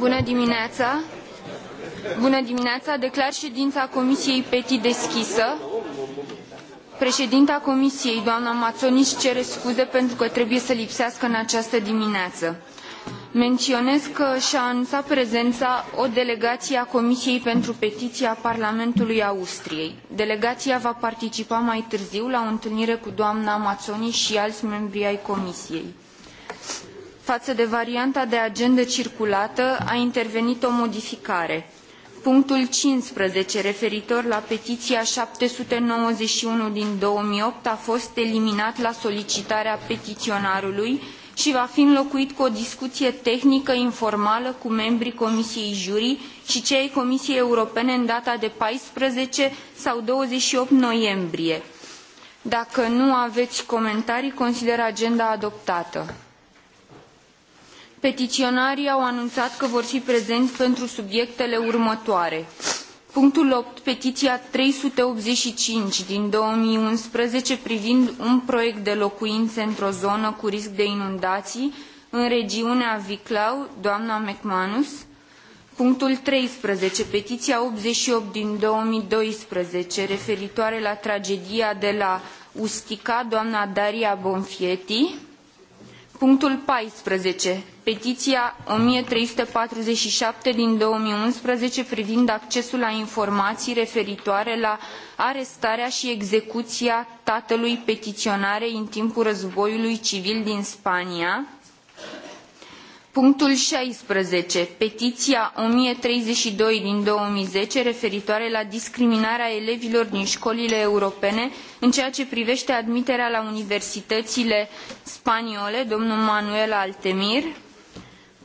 Bună dimineața! Bună dimineața! Declar ședința Comisiei PETI deschisă. Președinta Comisiei, doamna Mațonici, cere scuze pentru că trebuie să lipsească în această dimineață. Menționez că și-a anunțat prezența o delegație a Comisiei pentru Petiții a Parlamentului Austriei. Delegația va participa mai târziu la o întâlnire cu doamna Mazzoni și alți membri ai Comisiei faă de varianta de agendă circulată a intervenit o modificare punctul cincisprezece referitor la petiia șapte sute nouăzeci și unu din două mii opt a fost eliminat la solicitarea petiionarului i va fi înlocuit cu o discuie tehnică informală cu membrii comisiei juri i cei ai comisiei europene în data de paisprezece sau douăzeci și opt noiembrie. dacă nu avei comentarii consider agenda adoptată petiionarii au anunat că vor fi prezeni pentru subiectele următoare punctul opt petiia trei sute optzeci și cinci din două mii unsprezece privind un proiect de locuine într o zonă cu risc de inundaii în regiunea viclau doamna mcmanus punctul treisprezece petiia optzeci și opt din două mii doisprezece referitoare la tragedia de la ustica doamna daria bonfieti Punctul 14. Petiția 1347 din 2011 privind accesul la informații referitoare la arestarea și execuția tatălui petiionarei în timpul războiului civil din Spania Punctul treizeci Petiția doi din 2010 referitoare la discriminarea elevilor din școlile europene în ceea ce privește admiterea la universitățile spaniole, domnul Manuel Altemir.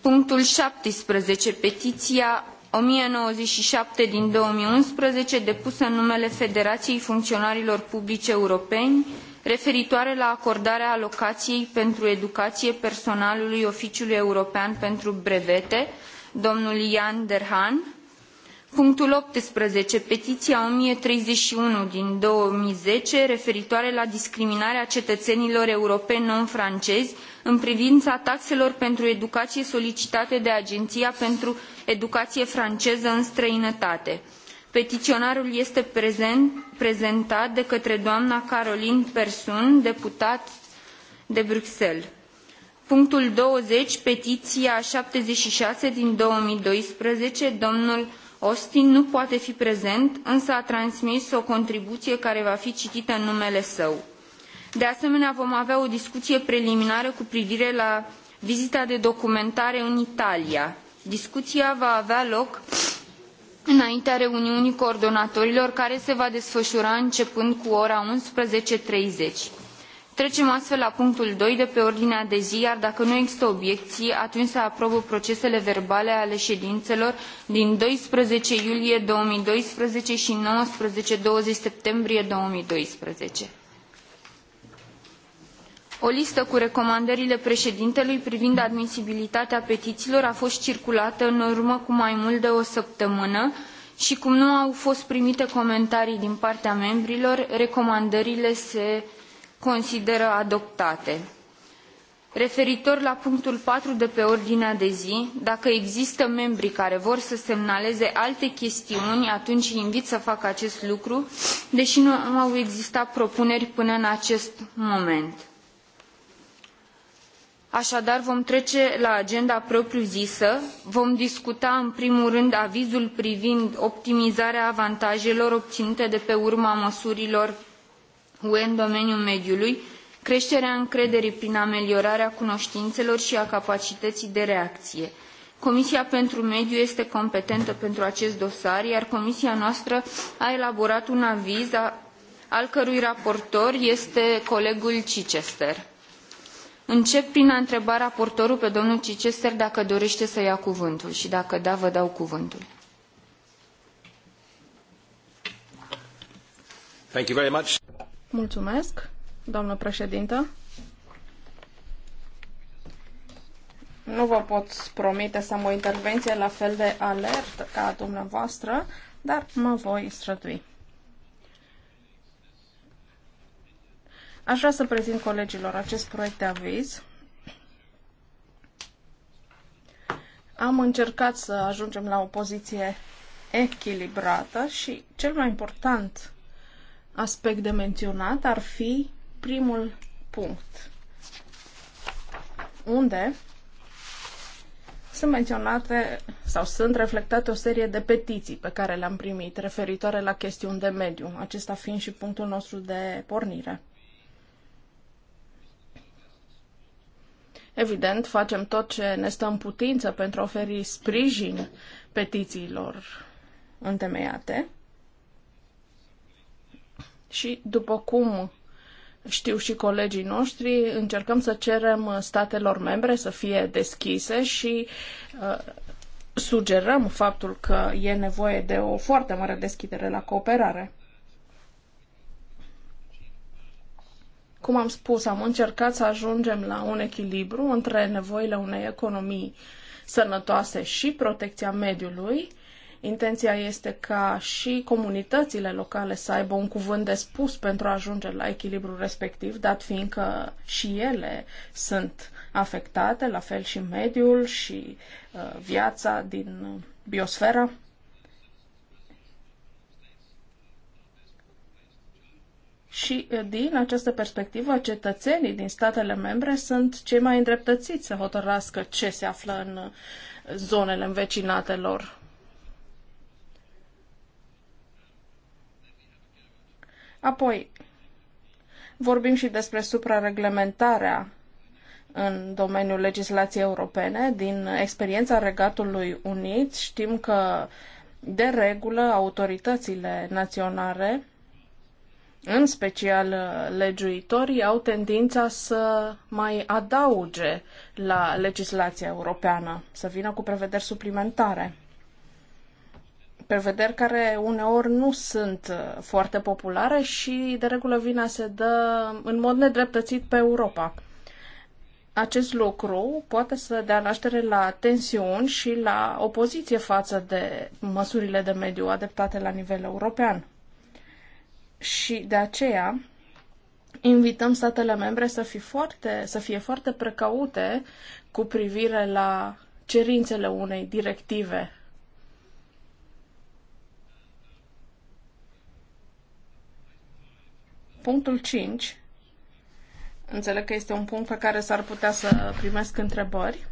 Punctul nouăzeci Petiția șapte din 2011 depusă în numele Federației Funcționarilor Publici Europeni, referitoare la acordarea alocaiei pentru educaie personalului oficiului european pentru brevete domnul jan derhan punctul optsprezece petiia o mie treizeci și unu din două mii zece referitoare la discriminarea cetăenilor europeni non francezi în privina taxelor pentru educaie solicitate de agenia pentru educaie franceză în străinătate petiionarul este prezentat de către doamna caroline persson deputat de bruxelles. punctul douăzeci petiia șaptezeci și șase din două mii doisprezece domnul austin nu poate fi prezent însă a transmis o contribuie care va fi citită în numele său. de asemenea vom avea o discuie preliminară cu privire la vizita de documentare în italia. discuia va avea loc înaintea reuniunii coordonatorilor care se va desfășura începând cu ora. unsprezece treizeci trecem astfel la punctul doi de pe ordinea de zi iar dacă nu există obiecții atunci se aprobă procesele verbale ale ședințelor din doisprezece iulie două mii doisprezece și nouăsprezece douăzeci septembrie două mii doisprezece o listă cu recomandările preedintelui privind admisibilitatea petiiilor a fost circulată în urmă cu mai mult de o săptămână i cum nu au fost primite comentarii din partea membrilor recomandările se consideră adoptate. referitor la punctul patru de pe ordinea de zi dacă există membri care vor să semnaleze alte chestiuni atunci îi invit să facă acest lucru dei nu au existat propuneri până în acest moment aadar vom trece la agenda propriu zisă vom discuta în primul rând avizul privind optimizarea avantajelor obinute de pe urma măsurilor ue în domeniul mediului creterea încrederii prin ameliorarea cunotinelor i a capacităii de reacie. comisia pentru mediu este competentă pentru acest dosar iar comisia noastră a elaborat un aviz al cărui raportor este colegul chichester Încep prin a întreba raportorul pe domnul Cicester dacă dorește să ia cuvântul și dacă da, vă dau cuvântul. Thank you very much. Mulțumesc, doamnă președintă. Nu vă pot promite să am o intervenție la fel de alertă ca dumneavoastră, dar mă voi strădui. Aș vrea să prezint colegilor acest proiect de aviz. Am încercat să ajungem la o poziție echilibrată și cel mai important aspect de menționat ar fi primul punct, unde sunt menționate sau sunt reflectate o serie de petiții pe care le-am primit referitoare la chestiuni de mediu, acesta fiind și punctul nostru de pornire. Evident, facem tot ce ne stă în putință pentru a oferi sprijin petițiilor întemeiate. Și după cum știu și colegii noștri, încercăm să cerem statelor membre să fie deschise și uh, sugerăm faptul că e nevoie de o foarte mare deschidere la cooperare. Cum am spus, am încercat să ajungem la un echilibru între nevoile unei economii sănătoase și protecția mediului. Intenția este ca și comunitățile locale să aibă un cuvânt de spus pentru a ajunge la echilibru respectiv, dat fiindcă și ele sunt afectate, la fel și mediul și uh, viața din biosfera Și eh, din această perspectivă, cetățenii din statele membre sunt cei mai îndreptățiți să hotărască ce se află în eh, zonele învecinate lor. Apoi, vorbim și despre suprareglementarea în domeniul legislației europene. Din experiența Regatului Unit știm că, de regulă, autoritățile naționale în special uh, legiuitorii, au tendința să mai adauge la legislația europeană, să vină cu prevederi suplimentare. Prevederi care uneori nu sunt uh, foarte populare și de regulă vina se dă în mod nedreptățit pe Europa. Acest lucru poate să dea naștere la tensiuni și la opoziție față de măsurile de mediu adaptate la nivel european. Și de aceea invităm statele membre să, fi foarte, să fie foarte precaute cu privire la cerințele unei directive punctul 5, înțeleg că este un punct pe care s-ar putea să primesc întrebări,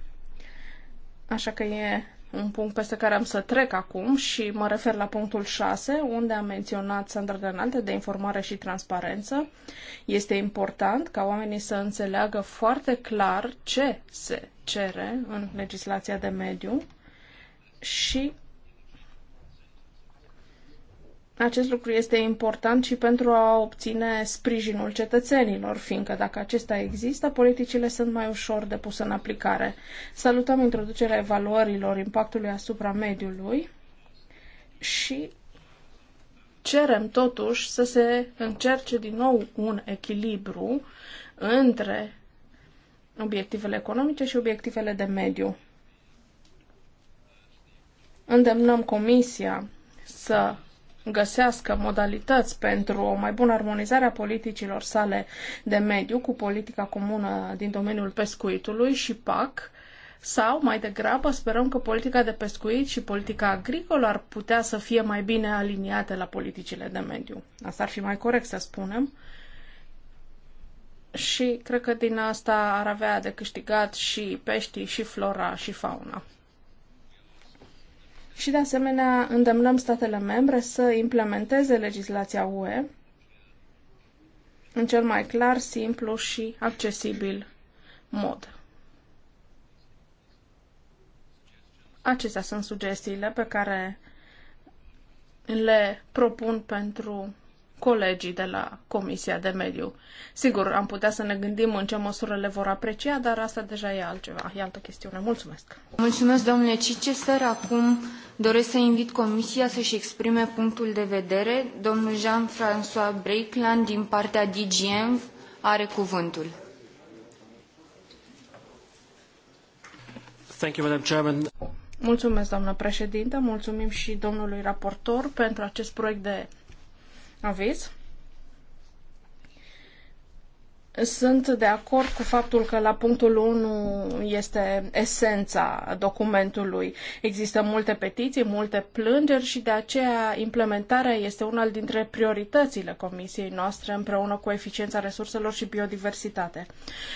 așa că e un punct peste care am să trec acum și mă refer la punctul 6, unde am menționat standarde înalte de informare și transparență. Este important ca oamenii să înțeleagă foarte clar ce se cere în legislația de mediu și acest lucru este important și pentru a obține sprijinul cetățenilor, fiindcă dacă acesta există, politicile sunt mai ușor de pus în aplicare. Salutăm introducerea evaluărilor impactului asupra mediului și cerem totuși să se încerce din nou un echilibru între obiectivele economice și obiectivele de mediu. Îndemnăm Comisia să găsească modalități pentru o mai bună armonizare a politicilor sale de mediu cu politica comună din domeniul pescuitului și PAC, sau, mai degrabă, sperăm că politica de pescuit și politica agricolă ar putea să fie mai bine aliniate la politicile de mediu. Asta ar fi mai corect să spunem. Și cred că din asta ar avea de câștigat și peștii, și flora, și fauna și, de asemenea, îndemnăm statele membre să implementeze legislația UE în cel mai clar, simplu și accesibil mod. Acestea sunt sugestiile pe care le propun pentru colegii de la Comisia de Mediu. Sigur, am putea să ne gândim în ce măsură le vor aprecia, dar asta deja e altceva, e altă chestiune. Mulțumesc! Mulțumesc, domnule Cicester. Acum doresc să invit Comisia să-și exprime punctul de vedere. Domnul Jean-François Breitland, din partea DGM, are cuvântul. Thank you, Madam Chairman. Mulțumesc, doamnă președintă, mulțumim și domnului raportor pentru acest proiect de aviz. Sunt de acord cu faptul că la punctul 1 este esența documentului. Există multe petiții, multe plângeri și de aceea implementarea este una dintre prioritățile comisiei noastre împreună cu eficiența resurselor și biodiversitate.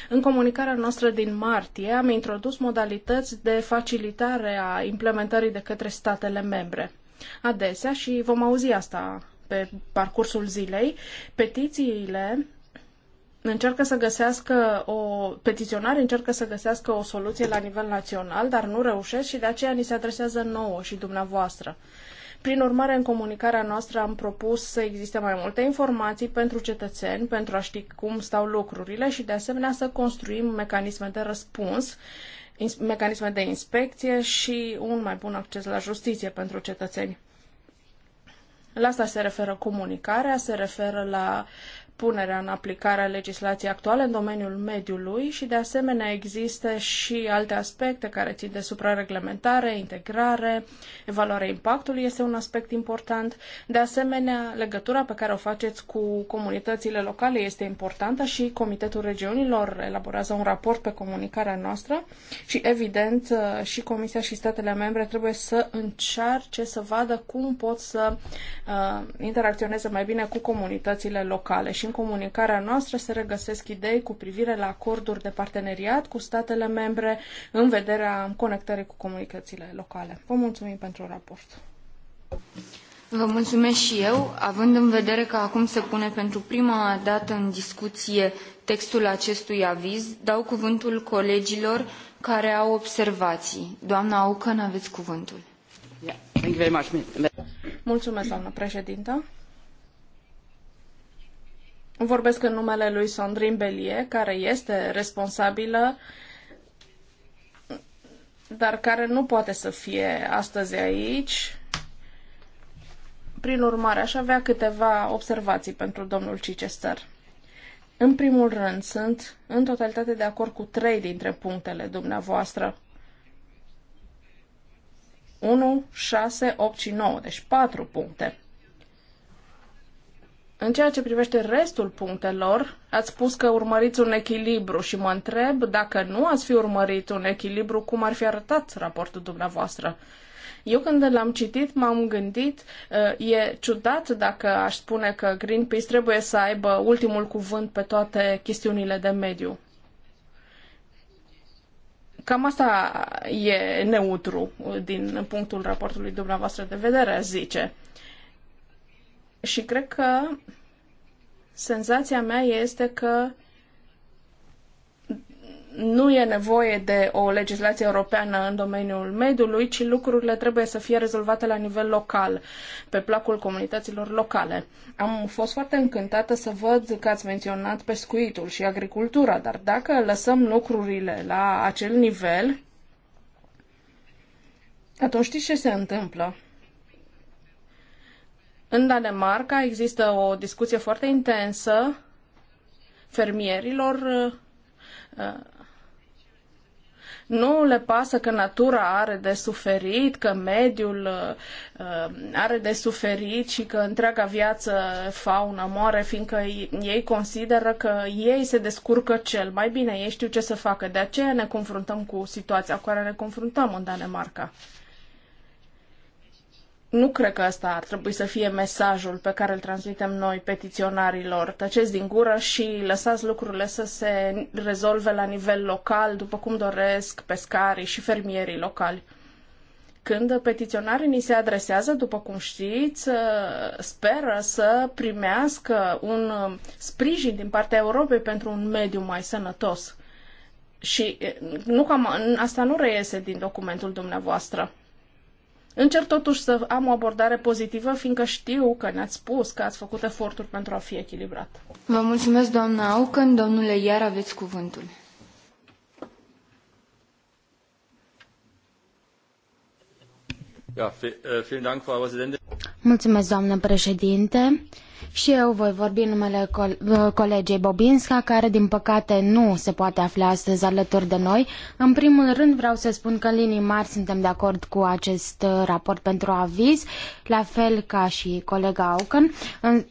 În comunicarea noastră din martie am introdus modalități de facilitare a implementării de către statele membre. Adesea și vom auzi asta pe parcursul zilei, petițiile încearcă să găsească o petiționare încearcă să găsească o soluție la nivel național, dar nu reușesc și de aceea ni se adresează nouă și dumneavoastră. Prin urmare, în comunicarea noastră am propus să existe mai multe informații pentru cetățeni, pentru a ști cum stau lucrurile și, de asemenea, să construim mecanisme de răspuns, mecanisme de inspecție și un mai bun acces la justiție pentru cetățeni. La asta se referă comunicarea, se referă la punerea în aplicare a legislației actuale în domeniul mediului și, de asemenea, există și alte aspecte care țin de suprareglementare, integrare, evaluarea impactului este un aspect important. De asemenea, legătura pe care o faceți cu comunitățile locale este importantă și Comitetul Regiunilor elaborează un raport pe comunicarea noastră și, evident, și Comisia și statele membre trebuie să încearce să vadă cum pot să uh, interacționeze mai bine cu comunitățile locale și în comunicarea noastră se regăsesc idei cu privire la acorduri de parteneriat cu statele membre în vederea conectării cu comunicațiile locale. Vă mulțumim pentru raport. Vă mulțumesc și eu, având în vedere că acum se pune pentru prima dată în discuție textul acestui aviz, dau cuvântul colegilor care au observații. Doamna Aucă, aveți cuvântul. Mulțumesc, doamnă președintă. Vorbesc în numele lui Sandrine Belie, care este responsabilă, dar care nu poate să fie astăzi aici. Prin urmare, aș avea câteva observații pentru domnul Cicester. În primul rând, sunt în totalitate de acord cu trei dintre punctele dumneavoastră. 1, 6, 8 și 9, deci patru puncte. În ceea ce privește restul punctelor, ați spus că urmăriți un echilibru și mă întreb dacă nu ați fi urmărit un echilibru, cum ar fi arătat raportul dumneavoastră. Eu când l-am citit m-am gândit, uh, e ciudat dacă aș spune că Greenpeace trebuie să aibă ultimul cuvânt pe toate chestiunile de mediu. Cam asta e neutru din punctul raportului dumneavoastră de vedere, zice. Și cred că senzația mea este că nu e nevoie de o legislație europeană în domeniul mediului, ci lucrurile trebuie să fie rezolvate la nivel local, pe placul comunităților locale. Am fost foarte încântată să văd că ați menționat pescuitul și agricultura, dar dacă lăsăm lucrurile la acel nivel, atunci știți ce se întâmplă? În Danemarca există o discuție foarte intensă fermierilor uh, uh, nu le pasă că natura are de suferit, că mediul uh, are de suferit și că întreaga viață fauna moare, fiindcă ei consideră că ei se descurcă cel mai bine, ei știu ce să facă. De aceea ne confruntăm cu situația cu care ne confruntăm în Danemarca nu cred că asta ar trebui să fie mesajul pe care îl transmitem noi petiționarilor. Tăceți din gură și lăsați lucrurile să se rezolve la nivel local, după cum doresc pescarii și fermierii locali. Când petiționarii ni se adresează, după cum știți, ă, speră să primească un sprijin din partea Europei pentru un mediu mai sănătos. Și nu cam, asta nu reiese din documentul dumneavoastră Încerc totuși să am o abordare pozitivă, fiindcă știu că ne-ați spus că ați făcut eforturi pentru a fi echilibrat. Vă mulțumesc, doamna Aucăn. Domnule Iar, aveți cuvântul. Ja, eh, vielen Dank, Frau Präsidentin. Mulțumesc, doamnă președinte. Și eu voi vorbi în numele colegei Bobinska, care din păcate nu se poate afla astăzi alături de noi. În primul rând vreau să spun că în linii mari suntem de acord cu acest uh, raport pentru aviz, la fel ca și colega Auken.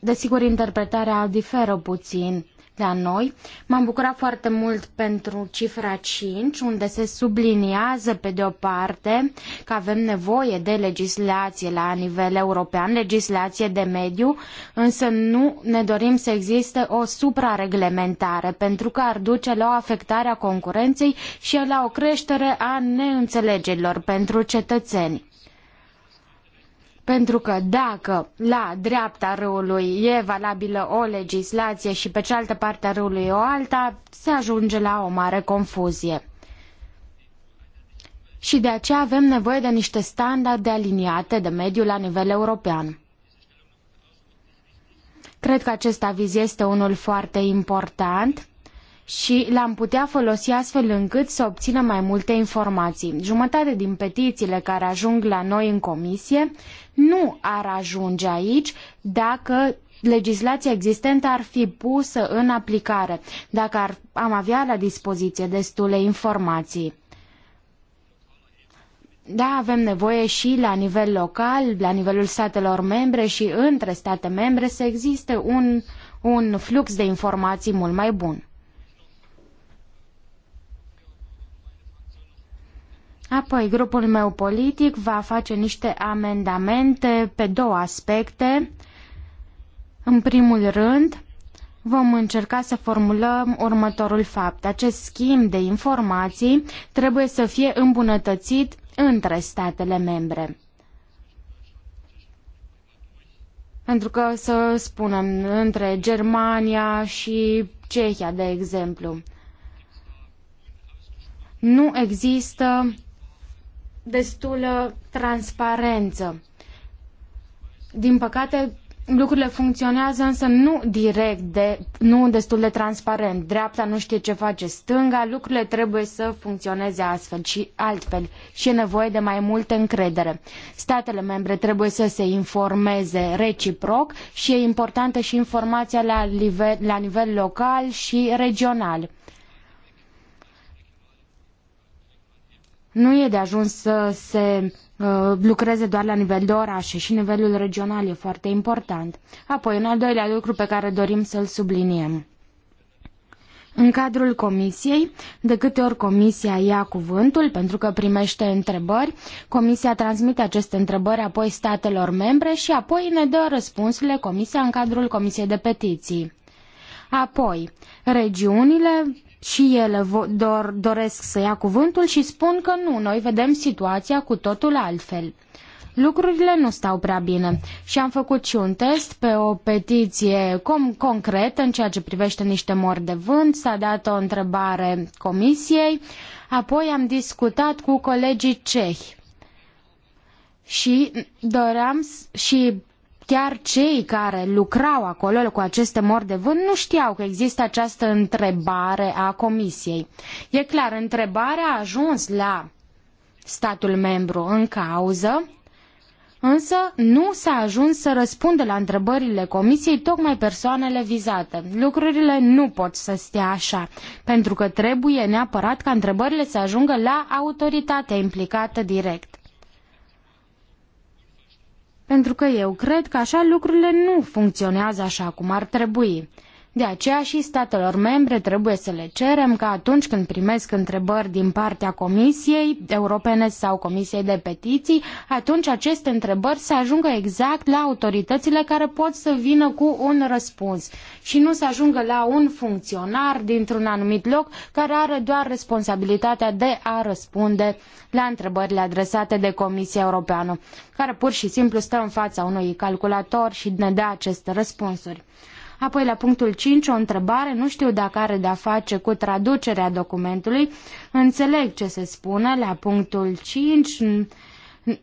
Desigur, interpretarea diferă puțin la noi. M-am bucurat foarte mult pentru cifra 5, unde se subliniază, pe de o parte, că avem nevoie de legislație la nivel european, legislație de mediu, însă nu ne dorim să existe o suprareglementare, pentru că ar duce la o afectare a concurenței și la o creștere a neînțelegerilor pentru cetățeni. Pentru că dacă la dreapta râului e valabilă o legislație și pe cealaltă parte a râului o alta, se ajunge la o mare confuzie. Și de aceea avem nevoie de niște standarde aliniate de mediu la nivel european. Cred că acest aviz este unul foarte important și l-am putea folosi astfel încât să obțină mai multe informații. Jumătate din petițiile care ajung la noi în comisie nu ar ajunge aici dacă legislația existentă ar fi pusă în aplicare, dacă ar, am avea la dispoziție destule informații. Da, avem nevoie și la nivel local, la nivelul statelor membre și între state membre să existe un, un flux de informații mult mai bun. Apoi, grupul meu politic va face niște amendamente pe două aspecte. În primul rând, vom încerca să formulăm următorul fapt. Acest schimb de informații trebuie să fie îmbunătățit între statele membre. Pentru că, să spunem, între Germania și Cehia, de exemplu, nu există destulă transparență. Din păcate, lucrurile funcționează însă nu direct, de, nu destul de transparent. Dreapta nu știe ce face stânga, lucrurile trebuie să funcționeze astfel și altfel și e nevoie de mai multă încredere. Statele membre trebuie să se informeze reciproc și e importantă și informația la nivel, la nivel local și regional. Nu e de ajuns să se uh, lucreze doar la nivel de orașe și nivelul regional e foarte important. Apoi, un al doilea lucru pe care dorim să-l subliniem. În cadrul comisiei, de câte ori comisia ia cuvântul pentru că primește întrebări, comisia transmite aceste întrebări apoi statelor membre și apoi ne dă răspunsurile comisia în cadrul comisiei de petiții. Apoi, regiunile și ele dor, doresc să ia cuvântul și spun că nu, noi vedem situația cu totul altfel. Lucrurile nu stau prea bine și am făcut și un test pe o petiție concretă în ceea ce privește niște mori de vânt, s-a dat o întrebare comisiei, apoi am discutat cu colegii cehi și doream și Chiar cei care lucrau acolo cu aceste mori de vânt nu știau că există această întrebare a comisiei. E clar, întrebarea a ajuns la statul membru în cauză, însă nu s-a ajuns să răspundă la întrebările comisiei tocmai persoanele vizate. Lucrurile nu pot să stea așa, pentru că trebuie neapărat ca întrebările să ajungă la autoritatea implicată direct. Pentru că eu cred că așa lucrurile nu funcționează așa cum ar trebui. De aceea și statelor membre trebuie să le cerem ca atunci când primesc întrebări din partea Comisiei Europene sau Comisiei de Petiții, atunci aceste întrebări să ajungă exact la autoritățile care pot să vină cu un răspuns și nu să ajungă la un funcționar dintr-un anumit loc care are doar responsabilitatea de a răspunde la întrebările adresate de Comisia Europeană, care pur și simplu stă în fața unui calculator și ne dă aceste răspunsuri. Apoi la punctul 5 o întrebare, nu știu dacă are de-a face cu traducerea documentului, înțeleg ce se spune la punctul 5,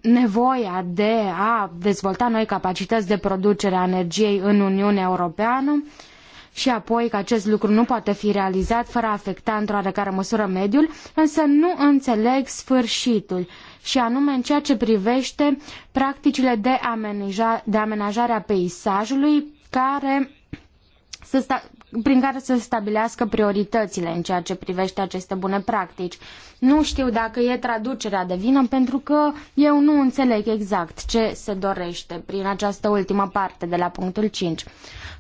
nevoia de a dezvolta noi capacități de producere a energiei în Uniunea Europeană și apoi că acest lucru nu poate fi realizat fără a afecta într-o oarecare măsură mediul, însă nu înțeleg sfârșitul și anume în ceea ce privește practicile de, amenaja, de amenajare a peisajului care prin care să stabilească prioritățile în ceea ce privește aceste bune practici. Nu știu dacă e traducerea de vină pentru că eu nu înțeleg exact ce se dorește prin această ultimă parte de la punctul 5.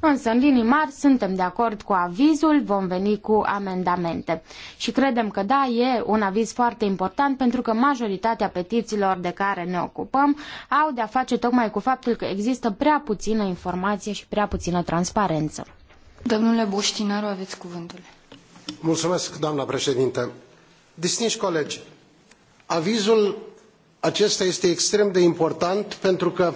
Însă, în linii mari, suntem de acord cu avizul, vom veni cu amendamente. Și credem că da, e un aviz foarte important pentru că majoritatea petițiilor de care ne ocupăm au de-a face tocmai cu faptul că există prea puțină informație și prea puțină transparență. Domnule Boștinaru, aveți cuvântul. Mulțumesc, președintă. Distinși colegi, avizul acesta este extrem de important pentru că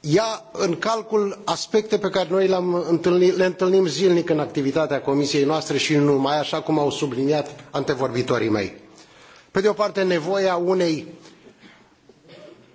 ia în calcul aspecte pe care noi întâlnit, le întâlnim zilnic în activitatea comisiei noastre și nu numai, așa cum au subliniat antevorbitorii mei. Pe de o parte, nevoia unei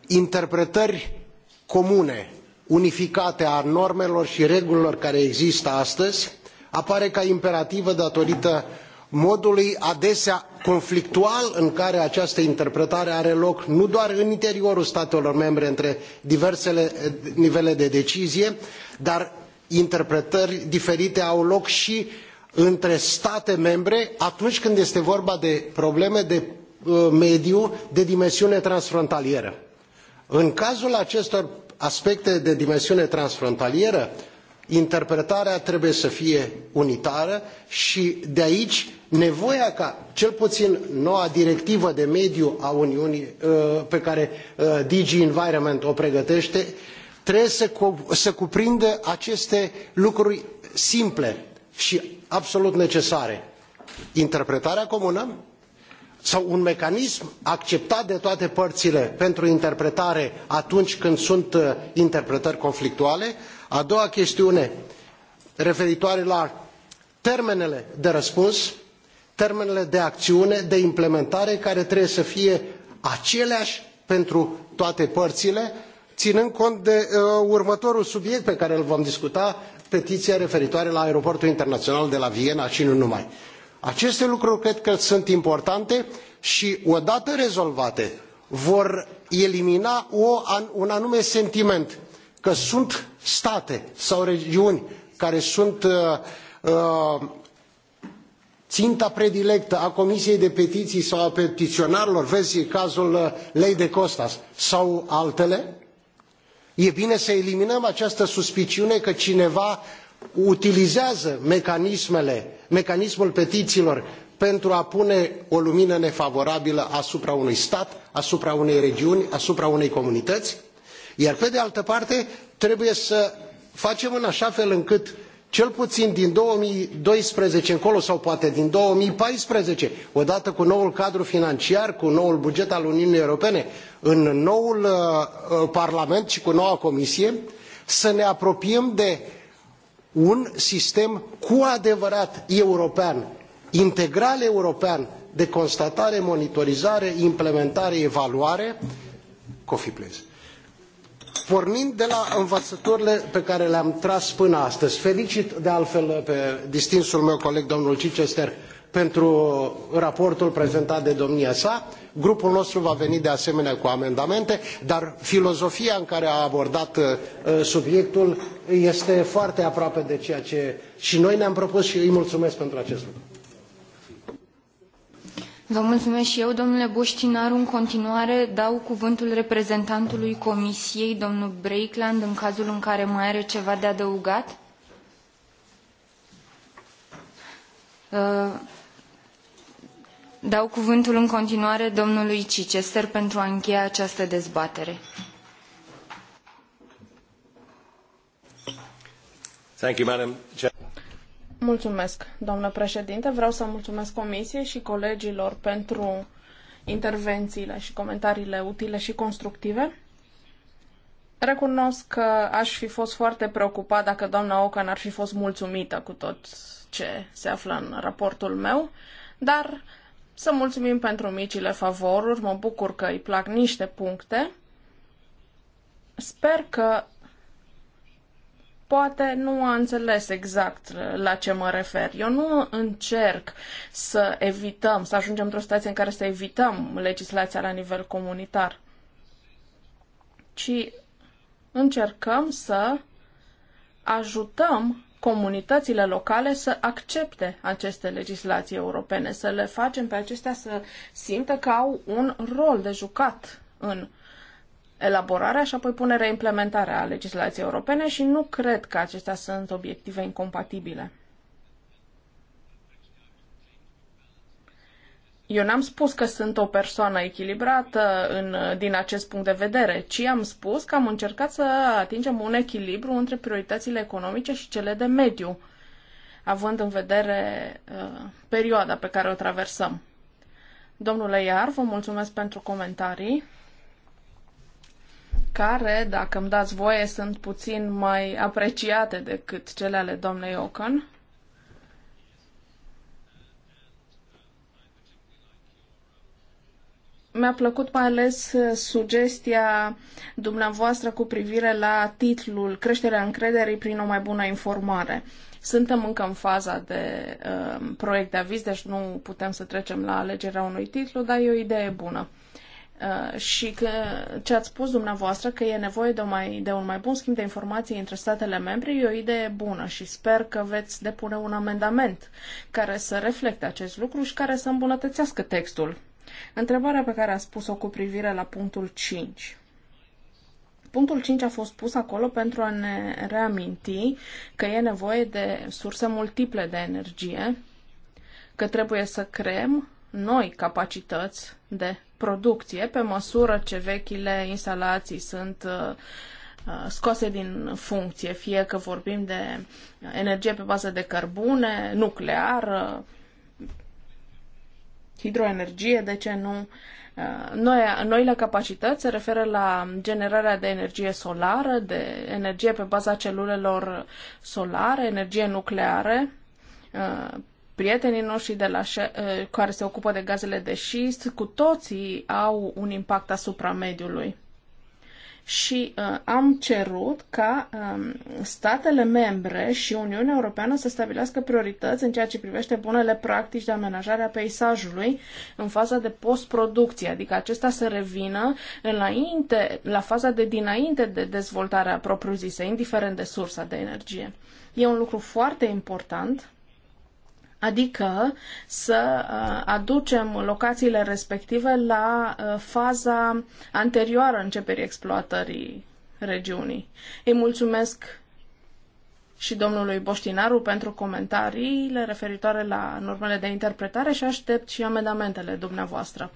interpretări comune unificate a normelor i regulilor care există astăzi apare ca imperativă datorită modului adesea conflictual în care această interpretare are loc nu doar în interiorul statelor membre între diversele nivele de decizie dar interpretări diferite au loc i între state membre atunci când este vorba de probleme de uh, mediu de dimensiune transfrontalieră. în cazul acestor aspecte de dimensiune transfrontalieră interpretarea trebuie să fie unitară i de aici nevoia ca cel puin noua directivă de mediu a uniunii uh, pe care uh, dg environment o pregătete trebuie să cuprindă aceste lucruri simple i absolut necesare interpretarea comună sau un mecanism acceptat de toate părțile pentru interpretare atunci când sunt uh, interpretări conflictuale. A doua chestiune, referitoare la termenele de răspuns, termenele de acțiune, de implementare, care trebuie să fie aceleași pentru toate părțile, inând cont de uh, următorul subiect pe care îl vom discuta, petiia referitoare la aeroportul internațional de la Viena i nu numai aceste lucruri cred că sunt importante i odată rezolvate vor elimina un anume sentiment că sunt state sau regiuni care sunt uh, uh, inta predilectă a comisiei de petiții sau a petiționarilor vezi cazul uh, lei de costas sau altele e bine să eliminăm această suspiciune că cineva utilizează mecanismele, mecanismul petiiilor pentru a pune o lumină nefavorabilă asupra unui stat asupra unei regiuni asupra unei comunităi iar pe de altă parte trebuie să facem în aa fel încât cel puin din două mii doisprezece încolo sau poate din două mii paisprezece odată cu noul cadru financiar cu noul buget al uniunii europene în noul uh, uh, parlament i cu noua comisie să ne apropiem de un sistem cu adevărat european, integral european, de constatare, monitorizare, implementare, evaluare, coffee please, pornind de la învățăturile pe care le-am tras până astăzi. Felicit de altfel pe distinsul meu coleg, domnul Chichester, pentru raportul prezentat de domnia sa grupul nostru va veni de asemenea cu amendamente dar filozofia în care a abordat uh, subiectul este foarte aproape de ceea ce și noi ne am propus și îi mulumesc pentru acest lucru. Vă mulțumesc și eu, domnule Boștinaru. În continuare dau cuvântul reprezentantului Comisiei, domnul Breakland, în cazul în care mai are ceva de adăugat. Uh, Dau cuvântul în continuare domnului Chichester pentru a încheia această dezbatere. Mulțumesc, doamnă președinte. Vreau să mulțumesc comisiei și colegilor pentru intervențiile și comentariile utile și constructive. Recunosc că aș fi fost foarte preocupat dacă doamna Ocan ar fi fost mulțumită cu tot ce se află în raportul meu, dar să mulțumim pentru micile favoruri, mă bucur că îi plac niște puncte. Sper că poate nu a înțeles exact la ce mă refer. Eu nu încerc să evităm, să ajungem într-o situație în care să evităm legislația la nivel comunitar, ci încercăm să ajutăm comunitățile locale să accepte aceste legislații europene, să le facem pe acestea să simtă că au un rol de jucat în elaborarea și apoi punerea implementarea a legislației europene și nu cred că acestea sunt obiective incompatibile. eu n-am spus că sunt o persoană echilibrată în, din acest punct de vedere, ci am spus că am încercat să atingem un echilibru între prioritățile economice și cele de mediu, având în vedere uh, perioada pe care o traversăm. Domnule Iar, vă mulțumesc pentru comentarii, care, dacă îmi dați voie, sunt puțin mai apreciate decât cele ale doamnei Ocon. Mi-a plăcut mai ales uh, sugestia dumneavoastră cu privire la titlul Creșterea încrederii prin o mai bună informare. Suntem încă în faza de uh, proiect de aviz, deci nu putem să trecem la alegerea unui titlu, dar e o idee bună. Uh, și că ce ați spus dumneavoastră că e nevoie de, mai, de un mai bun schimb de informații între statele membre e o idee bună și sper că veți depune un amendament care să reflecte acest lucru și care să îmbunătățească textul Întrebarea pe care a spus-o cu privire la punctul 5. Punctul 5 a fost pus acolo pentru a ne reaminti că e nevoie de surse multiple de energie, că trebuie să creăm noi capacități de producție pe măsură ce vechile instalații sunt uh, uh, scoase din funcție, fie că vorbim de energie pe bază de cărbune, nuclear, hidroenergie, de ce nu? Uh, noi, noile capacități se referă la generarea de energie solară, de energie pe baza celulelor solare, energie nucleară. Uh, prietenii noștri de la, uh, care se ocupă de gazele de șist, cu toții au un impact asupra mediului și uh, am cerut ca um, statele membre și Uniunea Europeană să stabilească priorități în ceea ce privește bunele practici de amenajare a peisajului în faza de postproducție, adică acesta să revină înainte, la faza de dinainte de dezvoltarea propriu-zisă, indiferent de sursa de energie. E un lucru foarte important Adică să uh, aducem locațiile respective la uh, faza anterioară începerii exploatării regiunii. Îi mulțumesc și domnului Boștinaru pentru comentariile referitoare la normele de interpretare și aștept și amendamentele dumneavoastră.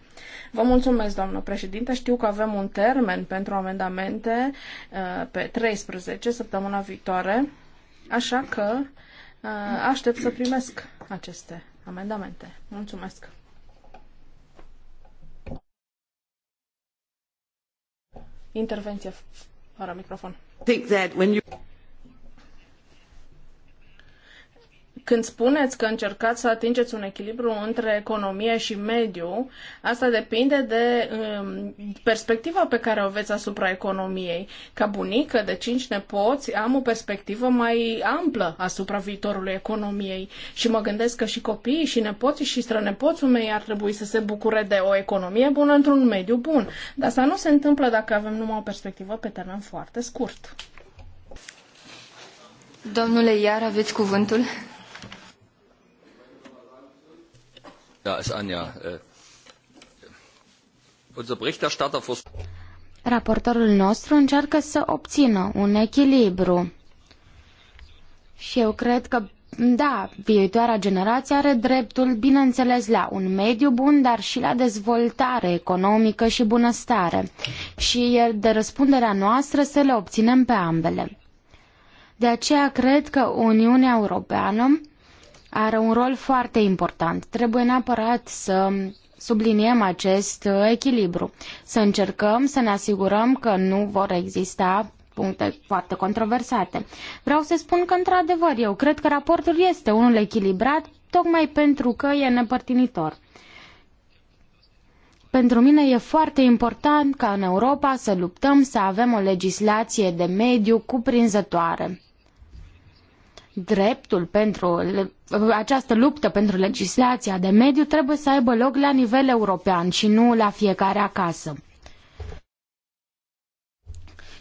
Vă mulțumesc, doamnă președinte. Știu că avem un termen pentru amendamente uh, pe 13 săptămâna viitoare, așa că Uh, aștept să primesc aceste amendamente. Mulțumesc! Intervenție fără microfon. Think that when you... Când spuneți că încercați să atingeți un echilibru între economie și mediu, asta depinde de um, perspectiva pe care o veți asupra economiei. Ca bunică de cinci nepoți, am o perspectivă mai amplă asupra viitorului economiei și mă gândesc că și copiii și nepoții și strănepoțul mei ar trebui să se bucure de o economie bună într-un mediu bun. Dar asta nu se întâmplă dacă avem numai o perspectivă pe termen foarte scurt. Domnule Iar, aveți cuvântul. Da, ist Anja. Äh, unser Berichterstatter Raportorul nostru încearcă să obțină un echilibru. Și eu cred că, da, viitoarea generație are dreptul, bineînțeles, la un mediu bun, dar și la dezvoltare economică și bunăstare. Și e de răspunderea noastră să le obținem pe ambele. De aceea cred că Uniunea Europeană are un rol foarte important. Trebuie neapărat să subliniem acest echilibru, să încercăm să ne asigurăm că nu vor exista puncte foarte controversate. Vreau să spun că, într-adevăr, eu cred că raportul este unul echilibrat, tocmai pentru că e nepărtinitor. Pentru mine e foarte important ca în Europa să luptăm să avem o legislație de mediu cuprinzătoare dreptul pentru această luptă pentru legislația de mediu trebuie să aibă loc la nivel european și nu la fiecare acasă.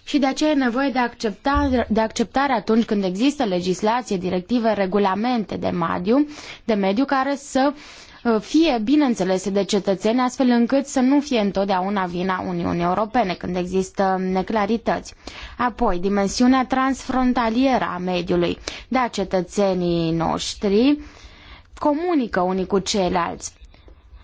Și de aceea e nevoie de acceptare, de acceptare atunci când există legislație, directive, regulamente de mediu, de mediu care să uh, Uh, fie bineînțelese de cetățeni, astfel încât să nu fie întotdeauna vina Uniunii Europene când există neclarități. Apoi, dimensiunea transfrontalieră a mediului. Da, cetățenii noștri comunică unii cu ceilalți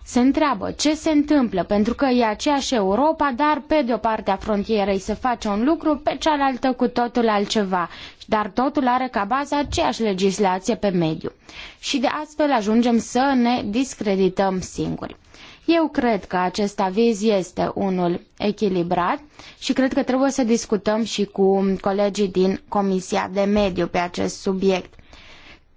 se întreabă ce se întâmplă, pentru că e aceeași Europa, dar pe de o parte a frontierei se face un lucru, pe cealaltă cu totul altceva, dar totul are ca bază aceeași legislație pe mediu. Și de astfel ajungem să ne discredităm singuri. Eu cred că acest aviz este unul echilibrat și cred că trebuie să discutăm și cu colegii din Comisia de Mediu pe acest subiect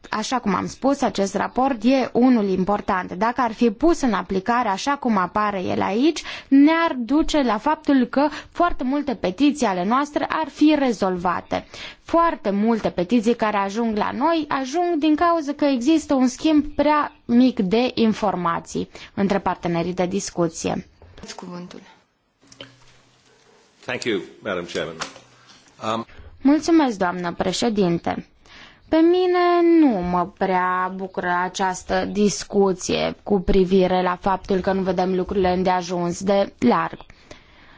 așa cum am spus, acest raport e unul important. Dacă ar fi pus în aplicare așa cum apare el aici, ne-ar duce la faptul că foarte multe petiții ale noastre ar fi rezolvate. Foarte multe petiții care ajung la noi ajung din cauza că există un schimb prea mic de informații între partenerii de discuție. Cuvântul. Thank you, Madam Chairman. Um... Mulțumesc, doamnă președinte. Pe mine nu mă prea bucură această discuție cu privire la faptul că nu vedem lucrurile îndeajuns de larg,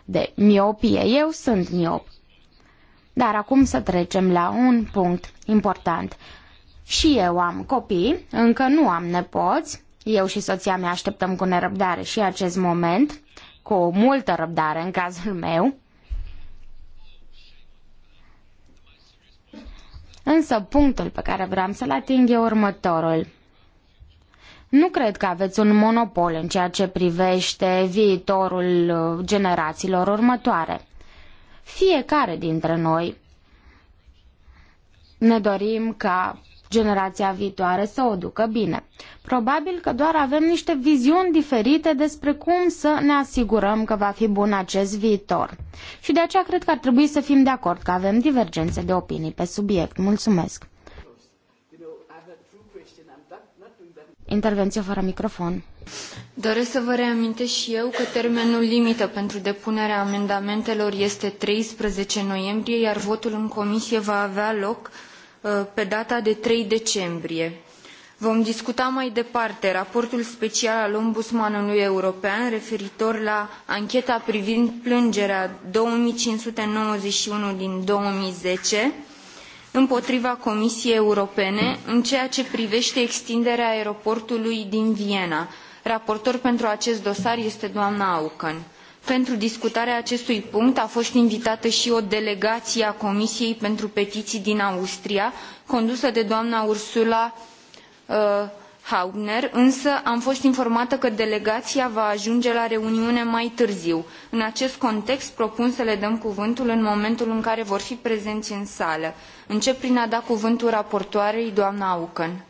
de miopie. Eu sunt miop. Dar acum să trecem la un punct important. Și eu am copii, încă nu am nepoți. Eu și soția mea așteptăm cu nerăbdare și acest moment, cu multă răbdare în cazul meu. Însă punctul pe care vreau să-l ating e următorul. Nu cred că aveți un monopol în ceea ce privește viitorul uh, generațiilor următoare. Fiecare dintre noi ne dorim ca generația viitoare să o ducă bine. Probabil că doar avem niște viziuni diferite despre cum să ne asigurăm că va fi bun acest viitor. Și de aceea cred că ar trebui să fim de acord că avem divergențe de opinii pe subiect. Mulțumesc! Intervenție fără microfon. Doresc să vă reamintesc și eu că termenul limită pentru depunerea amendamentelor este 13 noiembrie, iar votul în comisie va avea loc Uh, pe data de 3 decembrie. Vom discuta mai departe raportul special al Ombudsmanului European referitor la ancheta privind plângerea 2591 din 2010 împotriva Comisiei Europene în ceea ce privește extinderea aeroportului din Viena. Raportor pentru acest dosar este doamna Auken. Pentru discutarea acestui punct a fost invitată și o delegație a Comisiei pentru petiii din Austria, condusă de doamna Ursula uh, Haubner, însă am fost informată că delegația va ajunge la reuniune mai târziu. În acest context propun să le dăm cuvântul în momentul în care vor fi prezeni în sală. Încep prin a da cuvântul raportoarei, doamna Auken.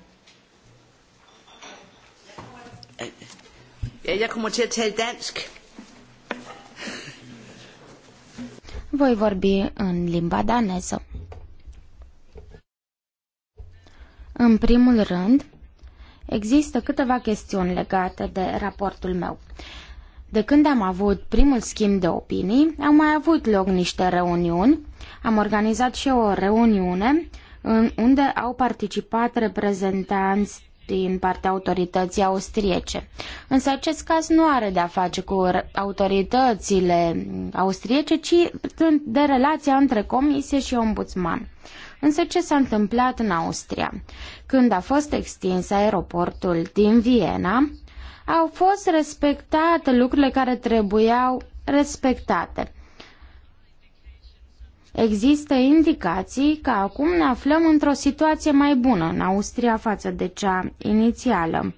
Jeg kommer til at tale dansk. Voi vorbi în limba daneză. În primul rând, există câteva chestiuni legate de raportul meu. De când am avut primul schimb de opinii, au mai avut loc niște reuniuni. Am organizat și o reuniune în unde au participat reprezentanți din partea autorității austriece. Însă acest caz nu are de-a face cu autoritățile austriece, ci de relația între comisie și ombudsman. Însă ce s-a întâmplat în Austria? Când a fost extins aeroportul din Viena, au fost respectate lucrurile care trebuiau respectate. Există indicații că acum ne aflăm într-o situație mai bună în Austria față de cea inițială.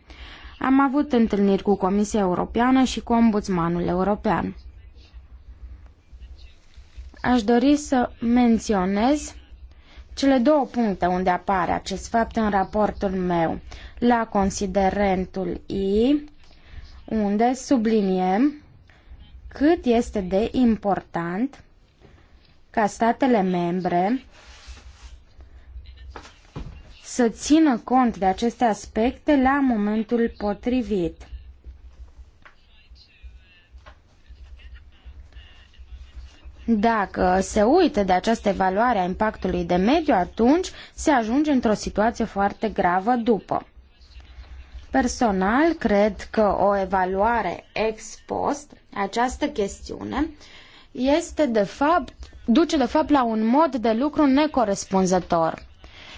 Am avut întâlniri cu Comisia Europeană și cu Ombudsmanul European. Aș dori să menționez cele două puncte unde apare acest fapt în raportul meu, la considerentul I, unde subliniem cât este de important ca statele membre să țină cont de aceste aspecte la momentul potrivit. Dacă se uită de această evaluare a impactului de mediu, atunci se ajunge într-o situație foarte gravă după. Personal, cred că o evaluare ex post, această chestiune, este de fapt duce de fapt la un mod de lucru necorespunzător.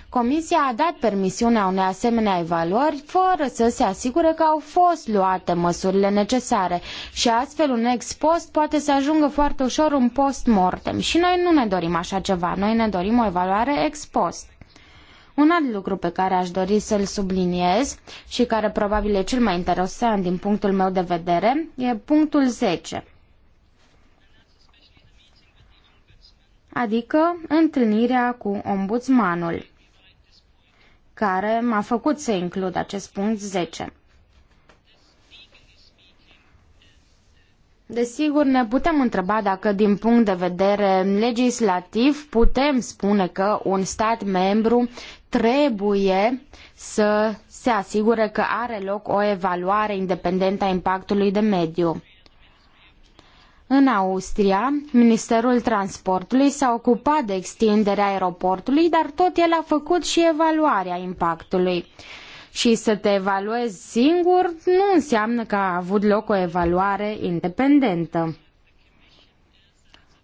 Comisia a dat permisiunea unei asemenea evaluări fără să se asigure că au fost luate măsurile necesare și astfel un ex post poate să ajungă foarte ușor un post mortem și noi nu ne dorim așa ceva, noi ne dorim o evaluare ex post. Un alt lucru pe care aș dori să-l subliniez și care probabil e cel mai interesant din punctul meu de vedere e punctul zece adică întâlnirea cu ombudsmanul, care m-a făcut să includ acest punct 10. Desigur, ne putem întreba dacă din punct de vedere legislativ putem spune că un stat membru trebuie să se asigure că are loc o evaluare independentă a impactului de mediu. În Austria, Ministerul Transportului s-a ocupat de extinderea aeroportului, dar tot el a făcut și evaluarea impactului. Și să te evaluezi singur nu înseamnă că a avut loc o evaluare independentă.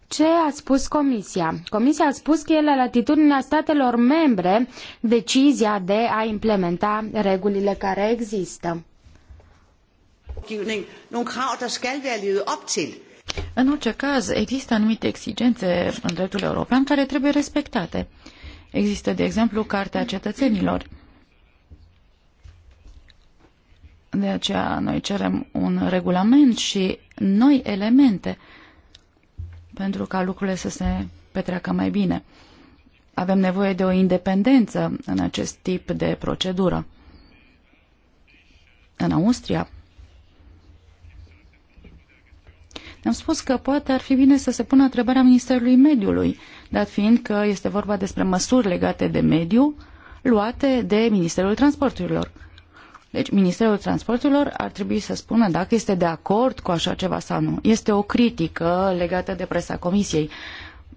Ce a spus Comisia? Comisia a spus că e la latitudinea statelor membre decizia de a implementa regulile care există. Nu un der skal være în orice caz, există anumite exigențe în dreptul european care trebuie respectate. Există, de exemplu, Cartea Cetățenilor. De aceea noi cerem un regulament și noi elemente pentru ca lucrurile să se petreacă mai bine. Avem nevoie de o independență în acest tip de procedură. În Austria, Am spus că poate ar fi bine să se pună întrebarea Ministerului Mediului, dat fiind că este vorba despre măsuri legate de mediu luate de Ministerul Transporturilor. Deci Ministerul Transporturilor ar trebui să spună dacă este de acord cu așa ceva sau nu. Este o critică legată de presa Comisiei,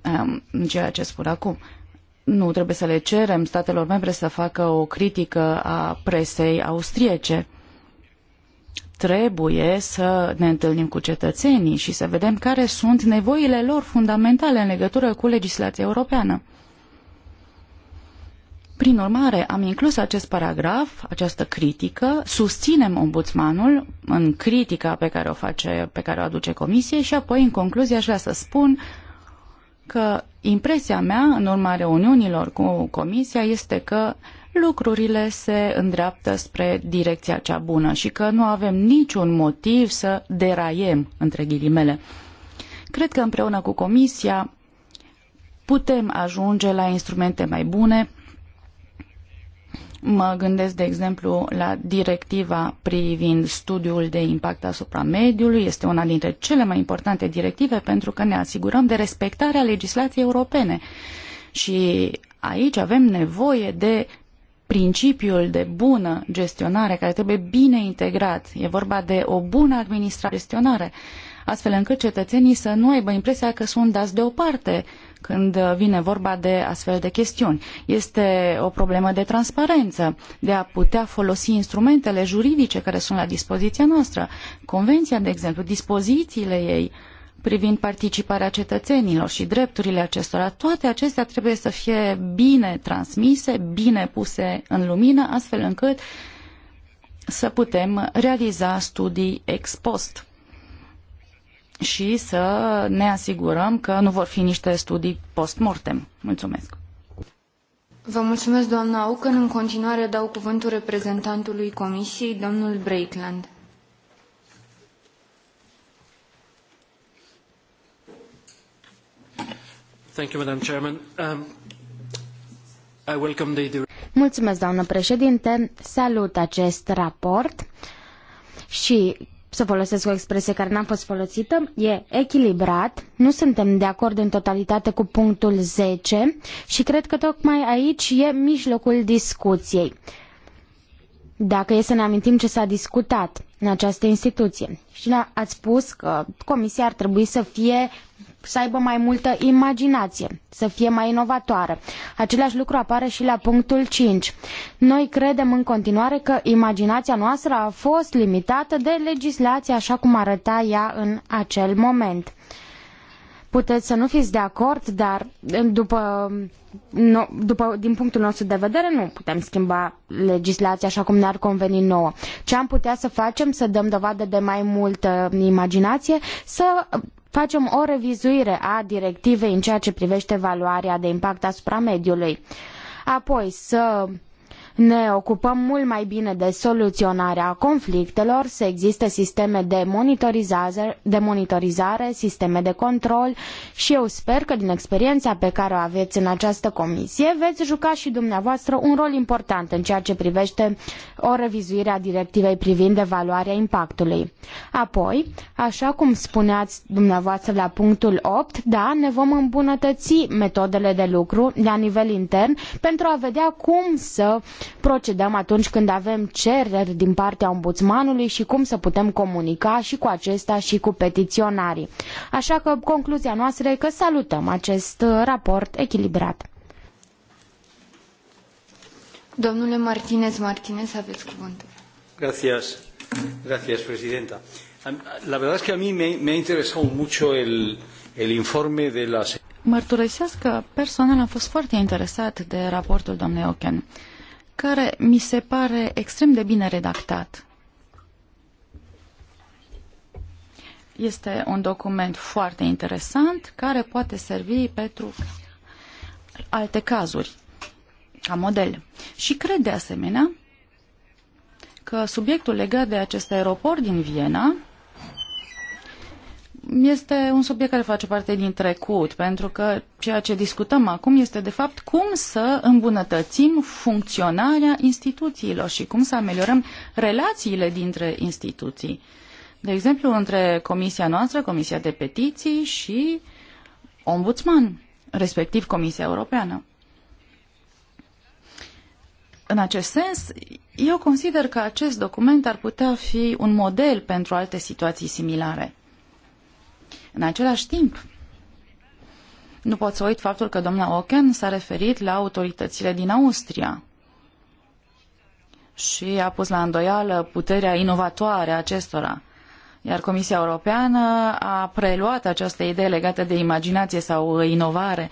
um, în ceea ce spun acum. Nu trebuie să le cerem statelor membre să facă o critică a presei austriece trebuie să ne întâlnim cu cetățenii și să vedem care sunt nevoile lor fundamentale în legătură cu legislația europeană. Prin urmare, am inclus acest paragraf, această critică, susținem ombudsmanul în critica pe care o face, pe care o aduce comisie și apoi în concluzie aș vrea să spun că impresia mea în urma reuniunilor cu comisia este că lucrurile se îndreaptă spre direcția cea bună și că nu avem niciun motiv să deraiem, între ghilimele. Cred că împreună cu Comisia putem ajunge la instrumente mai bune. Mă gândesc, de exemplu, la directiva privind studiul de impact asupra mediului. Este una dintre cele mai importante directive pentru că ne asigurăm de respectarea legislației europene. Și aici avem nevoie de principiul de bună gestionare care trebuie bine integrat. E vorba de o bună administrare gestionare, astfel încât cetățenii să nu aibă impresia că sunt dați deoparte când vine vorba de astfel de chestiuni. Este o problemă de transparență, de a putea folosi instrumentele juridice care sunt la dispoziția noastră. Convenția, de exemplu, dispozițiile ei, uh, privind participarea cetățenilor și drepturile acestora, toate acestea trebuie să fie bine transmise, bine puse în lumină, astfel încât să putem realiza studii ex post și să ne asigurăm că nu vor fi niște studii post-mortem. Mulțumesc! Vă mulțumesc, doamna Aucăn. În continuare dau cuvântul reprezentantului Comisiei, domnul Breitland. Um, Mulțumesc, doamnă președinte. Salut acest raport și să folosesc o expresie care n-a fost folosită, e echilibrat, nu suntem de acord în totalitate cu punctul 10 și cred că tocmai aici e mijlocul discuției. Dacă e să ne amintim ce s-a discutat în această instituție și ați spus că comisia ar trebui să fie să aibă mai multă imaginație, să fie mai inovatoare. Același lucru apare și la punctul 5. Noi credem în continuare că imaginația noastră a fost limitată de legislație așa cum arăta ea în acel moment puteți să nu fiți de acord, dar după, după, din punctul nostru de vedere nu putem schimba legislația așa cum ne-ar conveni nouă. Ce am putea să facem, să dăm dovadă de mai multă imaginație, să facem o revizuire a directivei în ceea ce privește valoarea de impact asupra mediului. Apoi să ne ocupăm mult mai bine de soluționarea conflictelor, să existe sisteme de monitorizare, de monitorizare, sisteme de control și eu sper că din experiența pe care o aveți în această comisie veți juca și dumneavoastră un rol important în ceea ce privește o revizuire a directivei privind evaluarea impactului. Apoi, așa cum spuneați dumneavoastră la punctul 8, da, ne vom îmbunătăți metodele de lucru la nivel intern pentru a vedea cum să uh, procedăm atunci când avem cereri din partea ombudsmanului și cum să putem comunica și cu acesta și cu petiționarii. Așa că concluzia noastră e că salutăm acest uh, raport echilibrat. Domnule Martinez, Martinez, aveți cuvântul. Gracias, gracias, presidenta. La verdad es que a mí me, me ha interesado mucho el, el informe de la... Mărturisesc că personal am fost foarte interesat de raportul domnului Ocken care mi se pare extrem de bine redactat. Este un document foarte interesant care poate servi pentru alte cazuri ca model. Și cred de asemenea că subiectul legat de acest aeroport din Viena este un subiect care face parte din trecut, pentru că ceea ce discutăm acum este, de fapt, cum să îmbunătățim funcționarea instituțiilor și cum să ameliorăm relațiile dintre instituții. De exemplu, între comisia noastră, Comisia de Petiții și Ombudsman, respectiv Comisia Europeană. În acest sens, eu consider că acest document ar putea fi un model pentru alte situații similare. În același timp, nu pot să uit faptul că doamna Ocken s-a referit la autoritățile din Austria și a pus la îndoială puterea inovatoare a acestora. Iar Comisia Europeană a preluat această idee legată de imaginație sau inovare.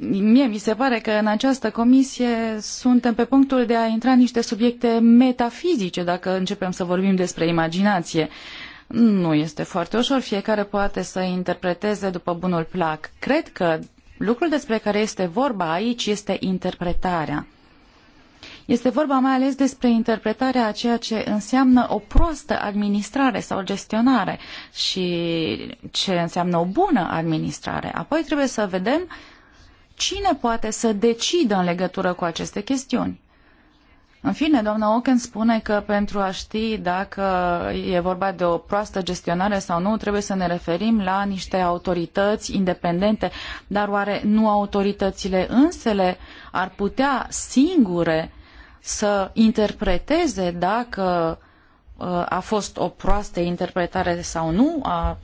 Mie mi se pare că în această comisie suntem pe punctul de a intra în niște subiecte metafizice dacă începem să vorbim despre imaginație. Uh, nu este foarte ușor, fiecare poate să interpreteze după bunul plac. Cred că lucrul despre care este vorba aici este interpretarea. Este vorba mai ales despre interpretarea a ceea ce înseamnă o proastă administrare sau gestionare și ce înseamnă o bună administrare. Apoi trebuie să vedem cine poate să decidă în legătură cu aceste chestiuni. În fine, doamna Oken spune că pentru a ști dacă e vorba de o proastă gestionare sau nu, trebuie să ne referim la niște autorități independente, dar oare nu autoritățile însele ar putea singure să interpreteze dacă uh, a fost o proastă interpretare sau nu a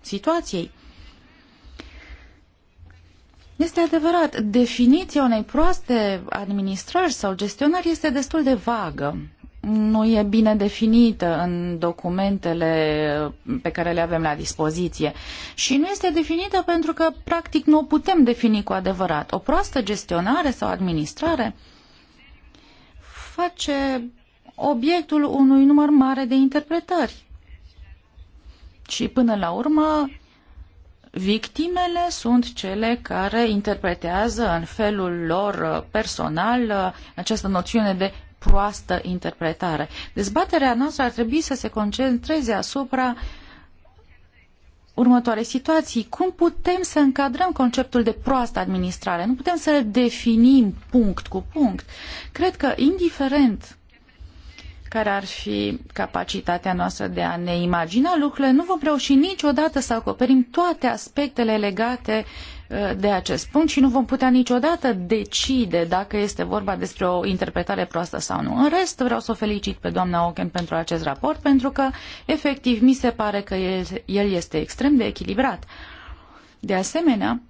situației? Este adevărat, definiția unei proaste administrări sau gestionări este destul de vagă. Nu e bine definită în documentele pe care le avem la dispoziție și nu este definită pentru că practic nu o putem defini cu adevărat. O proastă gestionare sau administrare face obiectul unui număr mare de interpretări. Și până la urmă Victimele sunt cele care interpretează în felul lor uh, personal uh, această noțiune de proastă interpretare. Dezbaterea noastră ar trebui să se concentreze asupra următoare situații. Cum putem să încadrăm conceptul de proastă administrare? Nu putem să le definim punct cu punct. Cred că, indiferent care ar fi capacitatea noastră de a ne imagina lucrurile, nu vom reuși niciodată să acoperim toate aspectele legate uh, de acest punct și nu vom putea niciodată decide dacă este vorba despre o interpretare proastă sau nu. În rest, vreau să o felicit pe doamna Oken pentru acest raport, pentru că, efectiv, mi se pare că el, el este extrem de echilibrat. De asemenea,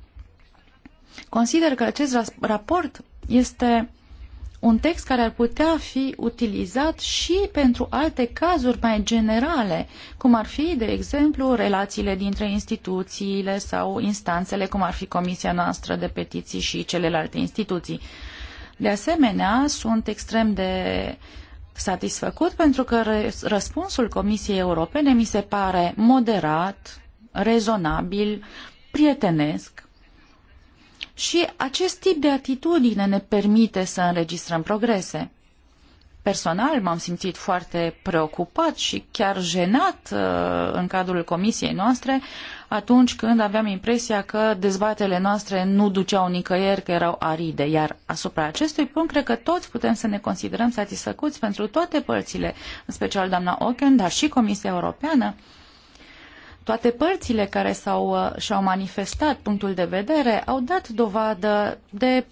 consider că acest raport este un text care ar putea fi utilizat și pentru alte cazuri mai generale, cum ar fi, de exemplu, relațiile dintre instituțiile sau instanțele, cum ar fi Comisia noastră de petiții și celelalte instituții. De asemenea, sunt extrem de satisfăcut pentru că răspunsul Comisiei Europene mi se pare moderat, rezonabil, prietenesc și acest tip de atitudine ne permite să înregistrăm progrese. Personal m-am simțit foarte preocupat și chiar jenat uh, în cadrul comisiei noastre atunci când aveam impresia că dezbatele noastre nu duceau nicăieri, că erau aride. Iar asupra acestui punct, cred că toți putem să ne considerăm satisfăcuți pentru toate părțile, în special doamna Ocken, dar și Comisia Europeană, toate părțile care s-au, uh, și-au manifestat punctul de vedere au dat dovadă de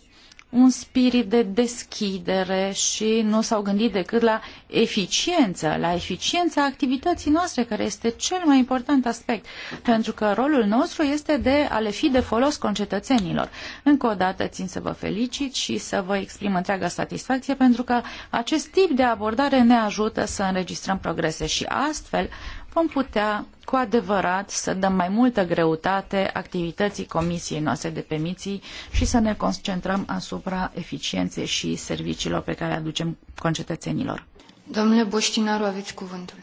un spirit de deschidere și nu s-au gândit decât la eficiență, la eficiența activității noastre, care este cel mai important aspect, pentru că rolul nostru este de a le fi de folos concetățenilor. Încă o dată țin să vă felicit și să vă exprim întreaga satisfacție, pentru că acest tip de abordare ne ajută să înregistrăm progrese și astfel vom putea cu adevărat să dăm mai multă greutate activității Comisiei noastre de permisii și să ne concentrăm asupra eficienței și serviciilor pe care le aducem concetățenilor. Domnule Boștinaru, aveți cuvântul.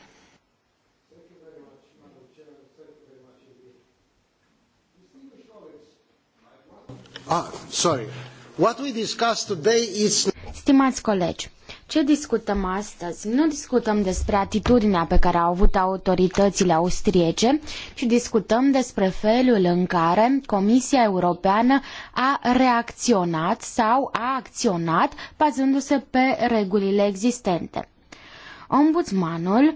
Ah, sorry. What we discussed today is... Stimați colegi, ce discutăm astăzi? Nu discutăm despre atitudinea pe care au avut autoritățile austriece, ci discutăm despre felul în care Comisia Europeană a reacționat sau a acționat bazându-se pe regulile existente. Ombudsmanul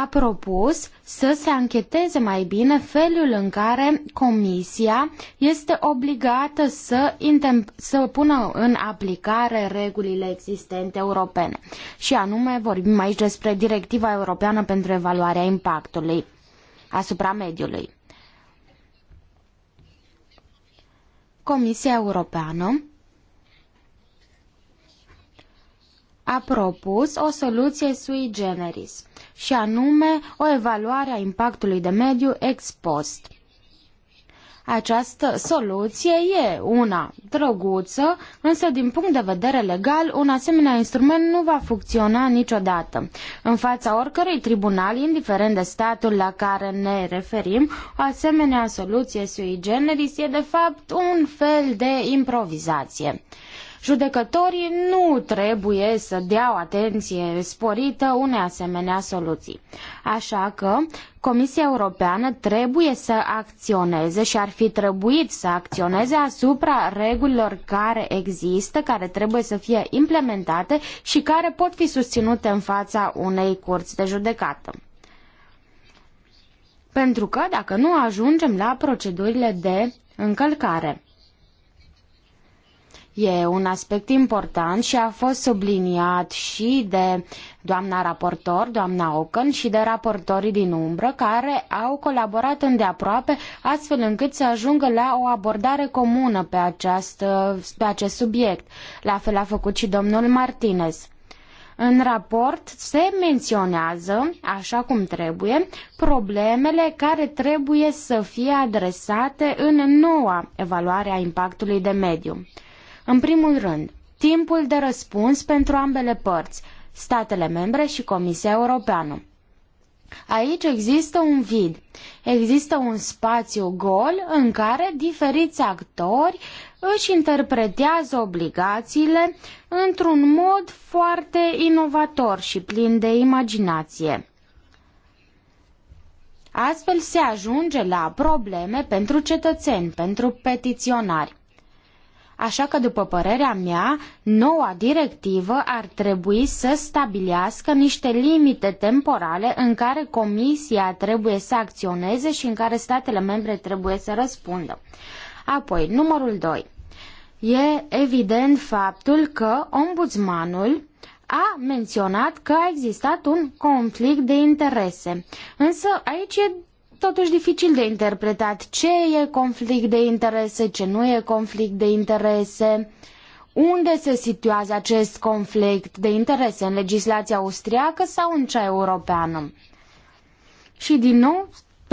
a propus să se ancheteze mai bine felul în care Comisia este obligată să, să pună în aplicare regulile existente europene. Și anume vorbim aici despre Directiva Europeană pentru Evaluarea Impactului asupra mediului. Comisia Europeană a propus o soluție sui generis și anume o evaluare a impactului de mediu ex post. Această soluție e una drăguță, însă din punct de vedere legal, un asemenea instrument nu va funcționa niciodată. În fața oricărui tribunal, indiferent de statul la care ne referim, o asemenea soluție sui generis e de fapt un fel de improvizație. Judecătorii nu trebuie să dea o atenție sporită unei asemenea soluții. Așa că Comisia Europeană trebuie să acționeze și ar fi trebuit să acționeze asupra regulilor care există, care trebuie să fie implementate și care pot fi susținute în fața unei curți de judecată. Pentru că dacă nu ajungem la procedurile de încălcare. E un aspect important și a fost subliniat și de doamna raportor, doamna Ocăn și de raportorii din umbră care au colaborat îndeaproape astfel încât să ajungă la o abordare comună pe, această, pe acest subiect. La fel a făcut și domnul Martinez. În raport se menționează, așa cum trebuie, problemele care trebuie să fie adresate în noua evaluare a impactului de mediu. În primul rând, timpul de răspuns pentru ambele părți, statele membre și Comisia Europeană. Aici există un vid, există un spațiu gol în care diferiți actori își interpretează obligațiile într-un mod foarte inovator și plin de imaginație. Astfel se ajunge la probleme pentru cetățeni, pentru petiționari. Așa că, după părerea mea, noua directivă ar trebui să stabilească niște limite temporale în care Comisia trebuie să acționeze și în care statele membre trebuie să răspundă. Apoi, numărul doi. E evident faptul că ombudsmanul a menționat că a existat un conflict de interese. Însă aici e totuși dificil de interpretat ce e conflict de interese, ce nu e conflict de interese, unde se situează acest conflict de interese, în legislația austriacă sau în cea europeană. Și din nou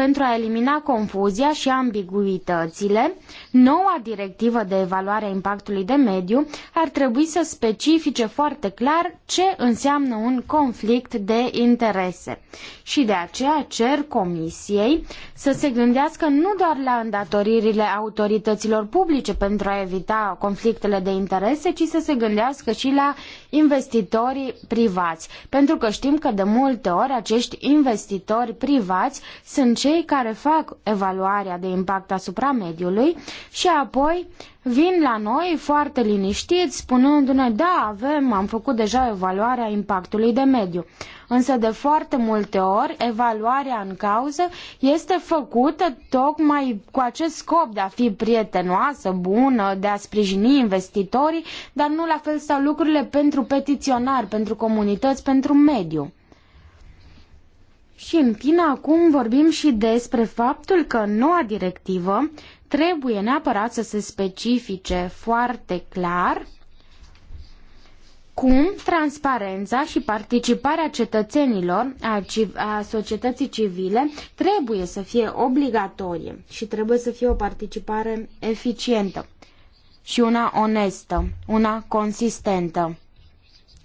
pentru a elimina confuzia și ambiguitățile, noua directivă de evaluare a impactului de mediu ar trebui să specifice foarte clar ce înseamnă un conflict de interese. Și de aceea cer Comisiei să se gândească nu doar la îndatoririle autorităților publice pentru a evita conflictele de interese, ci să se gândească și la investitorii privați. Pentru că știm că de multe ori acești investitori privați sunt cei cei care fac evaluarea de impact asupra mediului și apoi vin la noi foarte liniștiți spunându-ne da, avem, am făcut deja evaluarea impactului de mediu. Însă de foarte multe ori evaluarea în cauză este făcută tocmai cu acest scop de a fi prietenoasă, bună, de a sprijini investitorii, dar nu la fel stau lucrurile pentru petiționari, pentru comunități, pentru mediu. Și în fine, acum vorbim și despre faptul că noua directivă trebuie neapărat să se specifice foarte clar cum transparența și participarea cetățenilor a, a societății civile trebuie să fie obligatorie și trebuie să fie o participare eficientă și una onestă, una consistentă.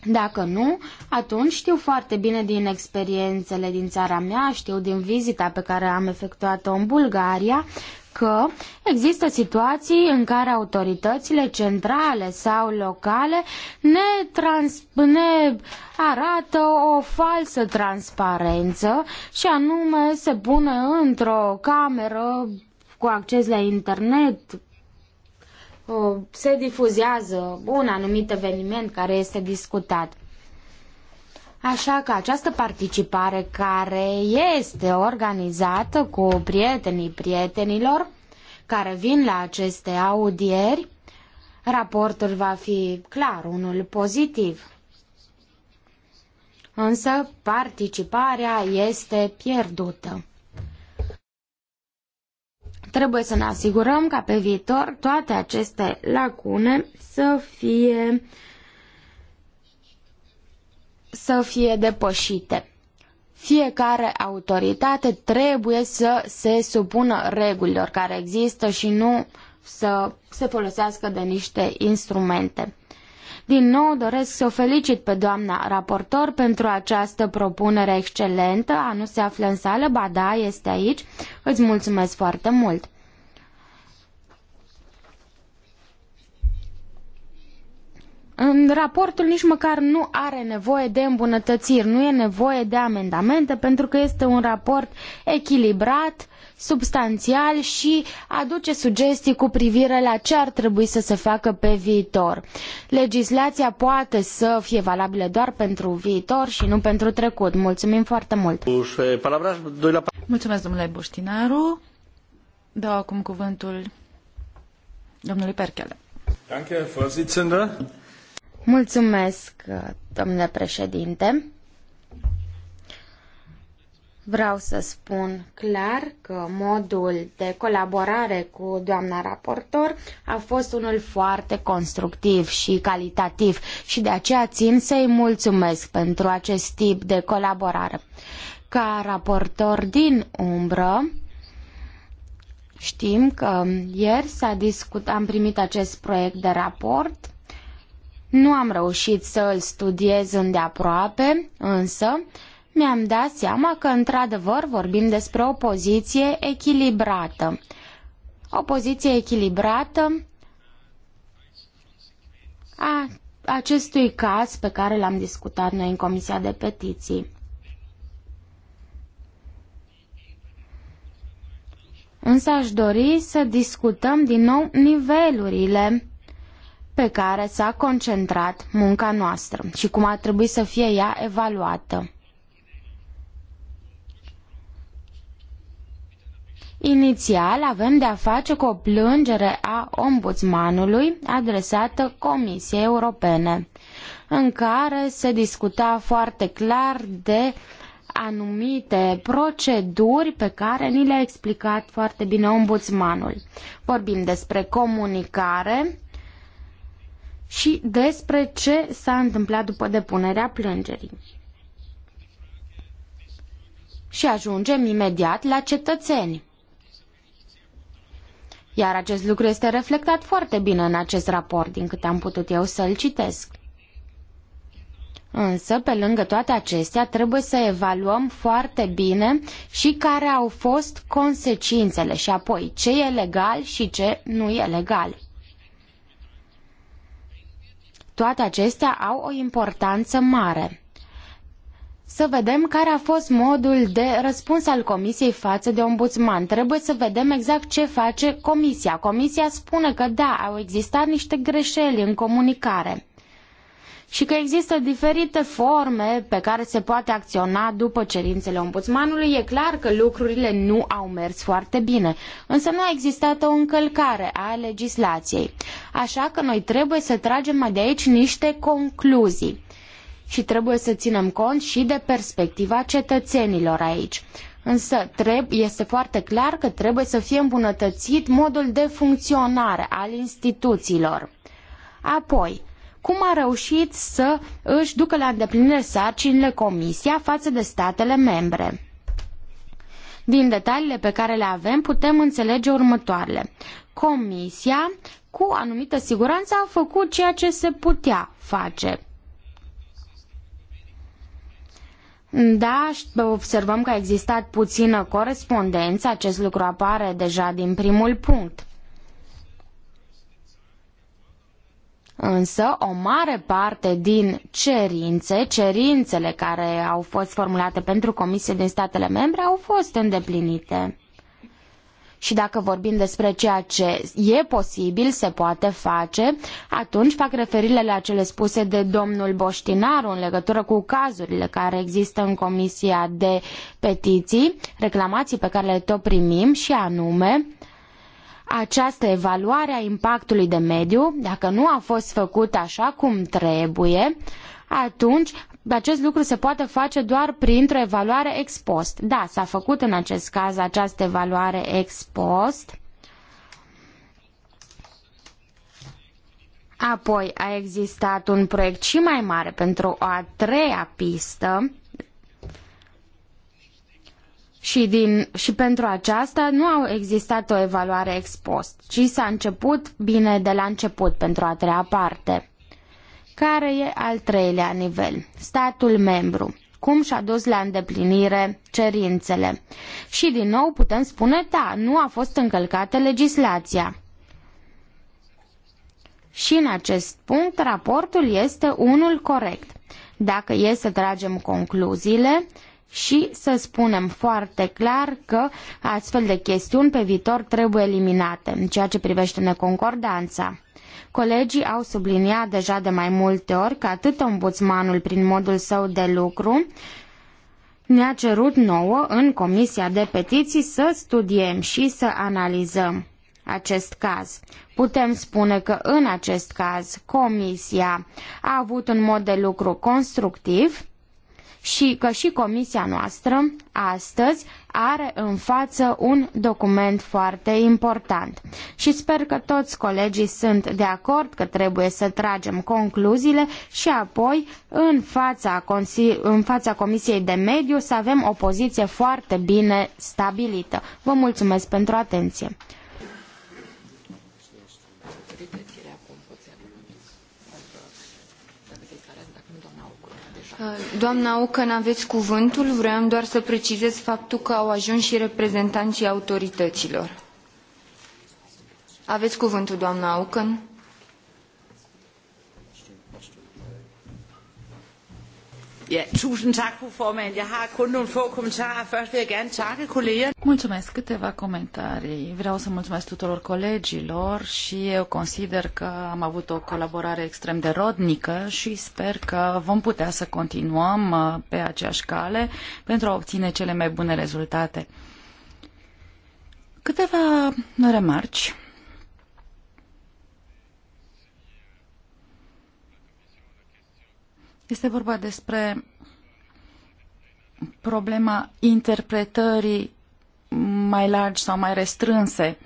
Dacă nu, atunci știu foarte bine din experiențele din țara mea, știu din vizita pe care am efectuat-o în Bulgaria, că există situații în care autoritățile centrale sau locale ne, trans- ne arată o falsă transparență și anume se pune într-o cameră cu acces la internet Uh, se difuzează un anumit eveniment care este discutat. Așa că această participare care este organizată cu prietenii prietenilor care vin la aceste audieri, raportul va fi clar unul pozitiv. Însă participarea este pierdută. Trebuie să ne asigurăm ca pe viitor toate aceste lacune să fie să fie depășite. Fiecare autoritate trebuie să se supună regulilor care există și nu să se folosească de niște instrumente. Din nou doresc să o felicit pe doamna raportor pentru această propunere excelentă. A nu se află în sală, ba da, este aici. Îți mulțumesc foarte mult. În raportul nici măcar nu are nevoie de îmbunătățiri, nu e nevoie de amendamente pentru că este un raport echilibrat substanțial și aduce sugestii cu privire la ce ar trebui să se facă pe viitor. Legislația poate să fie valabilă doar pentru viitor și nu pentru trecut. Mulțumim foarte mult! Mulțumesc, domnule Buștinaru. Dau acum cuvântul domnului Perchele. Mulțumesc, domnule președinte. Vreau să spun clar că modul de colaborare cu doamna raportor a fost unul foarte constructiv și calitativ și de aceea țin să-i mulțumesc pentru acest tip de colaborare. Ca raportor din umbră, știm că ieri s-a discut, am primit acest proiect de raport. Nu am reușit să îl studiez îndeaproape, însă mi am dat seama că, într-adevăr, vorbim despre o poziție echilibrată. O poziție echilibrată a acestui caz pe care l-am discutat noi în Comisia de Petiții. Însă aș dori să discutăm din nou nivelurile pe care s-a concentrat munca noastră și cum ar trebui să fie ea evaluată. Inițial avem de a face cu o plângere a ombudsmanului adresată Comisiei Europene, în care se discuta foarte clar de anumite proceduri pe care ni le-a explicat foarte bine ombudsmanul. Vorbim despre comunicare și despre ce s-a întâmplat după depunerea plângerii și ajungem imediat la cetățeni. Iar acest lucru este reflectat foarte bine în acest raport, din câte am putut eu să-l citesc. Însă, pe lângă toate acestea, trebuie să evaluăm foarte bine și care au fost consecințele și apoi ce e legal și ce nu e legal. Toate acestea au o importanță mare să vedem care a fost modul de răspuns al Comisiei față de ombudsman. Trebuie să vedem exact ce face Comisia. Comisia spune că da, au existat niște greșeli în comunicare și că există diferite forme pe care se poate acționa după cerințele ombudsmanului, e clar că lucrurile nu au mers foarte bine, însă nu a existat o încălcare a legislației. Așa că noi trebuie să tragem de aici niște concluzii și trebuie să ținem cont și de perspectiva cetățenilor aici. Însă este foarte clar că trebuie să fie îmbunătățit modul de funcționare al instituțiilor. Apoi, cum a reușit să își ducă la îndeplinire sarcinile Comisia față de statele membre? Din detaliile pe care le avem putem înțelege următoarele. Comisia, cu anumită siguranță, a făcut ceea ce se putea face Da, observăm că a existat puțină corespondență, acest lucru apare deja din primul punct. Însă, o mare parte din cerințe, cerințele care au fost formulate pentru comisie din statele membre, au fost îndeplinite. Și dacă vorbim despre ceea ce e posibil, se poate face, atunci fac referire la cele spuse de domnul Boștinaru în legătură cu cazurile care există în Comisia de Petiții, reclamații pe care le tot primim și anume această evaluare a impactului de mediu, dacă nu a fost făcută așa cum trebuie, atunci acest lucru se poate face doar printr-o evaluare ex post. Da, s-a făcut în acest caz această evaluare ex post. Apoi a existat un proiect și mai mare pentru o a treia pistă și, din, și pentru aceasta nu a existat o evaluare ex post, ci s-a început bine de la început pentru a treia parte. Care e al treilea nivel? Statul membru. Cum și-a dus la îndeplinire cerințele? Și din nou putem spune, da, nu a fost încălcată legislația. Și în acest punct, raportul este unul corect. Dacă e să tragem concluziile, și să spunem foarte clar că astfel de chestiuni pe viitor trebuie eliminate în ceea ce privește neconcordanța. Colegii au subliniat deja de mai multe ori că atât ombudsmanul prin modul său de lucru ne-a cerut nouă în Comisia de Petiții să studiem și să analizăm acest caz. Putem spune că în acest caz Comisia a avut un mod de lucru constructiv și că și comisia noastră astăzi are în față un document foarte important. Și sper că toți colegii sunt de acord că trebuie să tragem concluziile și apoi în fața, în fața Comisiei de Mediu să avem o poziție foarte bine stabilită. Vă mulțumesc pentru atenție. Uh, doamna Ocan, aveți cuvântul. Vreau doar să precizez faptul că au ajuns și reprezentanții autorităților. Aveți cuvântul, doamna Aucan. Ja, tusind tak, fru formand. Jeg har kun nogle få kommentarer. Først vil jeg gerne takke kollegerne. Mulțumesc câteva comentarii. Vreau să mulțumesc tuturor colegilor și eu consider că am avut o colaborare extrem de rodnică și sper că vom putea să continuăm uh, pe aceeași cale pentru a obține cele mai bune rezultate. Câteva remarci Este vorba despre problema interpretării mai largi sau mai restrânse.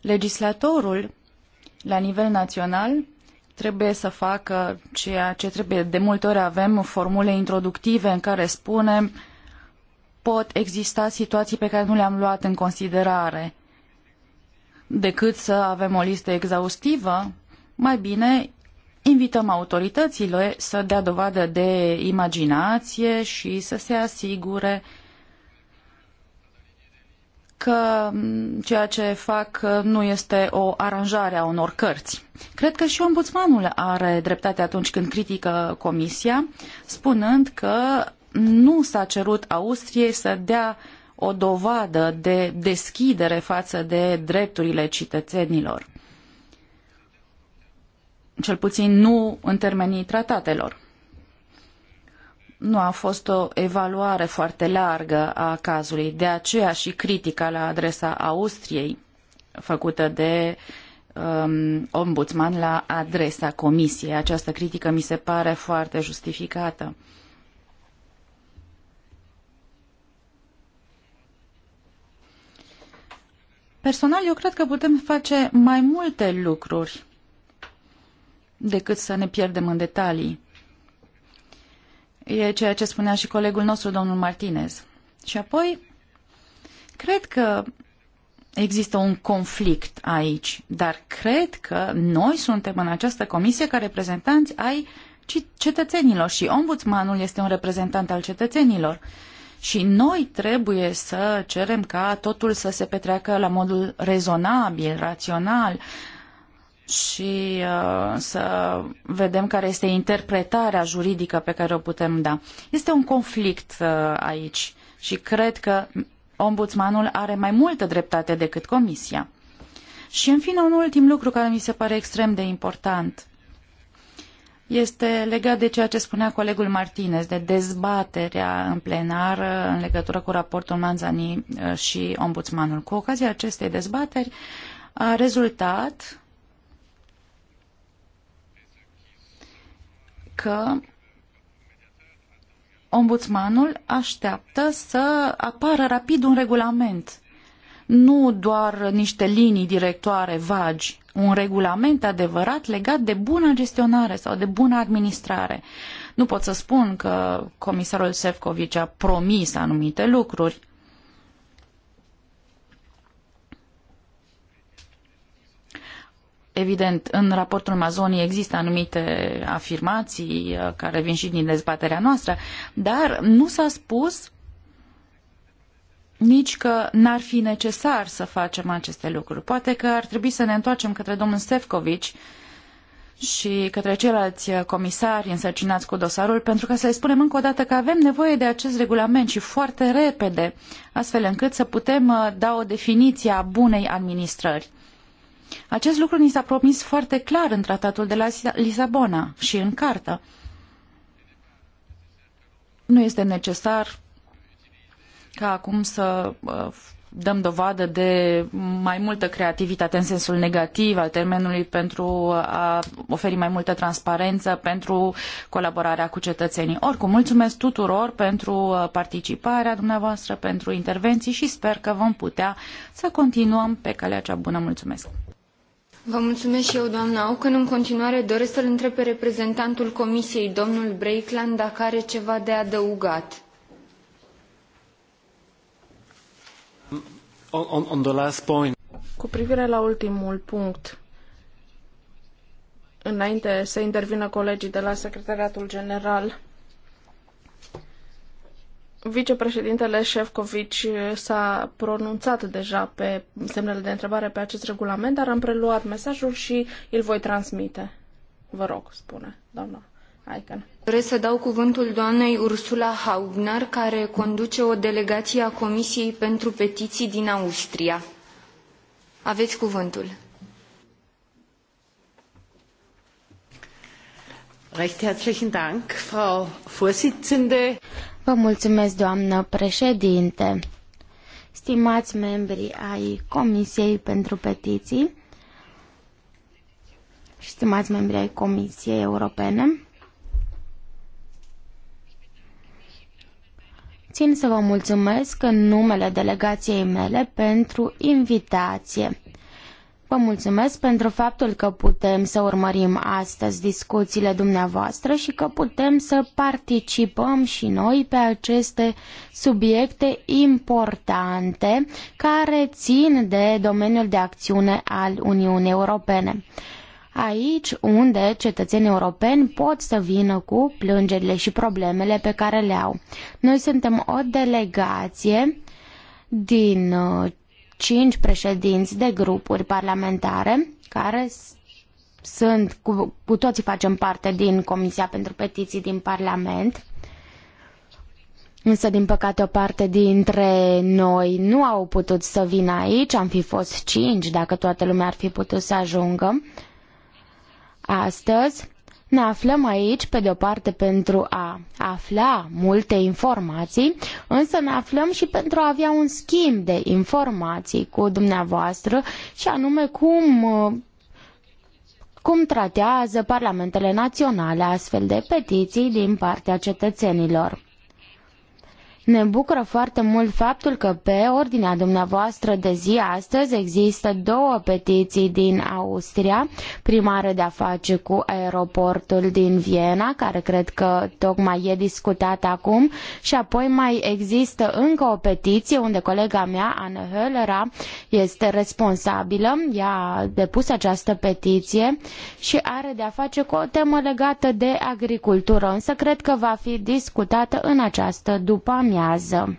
Legislatorul, la nivel național, trebuie să facă ceea ce trebuie. De multe ori avem formule introductive în care spunem pot exista situații pe care nu le-am luat în considerare. Decât să avem o listă exhaustivă, mai bine invităm autoritățile să dea dovadă de imaginație și să se asigure că ceea ce fac nu este o aranjare a unor cărți. Cred că și ombudsmanul are dreptate atunci când critică comisia, spunând că nu s-a cerut Austriei să dea o dovadă de deschidere față de drepturile cetățenilor cel puțin nu în termenii tratatelor. Nu a fost o evaluare foarte largă a cazului, de aceea și critica la adresa Austriei făcută de um, ombudsman la adresa comisiei. Această critică mi se pare foarte justificată. Personal, eu cred că putem face mai multe lucruri decât să ne pierdem în detalii. E ceea ce spunea și colegul nostru, domnul Martinez. Și apoi, cred că există un conflict aici, dar cred că noi suntem în această comisie ca reprezentanți ai cetățenilor și ombudsmanul este un reprezentant al cetățenilor. Și noi trebuie să cerem ca totul să se petreacă la modul rezonabil, rațional, și uh, să vedem care este interpretarea juridică pe care o putem da. Este un conflict uh, aici și cred că ombudsmanul are mai multă dreptate decât comisia. Și în fine, un ultim lucru care mi se pare extrem de important este legat de ceea ce spunea colegul Martinez, de dezbaterea în plenar în legătură cu raportul Manzani uh, și ombudsmanul. Cu ocazia acestei dezbateri a rezultat că ombudsmanul așteaptă să apară rapid un regulament, nu doar niște linii directoare vagi, un regulament adevărat legat de bună gestionare sau de bună administrare. Nu pot să spun că comisarul Sefcovici a promis anumite lucruri, Evident, în raportul Mazonii există anumite afirmații uh, care vin și din dezbaterea noastră, dar nu s-a spus nici că n-ar fi necesar să facem aceste lucruri. Poate că ar trebui să ne întoarcem către domnul Stefcovici și către ceilalți uh, comisari însărcinați cu dosarul, pentru ca să le spunem încă o dată că avem nevoie de acest regulament și foarte repede, astfel încât să putem uh, da o definiție a bunei administrări. Acest lucru ni s-a promis foarte clar în tratatul de la Lisabona și în cartă. Nu este necesar ca acum să uh, dăm dovadă de mai multă creativitate în sensul negativ al termenului pentru a oferi mai multă transparență pentru colaborarea cu cetățenii. Oricum, mulțumesc tuturor pentru uh, participarea dumneavoastră, pentru intervenții și sper că vom putea să continuăm pe calea cea bună. Mulțumesc! Vă mulțumesc și eu, doamna În continuare doresc să-l întreb pe reprezentantul Comisiei, domnul Breitland, dacă are ceva de adăugat. On, on the last point. Cu privire la ultimul punct, înainte să intervină colegii de la Secretariatul General, Vicepreședintele Șefcovici s-a pronunțat deja pe semnele de întrebare pe acest regulament, dar am preluat mesajul și îl voi transmite. Vă rog, spune doamna Aiken. Doresc să dau cuvântul doamnei Ursula Haubner, care conduce o delegație a Comisiei pentru Petiții din Austria. Aveți cuvântul. Recht herzlichen Dank, Frau Vorsitzende. Vă mulțumesc, doamnă președinte. Stimați membri ai Comisiei pentru Petiții, stimați membri ai Comisiei Europene, Țin să vă mulțumesc în numele delegației mele pentru invitație. Vă mulțumesc pentru faptul că putem să urmărim astăzi discuțiile dumneavoastră și că putem să participăm și noi pe aceste subiecte importante care țin de domeniul de acțiune al Uniunii Europene. Aici unde cetățenii europeni pot să vină cu plângerile și problemele pe care le au. Noi suntem o delegație din uh, cinci președinți de grupuri parlamentare care sunt, cu, cu toții facem parte din Comisia pentru Petiții din Parlament, însă din păcate o parte dintre noi nu au putut să vină aici, am fi fost cinci dacă toată lumea ar fi putut să ajungă astăzi ne aflăm aici, pe de o parte, pentru a afla multe informații, însă ne aflăm și pentru a avea un schimb de informații cu dumneavoastră și anume cum, cum tratează parlamentele naționale astfel de petiții din partea cetățenilor. Ne bucură foarte mult faptul că pe ordinea dumneavoastră de zi astăzi există două petiții din Austria, primară de a face cu aeroportul din Viena, care cred că tocmai e discutată acum, și apoi mai există încă o petiție unde colega mea, Anne Höllera, este responsabilă, ea a depus această petiție și are de a face cu o temă legată de agricultură, însă cred că va fi discutată în această după -amiază urmează.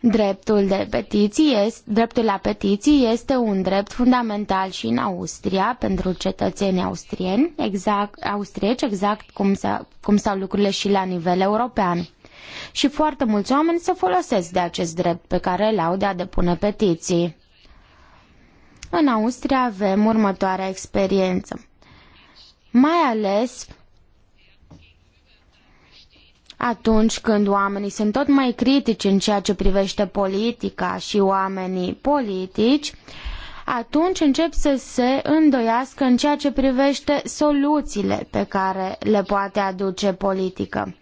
Dreptul, de petiții este, dreptul la petiții este un drept fundamental și în Austria pentru cetățenii austrieni, exact, austrieci, exact cum, s-a, cum stau lucrurile și la nivel european. Și foarte mulți oameni se folosesc de acest drept pe care îl au de a depune petiții. În Austria avem următoarea experiență. Mai ales atunci când oamenii sunt tot mai critici în ceea ce privește politica și oamenii politici, atunci încep să se îndoiască în ceea ce privește soluțiile pe care le poate aduce politica.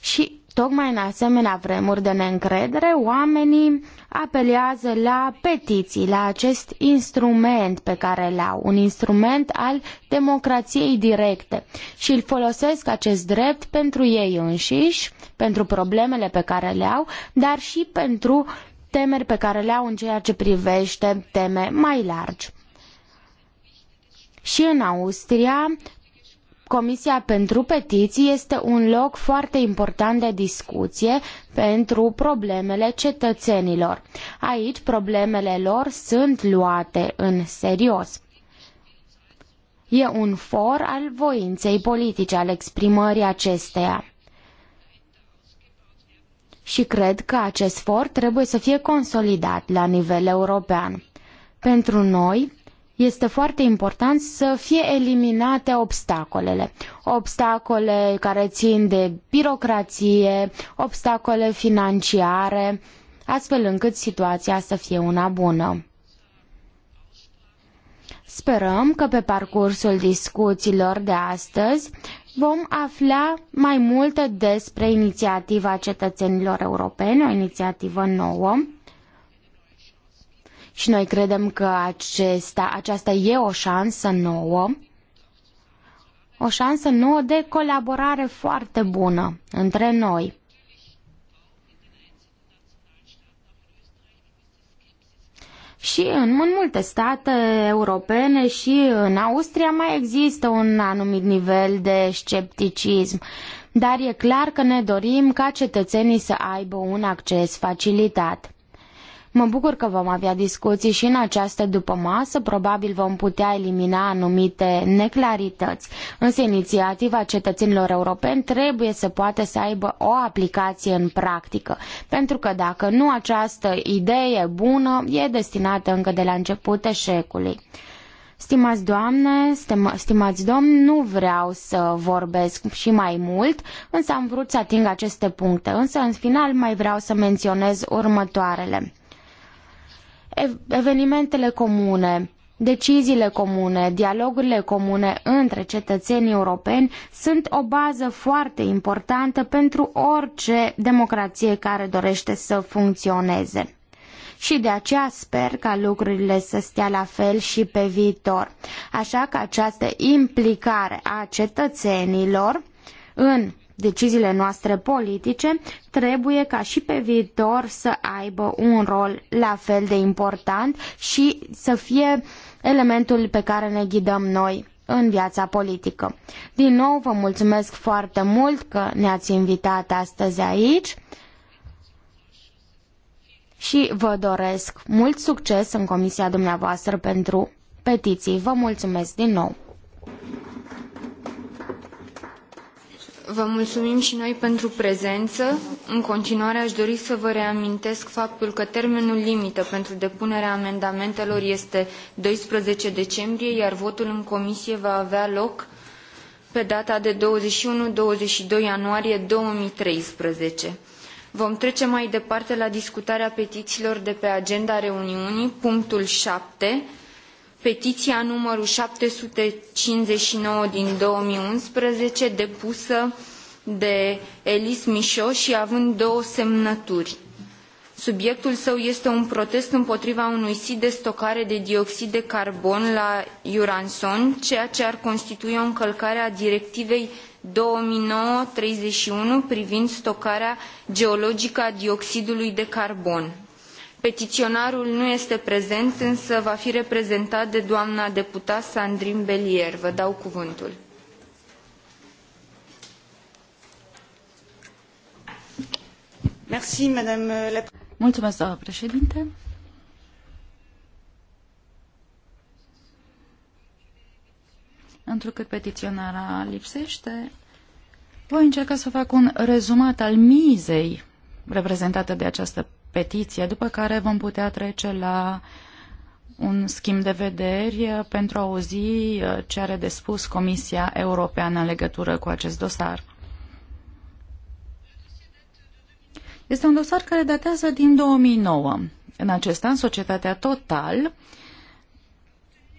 Și Tocmai în asemenea vremuri de neîncredere, oamenii apelează la petiții, la acest instrument pe care îl au, un instrument al democrației directe și îl folosesc acest drept pentru ei înșiși, pentru problemele pe care le au, dar și pentru temeri pe care le au în ceea ce privește teme mai largi. Și în Austria, Comisia pentru petiții este un loc foarte important de discuție pentru problemele cetățenilor. Aici problemele lor sunt luate în serios. E un for al voinței politice, al exprimării acesteia. Și cred că acest for trebuie să fie consolidat la nivel european. Pentru noi, este foarte important să fie eliminate obstacolele. Obstacole care țin de birocrație, obstacole financiare, astfel încât situația să fie una bună. Sperăm că pe parcursul discuțiilor de astăzi vom afla mai multe despre inițiativa cetățenilor europeni, o inițiativă nouă, și noi credem că acesta, aceasta e o șansă nouă, o șansă nouă de colaborare foarte bună între noi. Și în, în multe state europene și în Austria mai există un anumit nivel de scepticism, dar e clar că ne dorim ca cetățenii să aibă un acces facilitat. Mă bucur că vom avea discuții și în această dupămasă, probabil vom putea elimina anumite neclarități, însă inițiativa cetățenilor europeni trebuie să poată să aibă o aplicație în practică, pentru că dacă nu această idee bună e destinată încă de la început eșecului. Stimați doamne, stima, stimați domn, nu vreau să vorbesc și mai mult, însă am vrut să ating aceste puncte. Însă, în final, mai vreau să menționez următoarele evenimentele comune, deciziile comune, dialogurile comune între cetățenii europeni sunt o bază foarte importantă pentru orice democrație care dorește să funcționeze și de aceea sper ca lucrurile să stea la fel și pe viitor. Așa că această implicare a cetățenilor în deciziile noastre politice trebuie ca și pe viitor să aibă un rol la fel de important și să fie elementul pe care ne ghidăm noi în viața politică. Din nou vă mulțumesc foarte mult că ne-ați invitat astăzi aici și vă doresc mult succes în comisia dumneavoastră pentru petiții. Vă mulțumesc din nou! Vă mulțumim și noi pentru prezență. În continuare aș dori să vă reamintesc faptul că termenul limită pentru depunerea amendamentelor este 12 decembrie, iar votul în comisie va avea loc pe data de 21-22 ianuarie 2013. Vom trece mai departe la discutarea petițiilor de pe agenda reuniunii, punctul 7, petiia numărul șapte sute cincizeci și nouă din două mii unsprezece depusă de elise michaud i având două semnături. subiectul său este un protest împotriva unui sit de stocare de dioxid de carbon la juranson ceea ce ar constitui o încălcare a directivei două mii nouă treizeci și unu privind stocarea geologică a dioxidului de carbon petiionarul nu este prezent însă va fi reprezentat de doamna deputat sandrine bélier vă dau cuvântul. Mulțumesc, doamnă președinte. Întrucât petiționara lipsește, voi încerca să fac un rezumat al mizei reprezentată de această petiție, după care vom putea trece la un schimb de vederi pentru a auzi uh, ce are de spus Comisia Europeană în legătură cu acest dosar. Este un dosar care datează din 2009. În acest an, societatea Total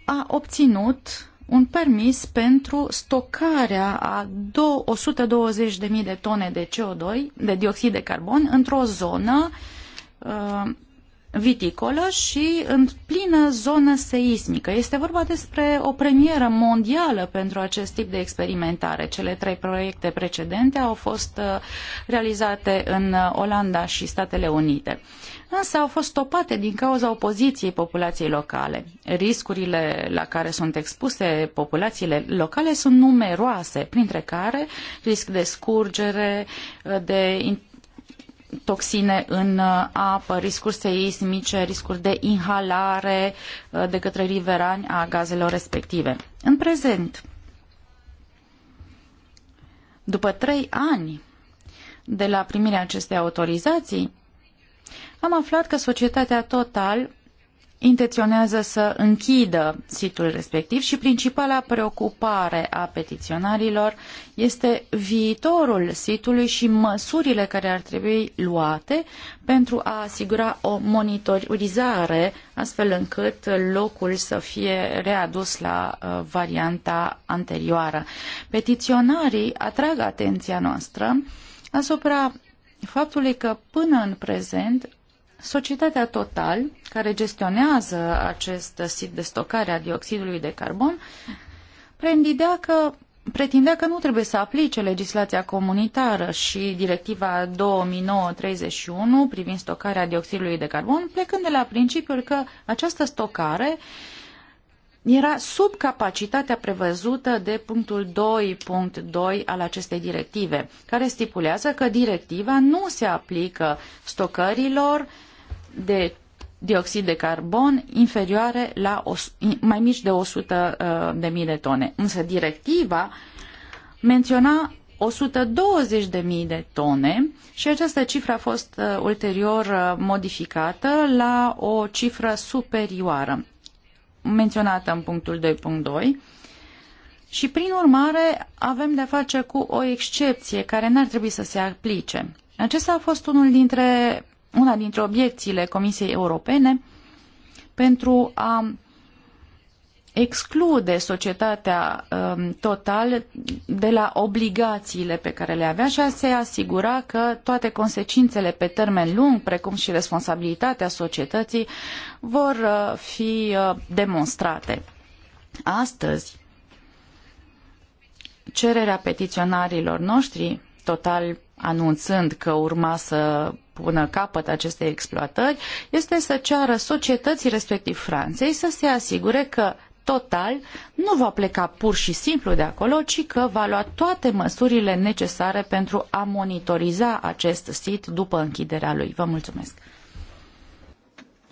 a obținut un permis pentru stocarea a 120.000 de tone de CO2, de dioxid de carbon, într-o zonă uh, Uh, viticolă și în plină zonă seismică. Este vorba despre o premieră mondială pentru acest tip de experimentare. Cele trei proiecte precedente au fost uh, realizate în uh, Olanda și Statele Unite, însă au fost stopate din cauza opoziției populației locale. Riscurile la care sunt expuse populațiile locale sunt numeroase, printre care risc de scurgere, de toxine în uh, apă, riscuri seismice, riscuri de inhalare uh, de către riverani a gazelor respective. În prezent, după trei ani de la primirea acestei autorizații, am aflat că societatea Total intenționează să închidă situl respectiv și principala preocupare a petiționarilor este viitorul sitului și măsurile care ar trebui luate pentru a asigura o monitorizare astfel încât locul să fie readus la uh, varianta anterioară. Petiționarii atrag atenția noastră asupra faptului că până în prezent Societatea Total, care gestionează acest sit de stocare a dioxidului de carbon, pretindea că, pretindea că nu trebuie să aplice legislația comunitară și directiva 2009-31 privind stocarea dioxidului de carbon, plecând de la principiul că această stocare era sub capacitatea prevăzută de punctul 2.2 al acestei directive, care stipulează că directiva nu se aplică stocărilor de dioxid de carbon inferioare la mai mici de 100 uh, de mii de tone. Însă directiva menționa 120 de mii de tone și această cifră a fost uh, ulterior uh, modificată la o cifră superioară menționată în punctul 2.2 și prin urmare avem de-a face cu o excepție care n-ar trebui să se aplice. Acesta a fost unul dintre una dintre obiecțiile Comisiei Europene pentru a exclude societatea um, total de la obligațiile pe care le avea și a se asigura că toate consecințele pe termen lung, precum și responsabilitatea societății, vor uh, fi uh, demonstrate. Astăzi, cererea petiționarilor noștri, total anunțând că urma să pună capăt acestei exploatări este să ceară societății respectiv Franței să se asigure că Total nu va pleca pur și simplu de acolo, ci că va lua toate măsurile necesare pentru a monitoriza acest sit după închiderea lui. Vă mulțumesc!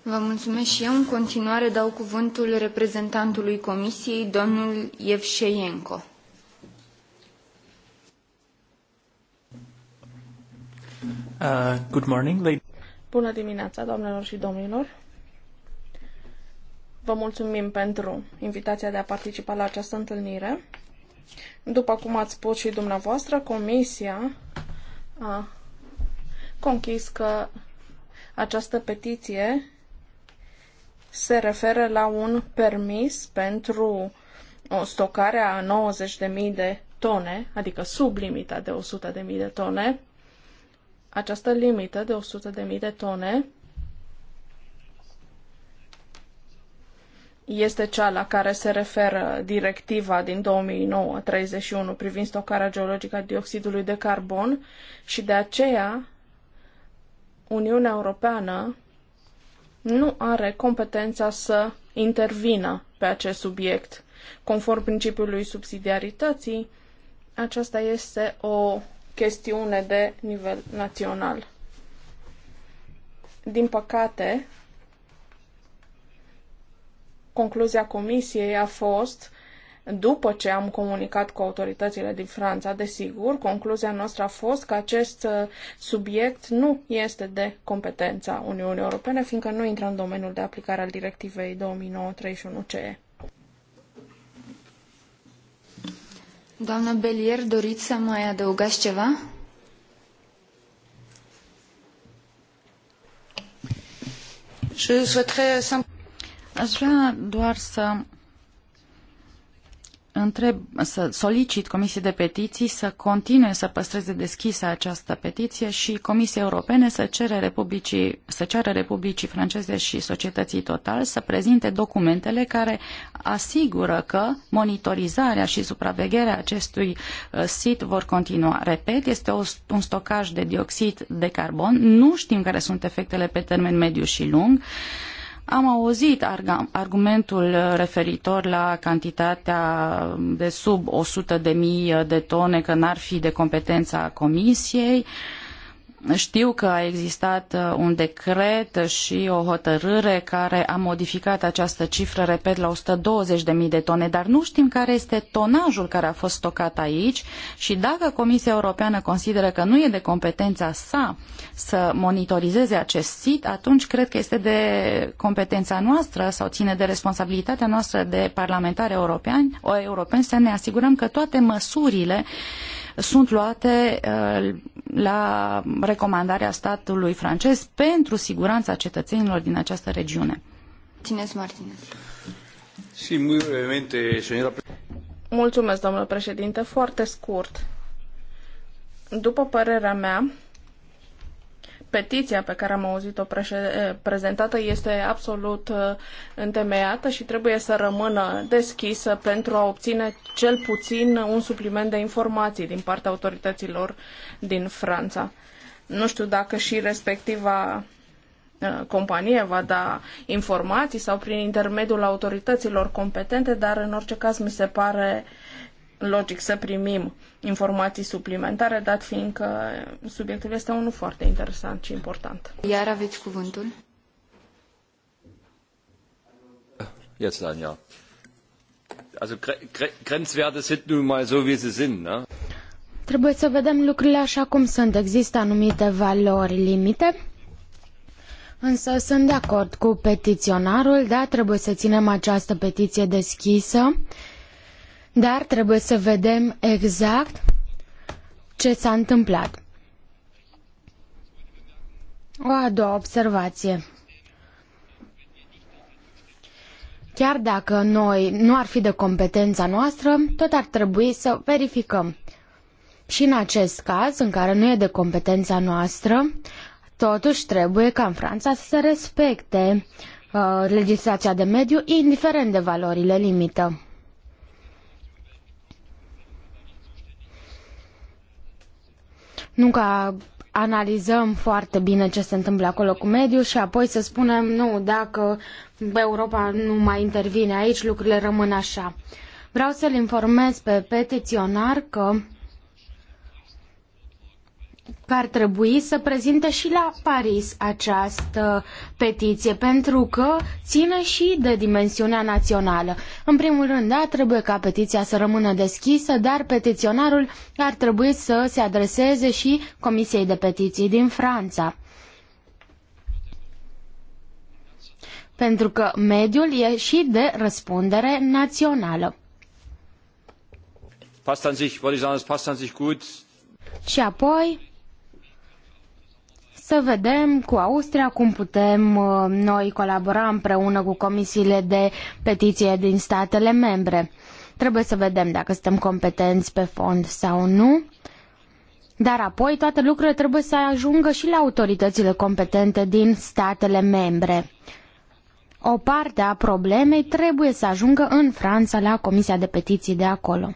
Vă mulțumesc și eu. În continuare dau cuvântul reprezentantului Comisiei, domnul Evșeienko. Uh, good morning, ladies. Bună dimineața, doamnelor și domnilor. Vă mulțumim pentru invitația de a participa la această întâlnire. După cum ați spus și dumneavoastră, Comisia a conchis că această petiție se referă la un permis pentru o stocare a 90.000 de tone, adică sub limita de 100.000 de tone, această limită de 100.000 de tone este cea la care se referă directiva din 2009-31 privind stocarea geologică a dioxidului de carbon și de aceea Uniunea Europeană nu are competența să intervină pe acest subiect. Conform principiului subsidiarității, aceasta este o chestiune de nivel național. Din păcate, concluzia comisiei a fost după ce am comunicat cu autoritățile din Franța, desigur, concluzia noastră a fost că acest uh, subiect nu este de competența Uniunii Europene, fiindcă nu intră în domeniul de aplicare al directivei 2009-31 CE. Doamnă Belier, doriți să mai adăugați ceva? Aș vrea doar să întreb, să solicit Comisiei de Petiții să continue să păstreze deschisă această petiție și Comisiei Europene să, cere Republicii, să ceară Republicii Franceze și societății total să prezinte documentele care asigură că monitorizarea și supravegherea acestui uh, sit vor continua. Repet, este o, un stocaj de dioxid de carbon, nu știm care sunt efectele pe termen mediu și lung. Uh, am auzit argumentul referitor la cantitatea de sub 100.000 de tone că n-ar fi de competența comisiei. Uh, știu că a existat uh, un decret și o hotărâre care a modificat această cifră, repet, la 120.000 de tone, dar nu știm care este tonajul care a fost stocat aici și dacă Comisia Europeană consideră că nu e de competența sa să monitorizeze acest sit, atunci cred că este de competența noastră sau ține de responsabilitatea noastră de parlamentari europeni, europeni să ne asigurăm că toate măsurile sunt luate uh, la recomandarea statului francez pentru siguranța cetățenilor din această regiune. Martinez Martinez. Sí, muy brevemente, señora... Mulțumesc, domnule președinte. Foarte scurt. După părerea mea, petiția pe care am auzit-o eh, prezentată este absolut eh, întemeiată și trebuie să rămână deschisă pentru a obține cel puțin un supliment de informații din partea autorităților din Franța. Nu știu dacă și respectiva eh, companie va da informații sau prin intermediul autorităților competente, dar în orice caz mi se pare uh, logic să primim informații suplimentare, dat fiind că subiectul este unul foarte interesant și important. Iar aveți cuvântul? Jetzt dann, ja. Also Grenzwerte sind nun mal so, wie sie sind, ne? Trebuie să vedem lucrurile așa cum sunt. Există anumite valori limite, însă sunt de acord cu petiționarul, da, trebuie să ținem această petiție deschisă dar trebuie să vedem exact ce s-a întâmplat. O a doua observație. Chiar dacă noi nu ar fi de competența noastră, tot ar trebui să verificăm. Și în acest caz, în care nu e de competența noastră, totuși trebuie ca în Franța să se respecte uh, legislația de mediu, indiferent de valorile limită. Nu ca analizăm foarte bine ce se întâmplă acolo cu mediul și apoi să spunem, nu, dacă Europa nu mai intervine aici, lucrurile rămân așa. Vreau să-l informez pe petiționar că că ar trebui să prezinte și la Paris această petiție, pentru că ține și de dimensiunea națională. În primul rând, da, trebuie ca petiția să rămână deschisă, dar petiționarul ar trebui să se adreseze și Comisiei de Petiții din Franța. Pentru că mediul e și de răspundere națională. Passt an sich, wollte ich sagen, es passt an sich gut. Și apoi, să vedem cu Austria cum putem uh, noi colabora împreună cu comisiile de petiție din statele membre. Trebuie să vedem dacă suntem competenți pe fond sau nu. Dar apoi toate lucrurile trebuie să ajungă și la autoritățile competente din statele membre. O parte a problemei trebuie să ajungă în Franța la Comisia de Petiții de acolo.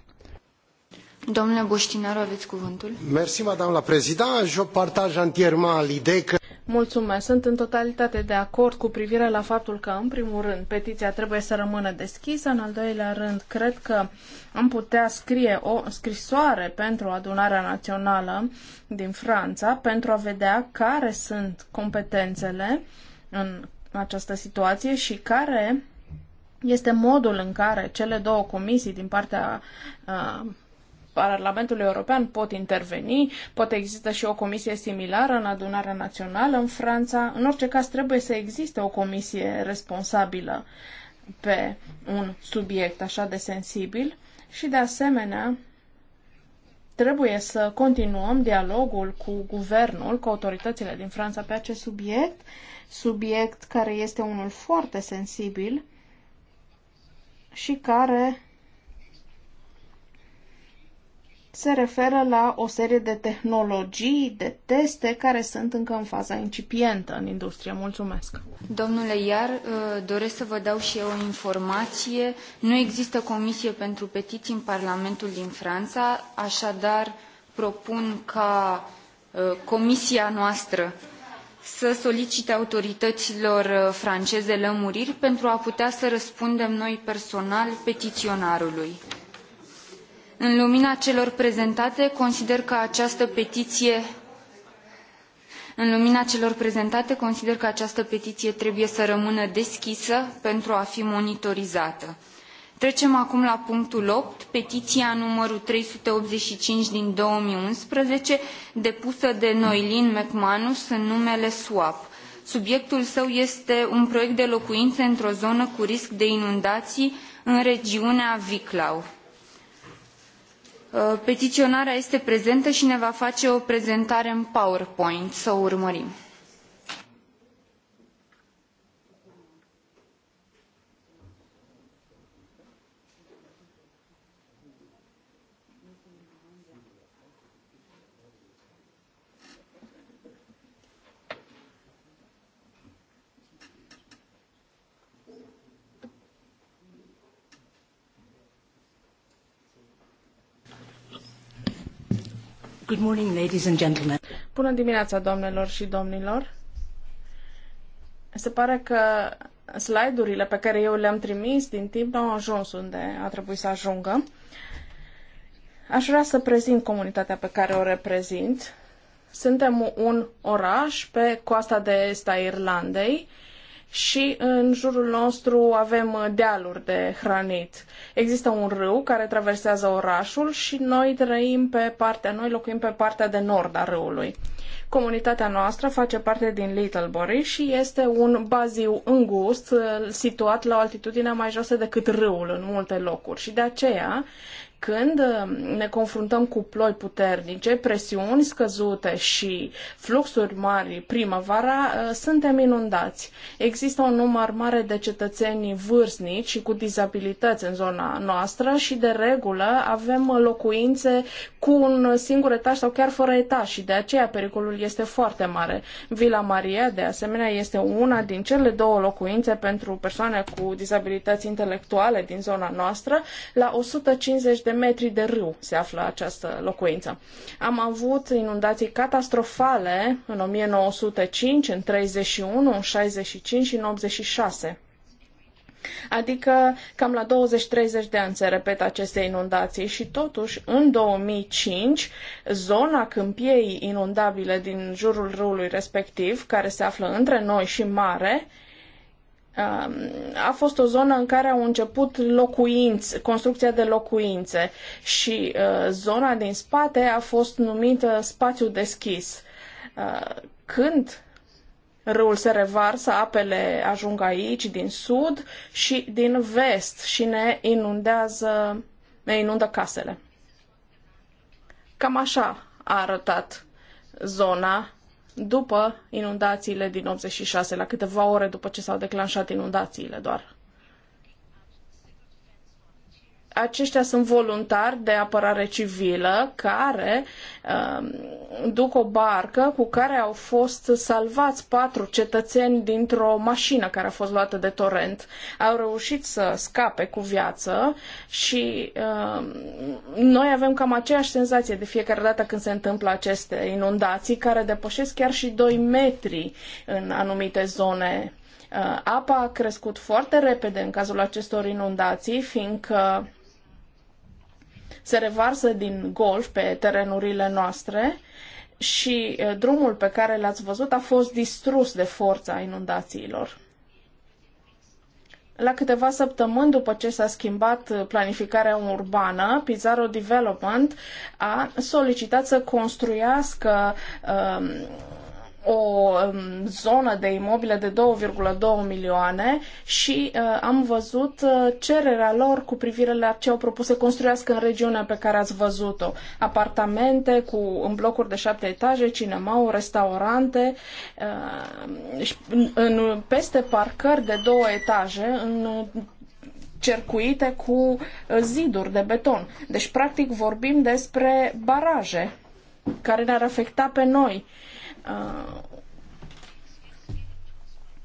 Domnule Boștinaru, aveți cuvântul. Mersi, madame la Eu Je partage entièrement că... Mulțumesc. Sunt în totalitate de acord cu privire la faptul că, în primul rând, petiția trebuie să rămână deschisă, în al doilea rând, cred că am putea scrie o scrisoare pentru adunarea națională din Franța pentru a vedea care sunt competențele în această situație și care este modul în care cele două comisii din partea uh, Parlamentul European pot interveni, poate există și o comisie similară în adunarea națională în Franța. În orice caz, trebuie să existe o comisie responsabilă pe un subiect așa de sensibil și, de asemenea, trebuie să continuăm dialogul cu guvernul, cu autoritățile din Franța pe acest subiect, subiect care este unul foarte sensibil și care se referă la o serie de tehnologii, de teste care sunt încă în faza incipientă în industrie. Mulțumesc! Domnule Iar, uh, doresc să vă dau și eu o informație. Nu există comisie pentru petiții în Parlamentul din Franța, așadar propun ca uh, comisia noastră să solicite autorităților uh, franceze lămuriri pentru a putea să răspundem noi personal petiționarului în lumina celor prezentate consider că această petiie în lumina celor prezentate consider că această petiie trebuie să rămână deschisă pentru a fi monitorizată. Trecem acum la punctul 8, petiția numărul 385 din 2011, depusă de Noilin McManus în numele SWAP. Subiectul său este un proiect de locuințe într-o zonă cu risc de inundații în regiunea Viclau. Uh, petiionarea este prezentă i ne va face o prezentare în powerpoint să o urmărim. Good morning, ladies and gentlemen. Bună dimineața, doamnelor și domnilor. Se pare că slide-urile pe care eu le-am trimis din timp nu au ajuns unde a trebuit să ajungă. Aș vrea să prezint comunitatea pe care o reprezint. Suntem un oraș pe coasta de est a Irlandei, și în jurul nostru avem uh, dealuri de hranit. Există un râu care traversează orașul și noi trăim pe partea, noi locuim pe partea de nord a râului. Comunitatea noastră face parte din Littlebury și este un baziu îngust uh, situat la o altitudine mai joasă decât râul în multe locuri și de aceea când uh, ne confruntăm cu ploi puternice, presiuni scăzute și fluxuri mari primăvara, uh, suntem inundați. Există un număr mare de cetățeni vârstnici și cu dizabilități în zona noastră și de regulă avem locuințe cu un singur etaj sau chiar fără etaj și de aceea pericolul este foarte mare. Villa Maria, de asemenea, este una din cele două locuințe pentru persoane cu dizabilități intelectuale din zona noastră. La 150 de metri de râu se află această locuință. Am avut inundații catastrofale în 1905, în 31, în 65 și în 86. Adică cam la 20-30 de ani se repetă aceste inundații și totuși în 2005 zona câmpiei inundabile din jurul râului respectiv, care se află între noi și mare, um, a fost o zonă în care au început locuinți, construcția de locuințe și uh, zona din spate a fost numită spațiu deschis. Uh, când Râul se revarsă, apele ajung aici din sud și din vest și ne inundează, ne inundă casele. Cam așa a arătat zona după inundațiile din 86, la câteva ore după ce s-au declanșat inundațiile doar aceștia sunt voluntari de apărare civilă care uh, duc o barcă cu care au fost salvați patru cetățeni dintr-o mașină care a fost luată de torent. Au reușit să scape cu viață și uh, noi avem cam aceeași senzație de fiecare dată când se întâmplă aceste inundații care depășesc chiar și 2 metri în anumite zone uh, apa a crescut foarte repede în cazul acestor inundații, fiindcă se revarsă din golf pe terenurile noastre și drumul pe care l-ați văzut a fost distrus de forța inundațiilor. La câteva săptămâni după ce s-a schimbat planificarea urbană, Pizarro Development a solicitat să construiască um, o um, zonă de imobile de 2,2 milioane și uh, am văzut uh, cererea lor cu privire la ce au propus să construiască în regiunea pe care ați văzut-o. Apartamente cu, în blocuri de șapte etaje, cinema, restaurante, uh, în, peste parcări de două etaje, în cercuite cu ziduri de beton. Deci, practic, vorbim despre baraje care ne-ar afecta pe noi. Uh, Uh,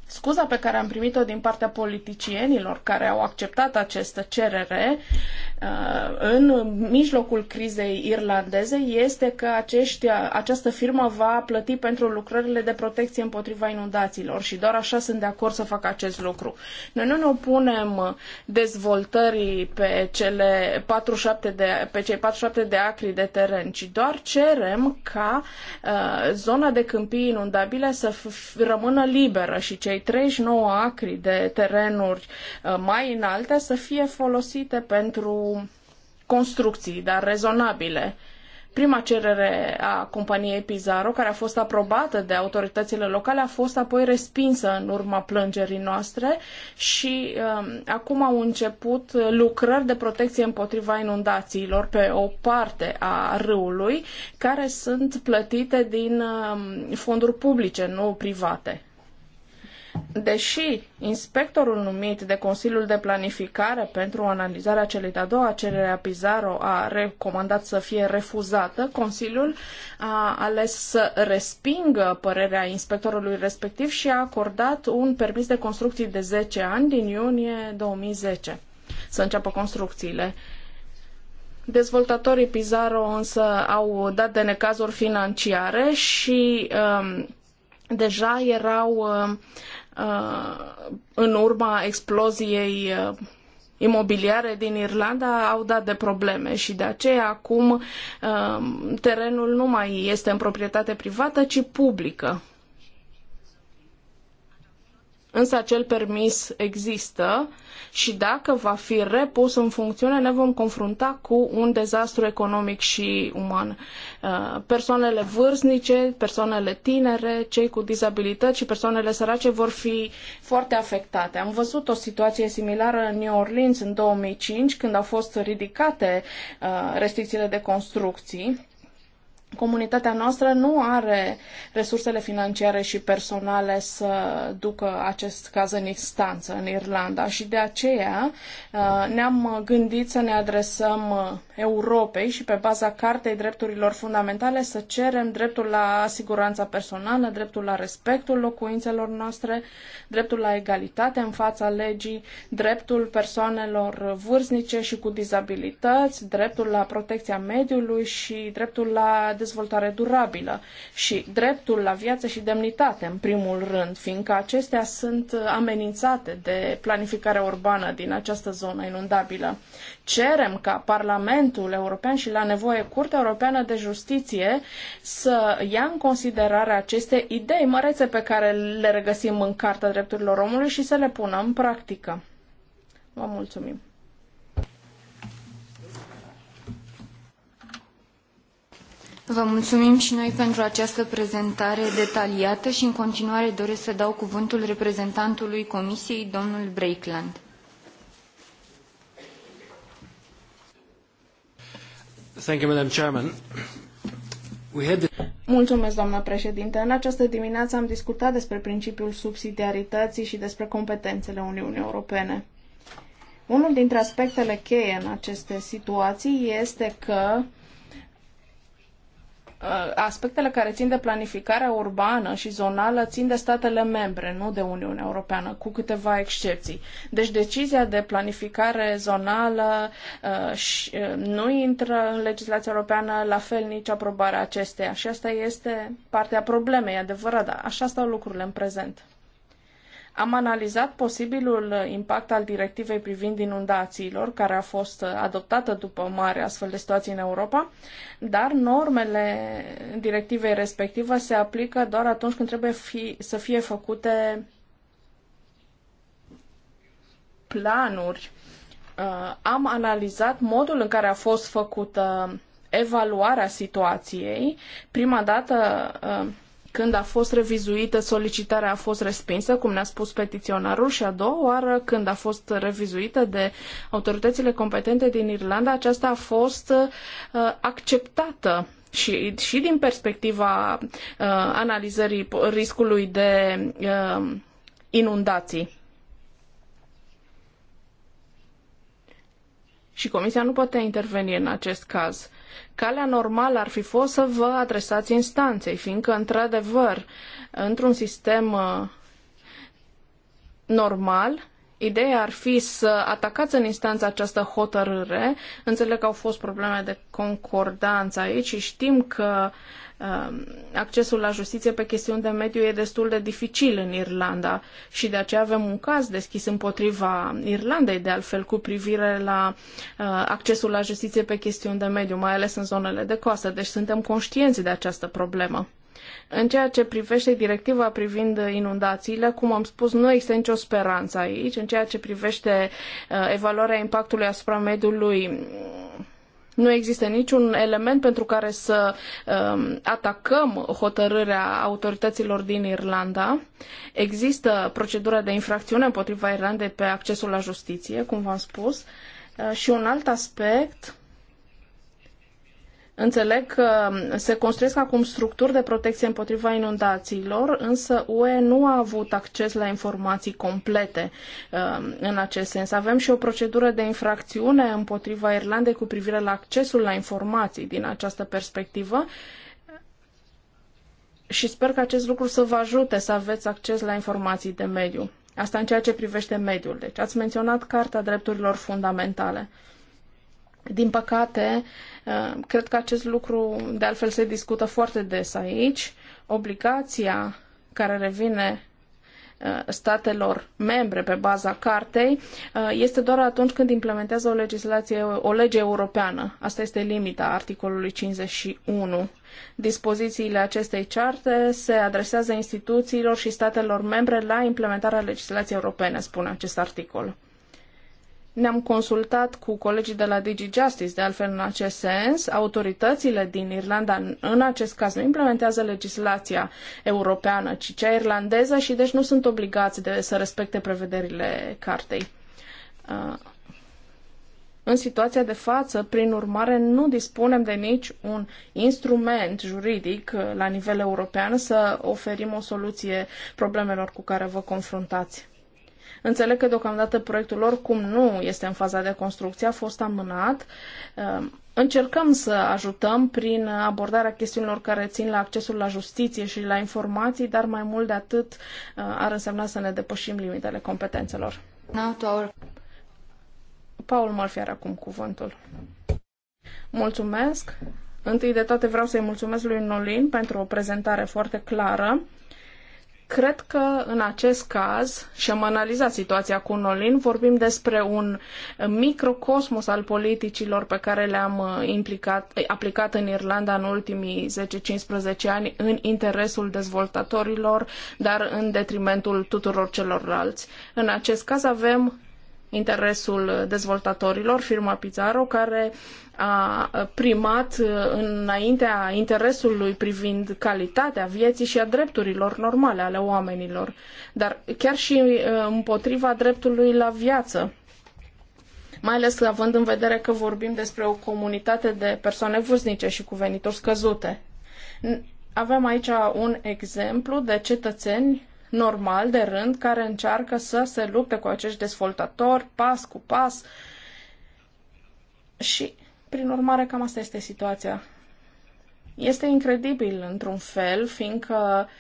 scuza pe care am primit-o din partea politicienilor care au acceptat această cerere Uh, în mijlocul crizei irlandeze este că acești această firmă va plăti pentru lucrările de protecție împotriva inundațiilor și doar așa sunt de acord să facă acest lucru. Noi nu ne opunem dezvoltării pe, cele 47 de, pe cei 47 de acri de teren, ci doar cerem ca uh, zona de câmpii inundabile să rămână liberă și cei 39 acri de terenuri uh, mai înalte să fie folosite pentru construcții, dar rezonabile. Prima cerere a companiei Pizarro, care a fost aprobată de autoritățile locale, a fost apoi respinsă în urma plângerii noastre și um, acum au început lucrări de protecție împotriva inundațiilor pe o parte a râului, care sunt plătite din um, fonduri publice, nu private. Deși inspectorul numit de Consiliul de Planificare pentru analizarea celei de-a doua cerere a Pizarro a recomandat să fie refuzată, Consiliul a ales să respingă părerea inspectorului respectiv și a acordat un permis de construcții de 10 ani din iunie 2010 să înceapă construcțiile. Dezvoltatorii Pizarro însă au dat de necazuri financiare și um, deja erau um, Uh, în urma exploziei uh, imobiliare din Irlanda au dat de probleme și de aceea acum uh, terenul nu mai este în proprietate privată, ci publică. Însă acel permis există și dacă va fi repus în funcțiune, ne vom confrunta cu un dezastru economic și uman. Uh, persoanele vârstnice, persoanele tinere, cei cu dizabilități și persoanele sărace vor fi foarte afectate. Am văzut o situație similară în New Orleans în 2005, când au fost ridicate uh, restricțiile de construcții comunitatea noastră nu are resursele financiare și personale să ducă acest caz în instanță în Irlanda și de aceea uh, ne-am gândit să ne adresăm uh, Europei și pe baza Cartei Drepturilor Fundamentale să cerem dreptul la siguranța personală, dreptul la respectul locuințelor noastre, dreptul la egalitate în fața legii, dreptul persoanelor vârstnice și cu dizabilități, dreptul la protecția mediului și dreptul la dezvoltare durabilă și dreptul la viață și demnitate, în primul rând, fiindcă acestea sunt amenințate de planificarea urbană din această zonă inundabilă. Cerem ca Parlamentul European și la nevoie Curtea Europeană de Justiție să ia în considerare aceste idei mărețe pe care le regăsim în Carta Drepturilor Omului și să le pună în practică. Vă mulțumim! Vă mulțumim și noi pentru această prezentare detaliată și în continuare doresc să dau cuvântul reprezentantului Comisiei, domnul Breakland. Mulțumesc, doamnă președinte. În această dimineață am discutat despre principiul subsidiarității și despre competențele Uniunii Europene. Unul dintre aspectele cheie în aceste situații este că Uh, aspectele care țin de planificarea urbană și zonală țin de statele membre, nu de Uniunea Europeană, cu câteva excepții. Deci decizia de planificare zonală uh, uh, nu intră în legislația europeană, la fel nici aprobarea acesteia. Și asta este partea problemei, adevărat, dar așa stau lucrurile în prezent. Am analizat posibilul impact al directivei privind inundațiilor, care a fost adoptată după mare astfel de situații în Europa, dar normele directivei respective se aplică doar atunci când trebuie fi, să fie făcute planuri. Uh, am analizat modul în care a fost făcută evaluarea situației. Prima dată uh, când a fost revizuită, solicitarea a fost respinsă, cum ne-a spus petiționarul, și a doua oară, când a fost revizuită de autoritățile competente din Irlanda, aceasta a fost uh, acceptată și, și din perspectiva uh, analizării riscului de uh, inundații. Și Comisia nu poate interveni în acest caz. Calea normală ar fi fost să vă adresați instanței, fiindcă, într-adevăr, într-un sistem uh, normal, Ideea ar fi să atacați în instanță această hotărâre. Înțeleg că au fost probleme de concordanță aici și știm că um, accesul la justiție pe chestiuni de mediu e destul de dificil în Irlanda și de aceea avem un caz deschis împotriva Irlandei, de altfel, cu privire la uh, accesul la justiție pe chestiuni de mediu, mai ales în zonele de coastă. Deci suntem conștienți de această problemă. În ceea ce privește directiva privind inundațiile, cum am spus, nu există nicio speranță aici. În ceea ce privește uh, evaluarea impactului asupra mediului, nu există niciun element pentru care să um, atacăm hotărârea autorităților din Irlanda. Există procedura de infracțiune împotriva Irlandei pe accesul la justiție, cum v-am spus. Uh, și un alt aspect Înțeleg că se construiesc acum structuri de protecție împotriva inundațiilor, însă UE nu a avut acces la informații complete um, în acest sens. Avem și o procedură de infracțiune împotriva Irlandei cu privire la accesul la informații din această perspectivă și sper că acest lucru să vă ajute să aveți acces la informații de mediu. Asta în ceea ce privește mediul. Deci ați menționat Carta Drepturilor Fundamentale. Uh, din păcate, ă, cred că acest lucru de altfel se discută foarte des aici. Obligația care revine ă, statelor membre pe baza cartei ă, este doar atunci când implementează o legislație, o lege europeană. Asta este limita articolului 51. Dispozițiile acestei charte se adresează instituțiilor și statelor membre la implementarea legislației europene, spune acest articol. Ne-am consultat cu colegii de la Digi Justice, de altfel în acest sens. Autoritățile din Irlanda, în acest caz, nu implementează legislația europeană, ci cea irlandeză și deci nu sunt obligați de, să respecte prevederile cartei. Uh, în situația de față, prin urmare, nu dispunem de nici un instrument juridic uh, la nivel european să oferim o soluție problemelor cu care vă confruntați. Înțeleg că deocamdată proiectul lor cum nu este în faza de construcție, a fost amânat. Ehm, încercăm să ajutăm prin abordarea chestiunilor care țin la accesul la justiție și la informații, dar mai mult de atât eh, ar însemna să ne depășim limitele competențelor. Paul Murphy are acum cuvântul. Mulțumesc! Întâi de toate vreau să-i mulțumesc lui Nolin pentru o prezentare foarte clară Cred că în acest caz, și am analizat situația cu Nolin, vorbim despre un microcosmos al politicilor pe care le-am uh, implicat, uh, aplicat în Irlanda în ultimii 10-15 ani în interesul dezvoltatorilor, dar în detrimentul tuturor celorlalți. În acest caz avem interesul dezvoltatorilor, firma Pizarro, care a primat înaintea interesului privind calitatea vieții și a drepturilor normale ale oamenilor, dar chiar și uh, împotriva dreptului la viață mai ales având în vedere că vorbim despre o comunitate de persoane vârstnice și cu venituri scăzute. Avem aici un exemplu de cetățeni normal, de rând, care încearcă să se lupte cu acești dezvoltatori pas cu pas. Și, prin urmare, cam asta este situația. Este incredibil, într-un fel, fiindcă uh,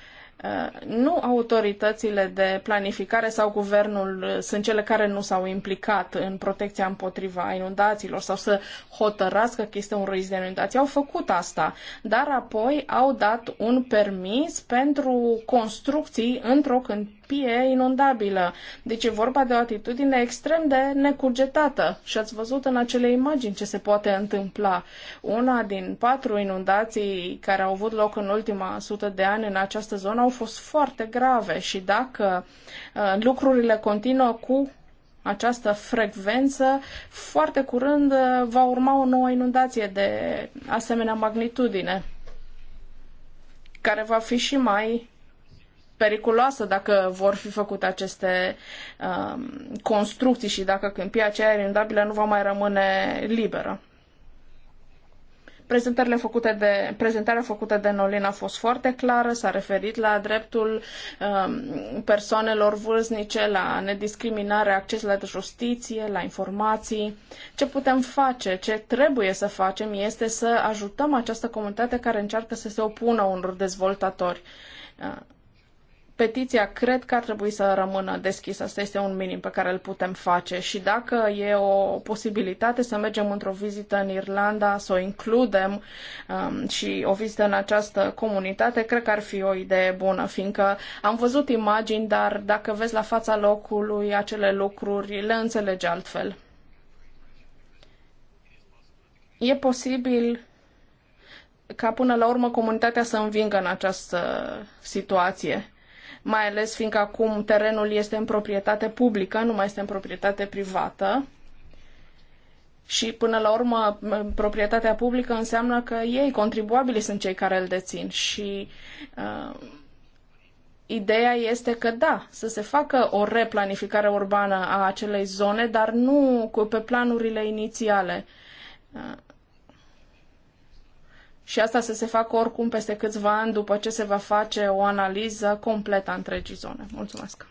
nu autoritățile de planificare sau guvernul uh, sunt cele care nu s-au implicat în protecția împotriva inundațiilor sau să hotărască că este un risc de inundații. Au făcut asta, dar apoi au dat un permis pentru construcții într-o apie inundabilă. Deci e vorba de o atitudine extrem de necugetată. Și ați văzut în acele imagini ce se poate întâmpla. Una din patru inundații care au avut loc în ultima sută de ani în această zonă au fost foarte grave și dacă uh, lucrurile continuă cu această frecvență, foarte curând uh, va urma o nouă inundație de asemenea magnitudine, care va fi și mai periculoasă dacă vor fi făcute aceste um, construcții și dacă câmpia aceea inundabilă nu va mai rămâne liberă. Prezentările făcute de, prezentarea făcută de Nolin a fost foarte clară, s-a referit la dreptul um, persoanelor vârstnice, la nediscriminare, acces la justiție, la informații. Ce putem face, ce trebuie să facem este să ajutăm această comunitate care încearcă să se opună unor dezvoltatori. Uh, petiția cred că ar trebui să rămână deschisă. Asta este un minim pe care îl putem face și dacă e o posibilitate să mergem într-o vizită în Irlanda, să o includem um, și o vizită în această comunitate, cred că ar fi o idee bună, fiindcă am văzut imagini, dar dacă vezi la fața locului acele lucruri, le înțelegi altfel. E posibil ca până la urmă comunitatea să învingă în această situație mai ales fiindcă acum terenul este în proprietate publică, nu mai este în proprietate privată. Și până la urmă, proprietatea publică înseamnă că ei, contribuabili sunt cei care îl dețin. Și uh, ideea este că da, să se facă o replanificare urbană a acelei zone, dar nu cu pe planurile inițiale. Uh, și asta să se facă oricum peste câțiva ani după ce se va face o analiză completă a întregii zone. Mulțumesc!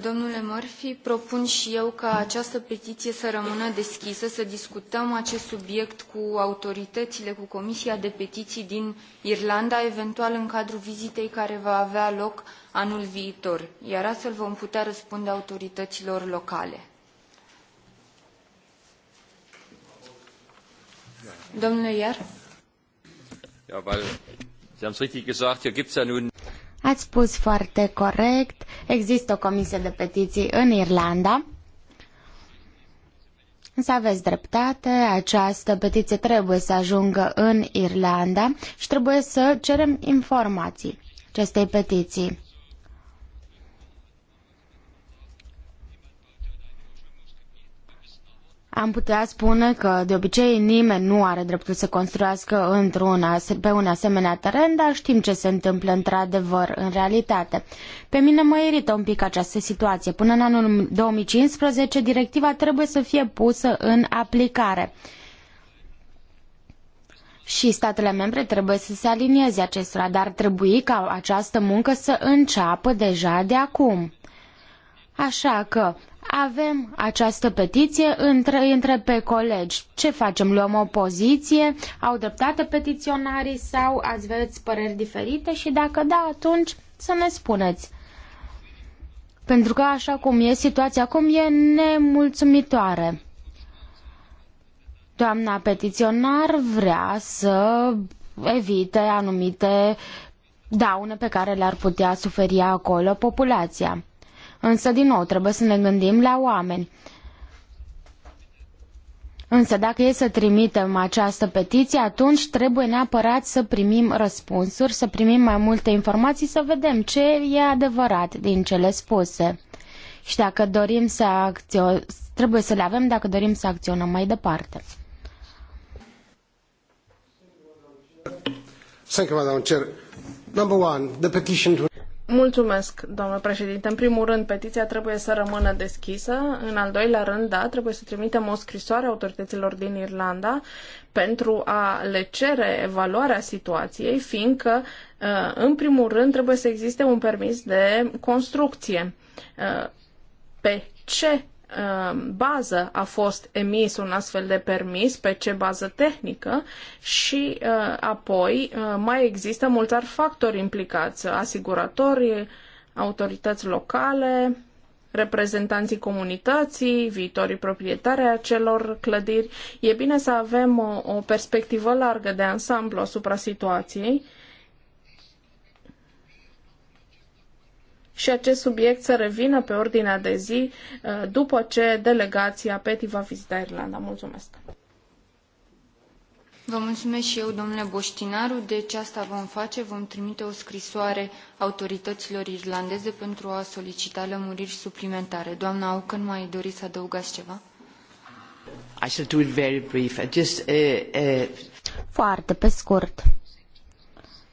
Domnule Murphy, propun și eu ca această petiție să rămână deschisă, să discutăm acest subiect cu autoritățile, cu Comisia de Petiții din Irlanda, eventual în cadrul vizitei care va avea loc anul viitor, iar astfel vom putea răspunde autorităților locale. Domnule Iar? Ja, weil, Sie haben es richtig gesagt, hier gibt es ja nun Ați spus foarte corect, există o comisie de petiții în Irlanda, Însă aveți dreptate, această petiție trebuie să ajungă în Irlanda și trebuie să cerem informații acestei petiții. Am putea spune că de obicei nimeni nu are dreptul să construiască într-un, pe un asemenea teren, dar știm ce se întâmplă într-adevăr în realitate. Pe mine mă irită un pic această situație. Până în anul 2015 directiva trebuie să fie pusă în aplicare. Și statele membre trebuie să se alinieze acestora, dar trebuie ca această muncă să înceapă deja de acum. Așa că avem această petiție, între, între pe colegi. Ce facem? Luăm o poziție? Au dreptate petiționarii sau aveți păreri diferite? Și dacă da, atunci să ne spuneți. Pentru că așa cum e situația acum e nemulțumitoare. Doamna petiționar vrea să evite anumite daune pe care le-ar putea suferi acolo populația. Însă, din nou, trebuie să ne gândim la oameni. Însă dacă e să trimitem această petiție, atunci trebuie neapărat să primim răspunsuri, să primim mai multe informații, să vedem ce e adevărat din cele spuse. Și dacă dorim să acționăm, trebuie să le avem dacă dorim să acționăm mai departe. Thank you, Madam Chair. Number one, the petition to... Mulțumesc, doamnă președinte. În primul rând, petiția trebuie să rămână deschisă. În al doilea rând, da, trebuie să trimitem o scrisoare autorităților din Irlanda pentru a le cere evaluarea situației, fiindcă, uh, în primul rând, trebuie să existe un permis de construcție. Uh, pe ce Um, bază a fost emis un astfel de permis, pe ce bază tehnică și uh, apoi uh, mai există mulți alți factori implicați, asiguratori, autorități locale, reprezentanții comunității, viitorii proprietari ai acelor clădiri. E bine să avem o, uh, o perspectivă largă de ansamblu asupra situației și acest subiect să revină pe ordinea de zi uh, după ce delegația PETI va vizita Irlanda. Mulțumesc! Vă mulțumesc și eu, domnule Boștinaru. Deci asta vom face, vom trimite o scrisoare autorităților irlandeze pentru a solicita lămuriri suplimentare. Doamna Aucăn, mai doriți să adăugați ceva? I shall do it very brief. Just, uh, uh... Foarte pe scurt.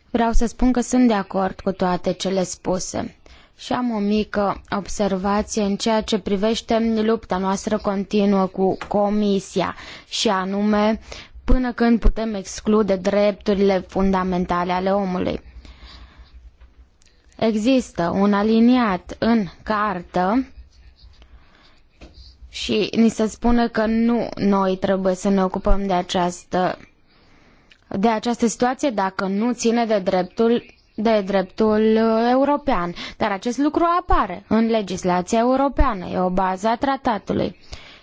Vreau să spun că sunt de acord cu toate cele spuse. Și am o mică observație în ceea ce privește lupta noastră continuă cu Comisia și anume până când putem exclude drepturile fundamentale ale omului. Există un aliniat în cartă și ni se spune că nu noi trebuie să ne ocupăm de această, de această situație dacă nu ține de dreptul de dreptul uh, european, dar acest lucru apare în legislația europeană, e o bază a tratatului.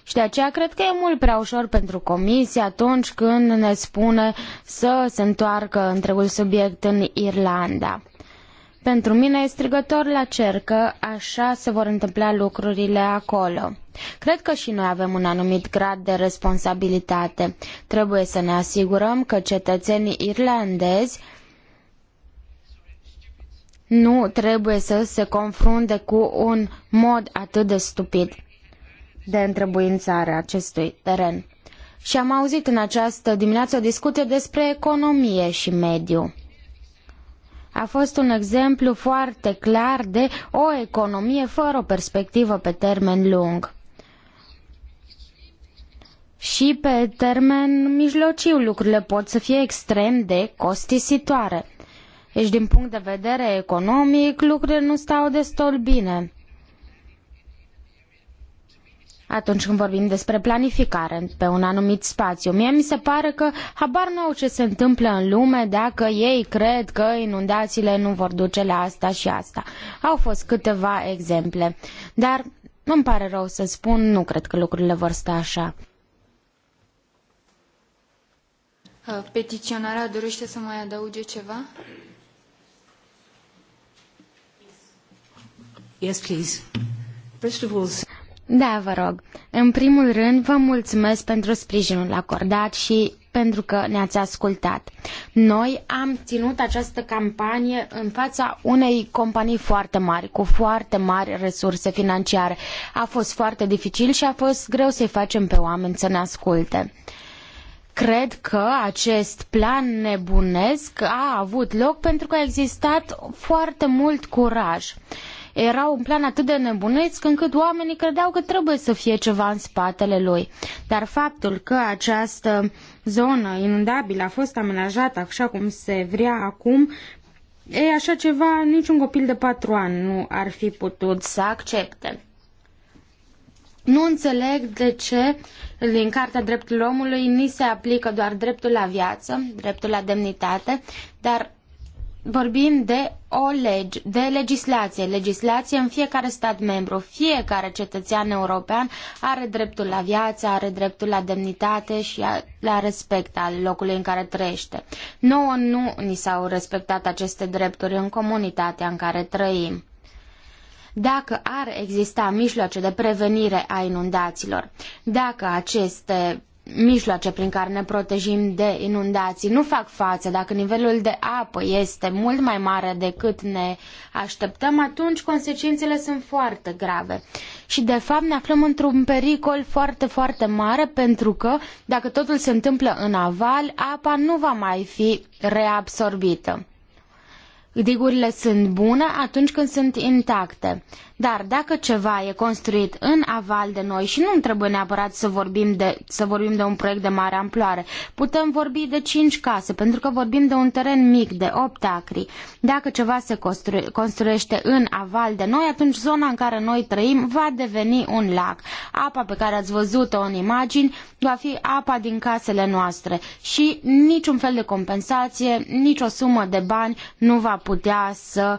Și de aceea cred că e mult prea ușor pentru comisie atunci când ne spune să se întoarcă întregul subiect în Irlanda. Pentru mine e strigător la cer că așa se vor întâmpla lucrurile acolo. Cred că și noi avem un anumit grad de responsabilitate. Trebuie să ne asigurăm că cetățenii irlandezi nu trebuie să se confrunte cu un mod atât de stupid de întrebuințare a acestui teren. Și am auzit în această dimineață o discuție despre economie și mediu. A fost un exemplu foarte clar de o economie fără o perspectivă pe termen lung. Și pe termen mijlociu lucrurile pot să fie extrem de costisitoare. Deci, din punct de vedere economic, lucrurile nu stau destul bine. Atunci când vorbim despre planificare pe un anumit spațiu, mie mi se pare că habar nu au ce se întâmplă în lume dacă ei cred că inundațiile nu vor duce la asta și asta. Au fost câteva exemple, dar nu îmi pare rău să spun, nu cred că lucrurile vor sta așa. Uh, petiționarea dorește să mai adauge ceva? Yes, please. First of all... Da, vă rog. În primul rând, vă mulțumesc pentru sprijinul acordat și pentru că ne-ați ascultat. Noi am ținut această campanie în fața unei companii foarte mari, cu foarte mari resurse financiare. A fost foarte dificil și a fost greu să-i facem pe oameni să ne asculte. Cred că acest plan nebunesc a avut loc pentru că a existat foarte mult curaj. Uh, era un plan atât de nebuneț încât oamenii credeau că trebuie să fie ceva în spatele lui. Dar faptul că această zonă inundabilă a fost amenajată așa cum se vrea acum, e așa ceva niciun copil de patru ani nu ar fi putut să accepte. Nu înțeleg de ce din cartea Drepturilor Omului ni se aplică doar dreptul la viață, dreptul la demnitate, dar vorbim de o lege, de legislație, legislație în fiecare stat membru. Fiecare cetățean european are dreptul la viață, are dreptul la demnitate și la respect al locului în care trăiește. Nouă nu ni s-au respectat aceste drepturi în comunitatea în care trăim dacă ar exista mijloace de prevenire a inundațiilor, dacă aceste mijloace prin care ne protejim de inundații nu fac față, dacă nivelul de apă este mult mai mare decât ne așteptăm, atunci consecințele sunt foarte grave. Și de fapt ne aflăm într-un pericol foarte, foarte mare pentru că dacă totul se întâmplă în aval, apa nu va mai fi reabsorbită digurile sunt bune atunci când sunt intacte. Dar dacă ceva e construit în aval de noi și nu trebuie neapărat să vorbim, de, să vorbim de un proiect de mare amploare, putem vorbi de cinci case, pentru că vorbim de un teren mic, de 8 acri. Dacă ceva se constru, construiește în aval de noi, atunci zona în care noi trăim va deveni un lac. Apa pe care ați văzut-o în imagini va fi apa din casele noastre și niciun fel de compensație, nicio sumă de bani nu va putea să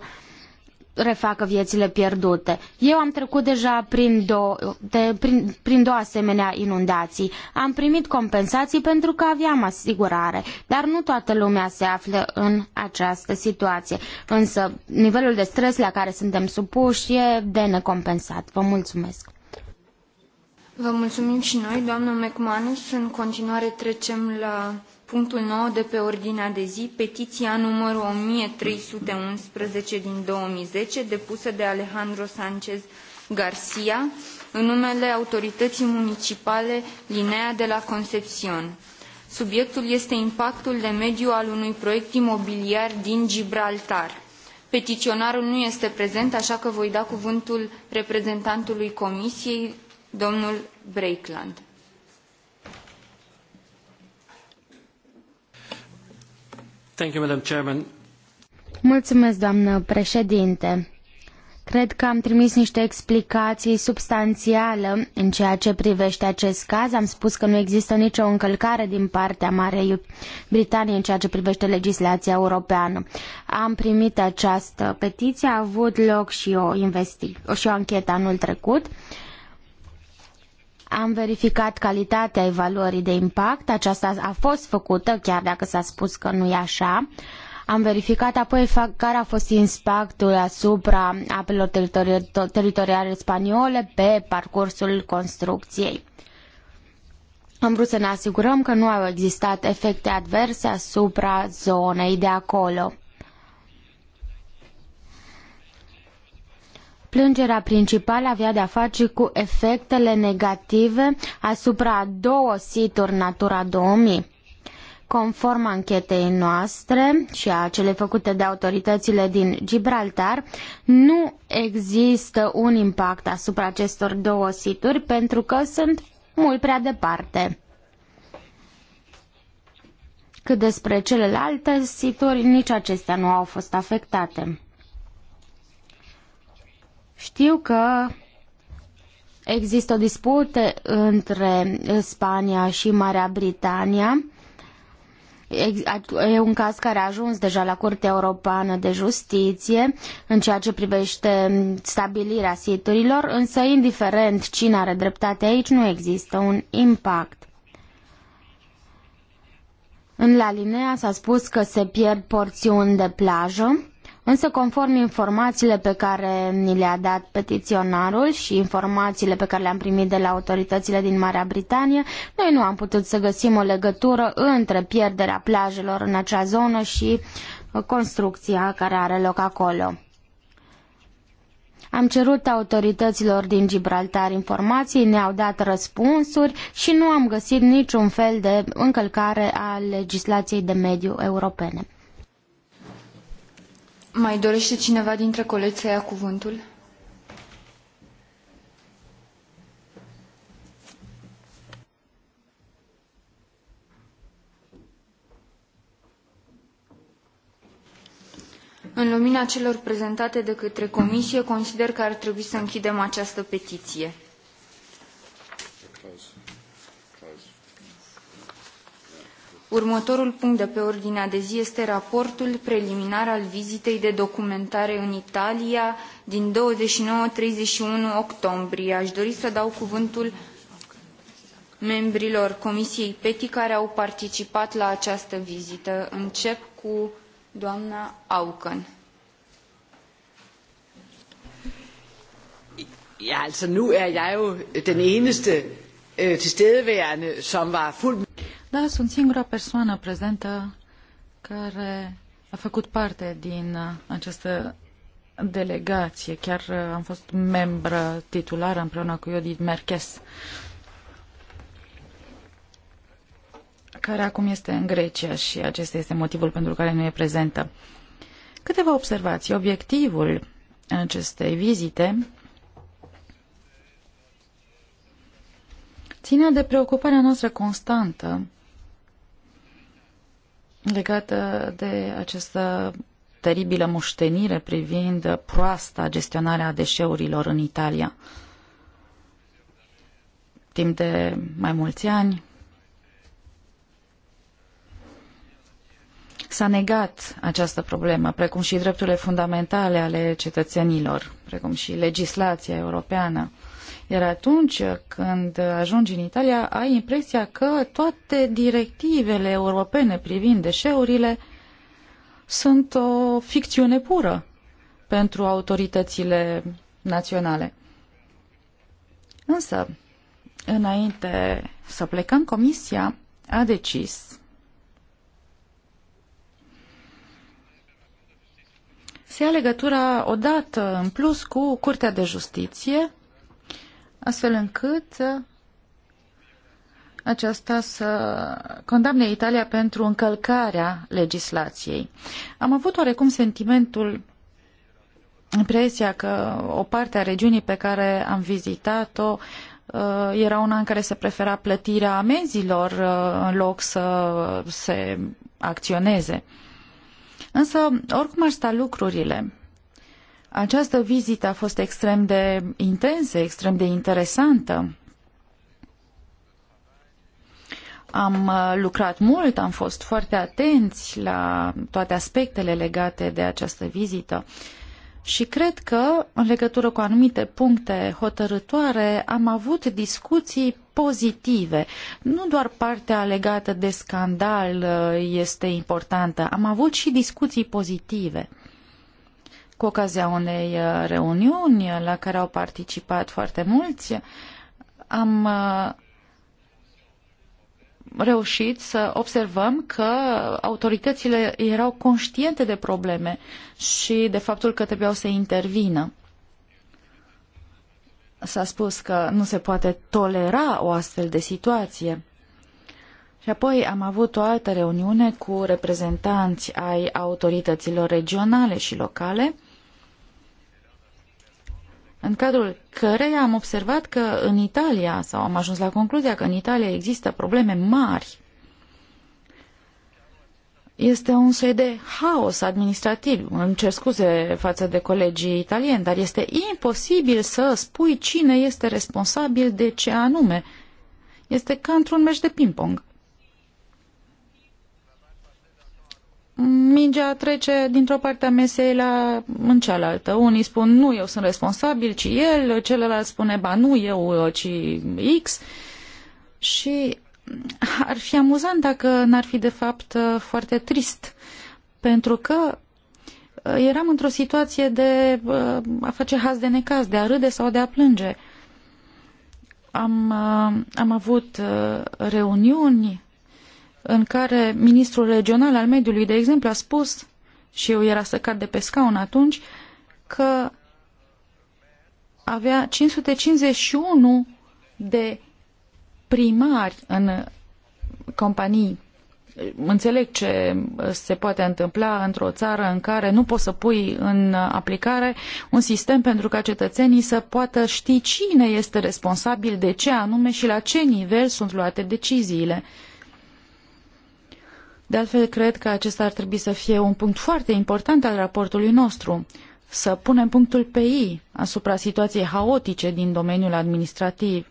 refacă viețile pierdute. Eu am trecut deja prin două, de, prin, prin două asemenea inundații. Am primit compensații pentru că aveam asigurare, dar nu toată lumea se află în această situație. Însă nivelul de stres la care suntem supuși e de necompensat. Vă mulțumesc! Vă mulțumim și noi, doamnă McManus. În continuare trecem la punctul 9 de pe ordinea de zi, petiția numărul 1311 din 2010, depusă de Alejandro Sanchez Garcia, în numele autorității municipale Linea de la Concepțion. Subiectul este impactul de mediu al unui proiect imobiliar din Gibraltar. Petiționarul nu este prezent, așa că voi da cuvântul reprezentantului Comisiei, domnul Breakland. Mulțumesc, doamnă președinte. Cred că am trimis niște explicații substanțiale în ceea ce privește acest caz. Am spus că nu există nicio încălcare din partea Marei Britanii în ceea ce privește legislația europeană. Am primit această petiție, a avut loc și o, investi- și o anchetă anul trecut. Uh, am verificat calitatea evaluării de impact, aceasta a fost făcută, chiar dacă s-a spus că nu e așa. Am verificat apoi care a fost impactul asupra apelor teritori teritoriale spaniole pe parcursul construcției. Am vrut să ne asigurăm că nu au existat efecte adverse asupra zonei de acolo. Plângerea principală avea de-a face cu efectele negative asupra a două situri Natura 2000. Conform anchetei noastre și a cele făcute de autoritățile din Gibraltar, nu există un impact asupra acestor două situri pentru că sunt mult prea departe. Cât despre celelalte situri, nici acestea nu au fost afectate. Știu că există o dispută între Spania și Marea Britania. E un caz care a ajuns deja la Curtea Europeană de Justiție în ceea ce privește stabilirea siturilor, însă indiferent cine are dreptate aici, nu există un impact. În La Linea s-a spus că se pierd porțiuni de plajă Însă, conform informațiile pe care ni le-a dat petiționarul și informațiile pe care le-am primit de la autoritățile din Marea Britanie, noi nu am putut să găsim o legătură între pierderea plajelor în acea zonă și uh, construcția care are loc acolo. Am cerut autorităților din Gibraltar informații, ne-au dat răspunsuri și nu am găsit niciun fel de încălcare a legislației de mediu europene. Mai dorește cineva dintre colegi să ia cuvântul? În lumina celor prezentate de către Comisie, consider că ar trebui să închidem această petiție. Următorul punct de pe ordinea de zi este raportul preliminar al vizitei de documentare în Italia din 29-31 octombrie. Aș dori să dau cuvântul membrilor Comisiei PETI care au participat la această vizită. Încep cu doamna Auken. Ja, altså nu er jeg jo den eneste øh, tilstedeværende, som var fuldt da, sunt singura persoană prezentă care a făcut parte din această delegație. Chiar am fost membră titulară împreună cu Iodit Merkes, care acum este în Grecia și acesta este motivul pentru care nu e prezentă. Câteva observații. Obiectivul acestei vizite ține de preocuparea noastră constantă legată de această teribilă moștenire privind proasta gestionarea deșeurilor în Italia. Timp de mai mulți ani s-a negat această problemă, precum și drepturile fundamentale ale cetățenilor, precum și legislația europeană. Iar atunci când ajungi în Italia, ai impresia că toate directivele europene privind deșeurile sunt o ficțiune pură pentru autoritățile naționale. Însă, înainte să plecăm, Comisia a decis se ia legătura odată în plus cu Curtea de Justiție astfel încât uh, aceasta să condamne Italia pentru încălcarea legislației. Am avut oarecum sentimentul, impresia că o parte a regiunii pe care am vizitat-o uh, era una în care se prefera plătirea amenzilor uh, în loc să se acționeze. Însă, oricum ar sta lucrurile, această vizită a fost extrem de intensă, extrem de interesantă. Am uh, lucrat mult, am fost foarte atenți la toate aspectele legate de această vizită și cred că, în legătură cu anumite puncte hotărătoare, am avut discuții pozitive. Nu doar partea legată de scandal uh, este importantă, am avut și discuții pozitive cu ocazia unei uh, reuniuni la care au participat foarte mulți, am uh, reușit să observăm că autoritățile erau conștiente de probleme și de faptul că trebuiau să intervină. S-a spus că nu se poate tolera o astfel de situație. Și apoi am avut o altă reuniune cu reprezentanți ai autorităților regionale și locale în cadrul căreia am observat că în Italia, sau am ajuns la concluzia că în Italia există probleme mari, este un soi de haos administrativ. Îmi cer scuze față de colegii italieni, dar este imposibil să spui cine este responsabil de ce anume. Este ca într-un meci de ping-pong. mingea trece dintr-o parte a mesei la în cealaltă. Unii spun nu, eu sunt responsabil, ci el, celălalt spune ba nu, eu, ci X. Și ar fi amuzant dacă n-ar fi de fapt foarte trist, pentru că uh, eram într-o situație de uh, a face haz de necaz, de a râde sau de a plânge. Am, uh, am avut reuniuni în care ministrul regional al mediului, de exemplu, a spus, și eu era să cad de pe scaun atunci, că avea 551 de primari în companii. Înțeleg ce se poate întâmpla într-o țară în care nu poți să pui în aplicare un sistem pentru ca cetățenii să poată ști cine este responsabil de ce anume și la ce nivel sunt luate deciziile. Uh, de altfel, cred că acesta ar trebui să fie un punct foarte important al raportului nostru, să punem punctul pe I asupra situației haotice din domeniul administrativ,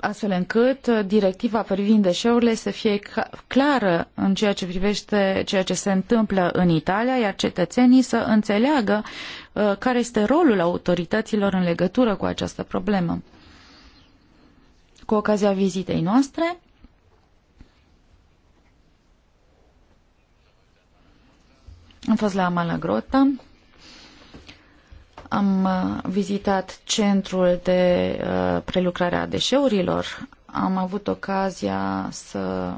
astfel încât uh, directiva privind deșeurile să fie clară în ceea ce privește ceea ce se întâmplă în Italia, iar cetățenii să înțeleagă uh, care este rolul autorităților în legătură cu această problemă cu ocazia vizitei noastre. Am fost la Malagrota, am uh, vizitat centrul de uh, prelucrare a deșeurilor, am avut ocazia să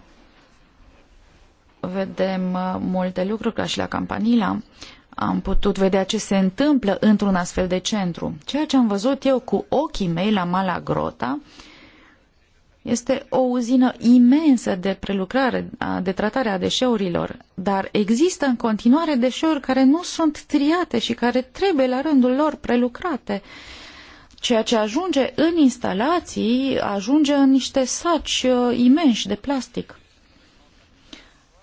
vedem uh, multe lucruri ca și la Campanila, am putut vedea ce se întâmplă într-un astfel de centru. Ceea ce am văzut eu cu ochii mei la Malagrota Grota este o uzină imensă de prelucrare, de tratare a deșeurilor, dar există în continuare deșeuri care nu sunt triate și care trebuie la rândul lor prelucrate. Ceea ce ajunge în instalații ajunge în niște saci uh, imensi de plastic.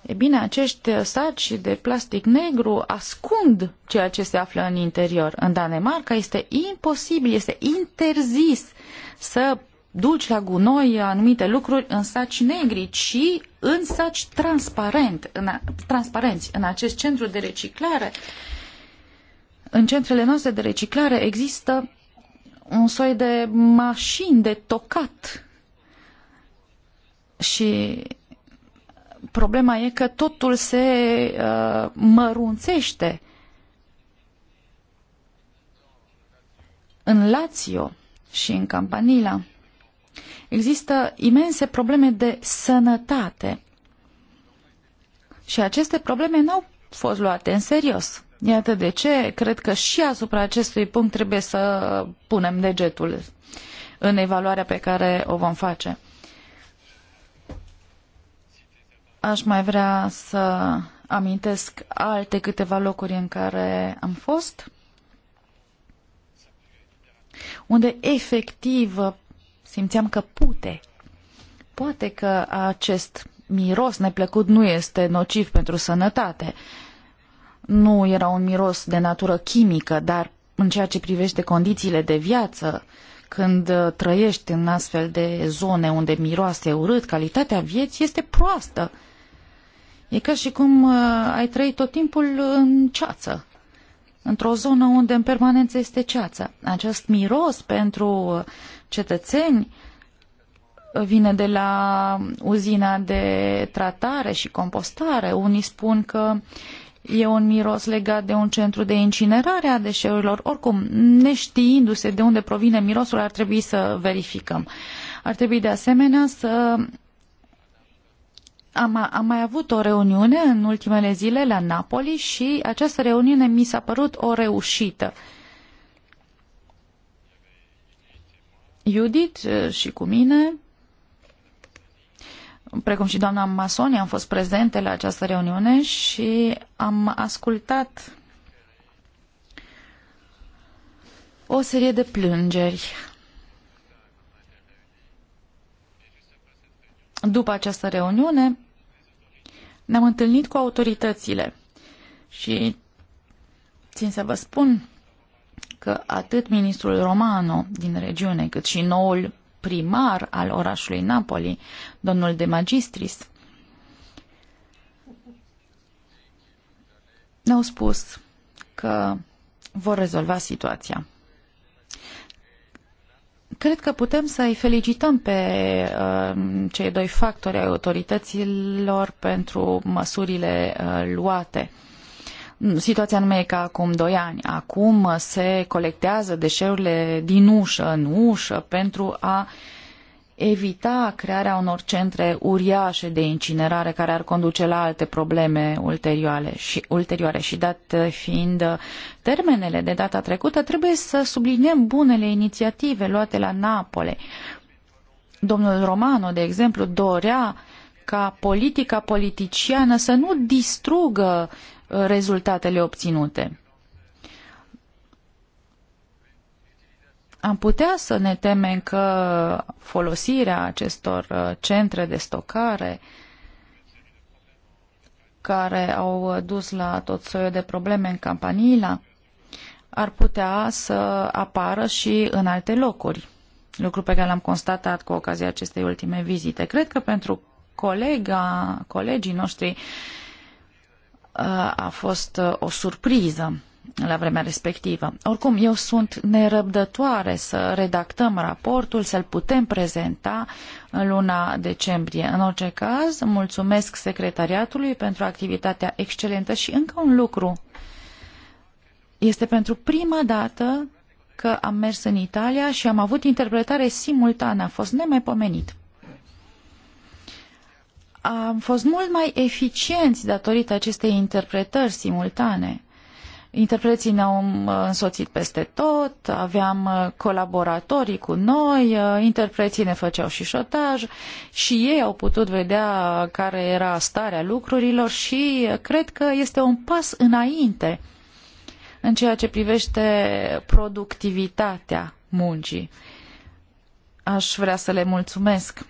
E bine, acești uh, saci de plastic negru ascund ceea ce se află în interior. În Danemarca este imposibil, este interzis să dulci la gunoi anumite lucruri în saci negri, ci în saci transparent, în, transparenți. În acest centru de reciclare, în centrele noastre de reciclare există un soi de mașini de tocat și problema e că totul se uh, mărunțește în Lazio și în Campanila Există imense probleme de sănătate și aceste probleme n-au fost luate în serios. Iată de ce cred că și asupra acestui punct trebuie să punem degetul în evaluarea pe care o vom face. Aș mai vrea să amintesc alte câteva locuri în care am fost, unde efectiv Simțeam că pute. Poate că acest miros neplăcut nu este nociv pentru sănătate. Nu era un miros de natură chimică, dar în ceea ce privește condițiile de viață, când trăiești în astfel de zone unde miroase urât, calitatea vieții este proastă. E ca și cum uh, ai trăit tot timpul în ceață, într-o zonă unde în permanență este ceață. Acest miros pentru cetățeni vine de la uzina de tratare și compostare. Unii spun că e un miros legat de un centru de incinerare a deșeurilor. Oricum, neștiindu-se de unde provine mirosul, ar trebui să verificăm. Ar trebui de asemenea să... Am, am mai avut o reuniune în ultimele zile la Napoli și această reuniune mi s-a părut o reușită. Uh, Judith eh, și cu mine, precum și doamna Masoni, am fost prezente la această reuniune și am ascultat o serie de plângeri După această reuniune, ne-am întâlnit cu autoritățile și țin să vă spun că atât ministrul Romano din regiune, cât și noul primar al orașului Napoli, domnul de Magistris, ne-au spus că vor rezolva situația. Cred că putem să-i felicităm pe uh, cei doi factori ai autorităților pentru măsurile uh, luate. Uh, Situația nu e ca acum doi ani. Acum se colectează deșeurile din ușă în ușă pentru a evita crearea unor centre uriașe de incinerare care ar conduce la alte probleme ulterioare și, ulterioare și dat fiind termenele de data trecută, trebuie să subliniem bunele inițiative luate la Napole. Domnul Romano, de exemplu, dorea ca politica politiciană să nu distrugă rezultatele obținute. Am putea să ne temem că folosirea acestor uh, centre de stocare care au uh, dus la tot soiul de probleme în Campanila ar putea să apară și în alte locuri, lucru pe care l-am constatat cu ocazia acestei ultime vizite. Cred că pentru colega, colegii noștri uh, a fost uh, o surpriză la vremea respectivă. Oricum, eu sunt nerăbdătoare să redactăm raportul, să-l putem prezenta în luna decembrie. În orice caz, mulțumesc secretariatului pentru activitatea excelentă și încă un lucru. Este pentru prima dată că am mers în Italia și am avut interpretare simultană. A fost nemaipomenit am fost mult mai eficienți datorită acestei interpretări simultane. Interpreții ne-au uh, însoțit peste tot, aveam uh, colaboratorii cu noi, uh, interpreții ne făceau și șotaj și ei au putut vedea care era starea lucrurilor și cred că este un pas înainte în ceea ce privește productivitatea muncii. Aș vrea să le mulțumesc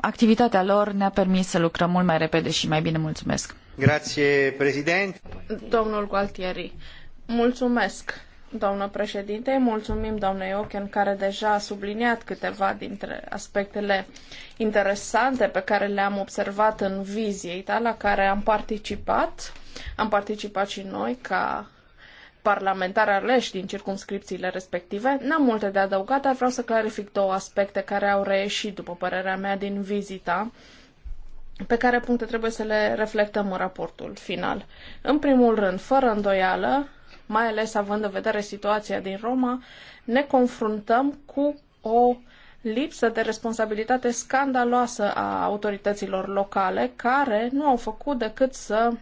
activitatea lor ne-a permis să lucrăm mult mai repede și mai bine. Mulțumesc! Grație, prezident! Domnul Gualtieri, mulțumesc! Doamnă președinte, mulțumim doamnei Ochen care deja a subliniat câteva dintre aspectele interesante pe care le-am observat în viziei ta la care am participat. Am participat și noi ca parlamentari aleși din circumscripțiile respective. N-am multe de adăugat, dar vreau să clarific două aspecte care au reieșit, după părerea mea, din vizita pe care puncte trebuie să le reflectăm în raportul final. În primul rând, fără îndoială, mai ales având în vedere situația din Roma, ne confruntăm cu o lipsă de responsabilitate scandaloasă a autorităților locale care nu au făcut decât să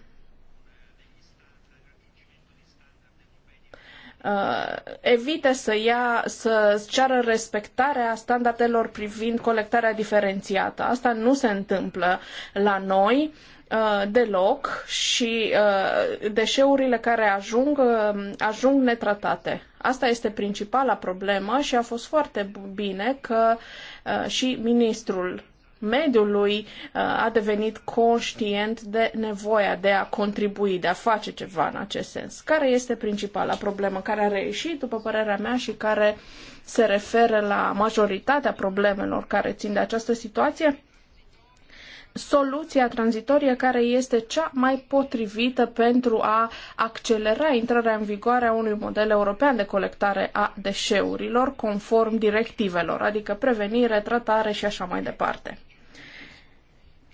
uh, evite să ia, să ceară respectarea standardelor privind colectarea diferențiată. Asta nu se întâmplă la noi uh, deloc și uh, deșeurile care ajung, uh, ajung netratate. Asta este principala problemă și a fost foarte bine că și ministrul mediului uh, a devenit conștient de nevoia de a contribui, de a face ceva în acest sens. Care este principala problemă care a reieșit, după părerea mea, și care se referă la majoritatea problemelor care țin de această situație? soluția tranzitorie care este cea mai potrivită pentru a accelera intrarea în vigoare a unui model european de colectare a deșeurilor conform directivelor, adică prevenire, tratare și așa mai departe.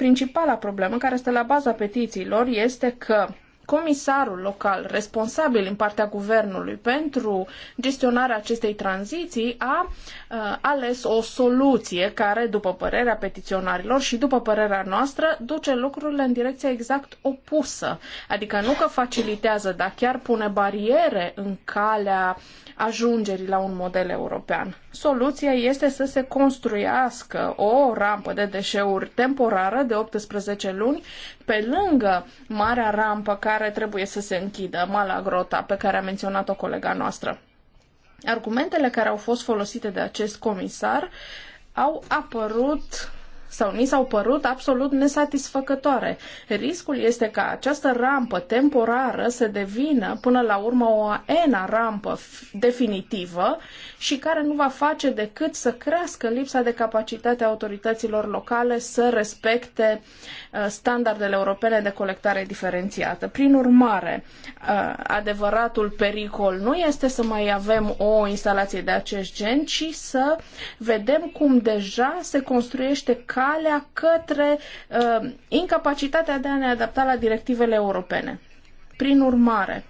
Principala problemă care este la baza petițiilor este că comisarul local responsabil în partea guvernului pentru gestionarea acestei tranziții a uh, ales o soluție care, după părerea petiționarilor și după părerea noastră, duce lucrurile în direcția exact opusă. Adică nu că facilitează, dar chiar pune bariere în calea ajungerii la un model european. Soluția este să se construiască o rampă de deșeuri temporară de 18 luni pe lângă marea rampă care care trebuie să se închidă, Mala Grota, pe care a menționat-o colega noastră. Argumentele care au fost folosite de acest comisar au apărut sau ni s-au părut absolut nesatisfăcătoare. Riscul este ca această rampă temporară să devină până la urmă o ena rampă definitivă și care nu va face decât să crească lipsa de capacitate a autorităților locale să respecte uh, standardele europene de colectare diferențiată. Prin urmare, uh, adevăratul pericol nu este să mai avem o instalație de acest gen, ci să vedem cum deja se construiește calea către uh, incapacitatea de a ne adapta la directivele europene. Prin urmare,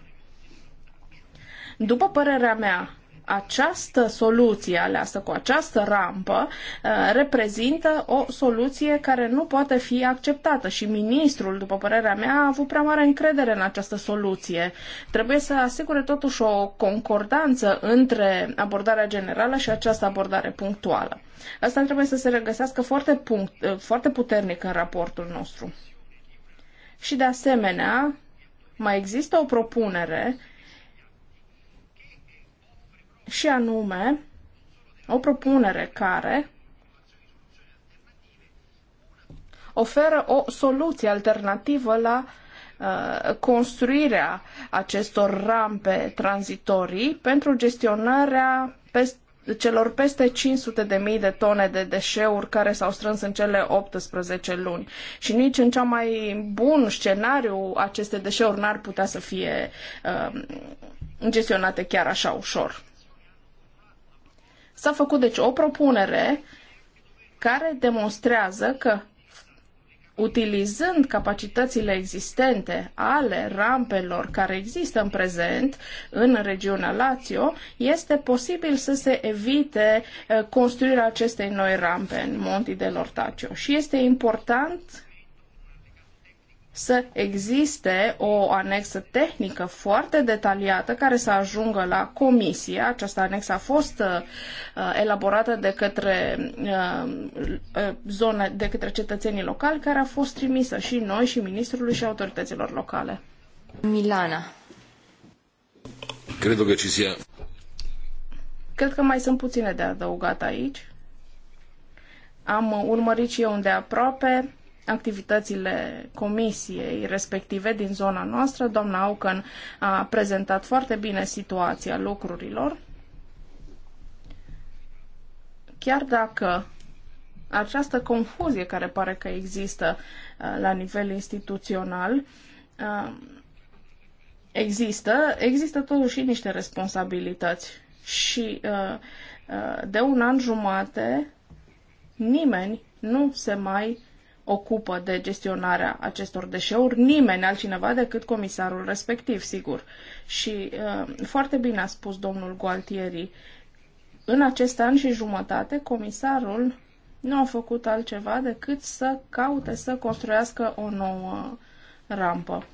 după părerea mea, această soluție aleasă cu această rampă uh, reprezintă o soluție care nu poate fi acceptată și ministrul, după părerea mea, a avut prea mare încredere în această soluție. Trebuie să asigure totuși o concordanță între abordarea generală și această abordare punctuală. Asta trebuie să se regăsească foarte, punct, uh, foarte puternic în raportul nostru. Și de asemenea, mai există o propunere și anume o propunere care oferă o soluție alternativă la uh, construirea acestor rampe tranzitorii pentru gestionarea celor peste 500.000 de, de tone de deșeuri care s-au strâns în cele 18 luni. Și nici în cea mai bun scenariu aceste deșeuri n-ar putea să fie uh, gestionate chiar așa ușor. S-a făcut deci o propunere care demonstrează că utilizând capacitățile existente ale rampelor care există în prezent în regiunea Lazio, este posibil să se evite eh, construirea acestei noi rampe în Monti de Lortacio. Și este important să existe o anexă tehnică foarte detaliată care să ajungă la comisie. Această anexă a fost uh, uh elaborată de către uh, uh, zone, de către cetățenii locali, care a fost trimisă și noi, și ministrului, și autorităților locale. Milana. Cred că ci Cred că mai sunt puține de adăugat aici. Am urmărit și eu îndeaproape activitățile comisiei respective din zona noastră. Doamna Aucan a prezentat foarte bine situația lucrurilor. Chiar dacă această confuzie care pare că există uh, la nivel instituțional uh, există, există totuși niște responsabilități și uh, de un an jumate nimeni nu se mai ocupă de gestionarea acestor deșeuri, nimeni altcineva decât comisarul respectiv, sigur. Și uh, foarte bine a spus domnul Gualtieri, în acest an și jumătate, comisarul nu a făcut altceva decât să caute să construiască o nouă rampă.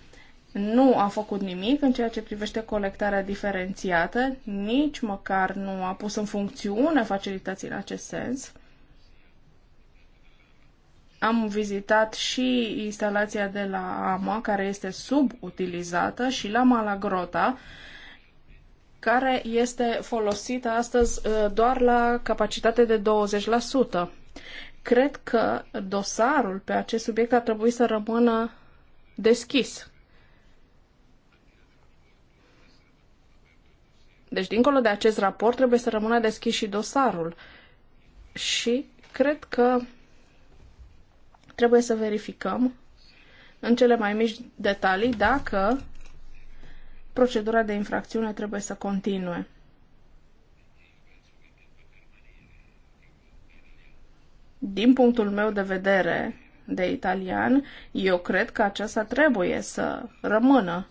Nu a făcut nimic în ceea ce privește colectarea diferențiată, nici măcar nu a pus în funcțiune facilități în acest sens. Am vizitat și instalația de la AMA, care este subutilizată, și la Malagrota, care este folosită astăzi uh, doar la capacitate de 20%. Cred că dosarul pe acest subiect ar trebui să rămână deschis. Deci, dincolo de acest raport, trebuie să rămână deschis și dosarul. Și cred că Trebuie să verificăm în cele mai mici detalii dacă procedura de infracțiune trebuie să continue. Din punctul meu de vedere de italian, eu cred că aceasta trebuie să rămână,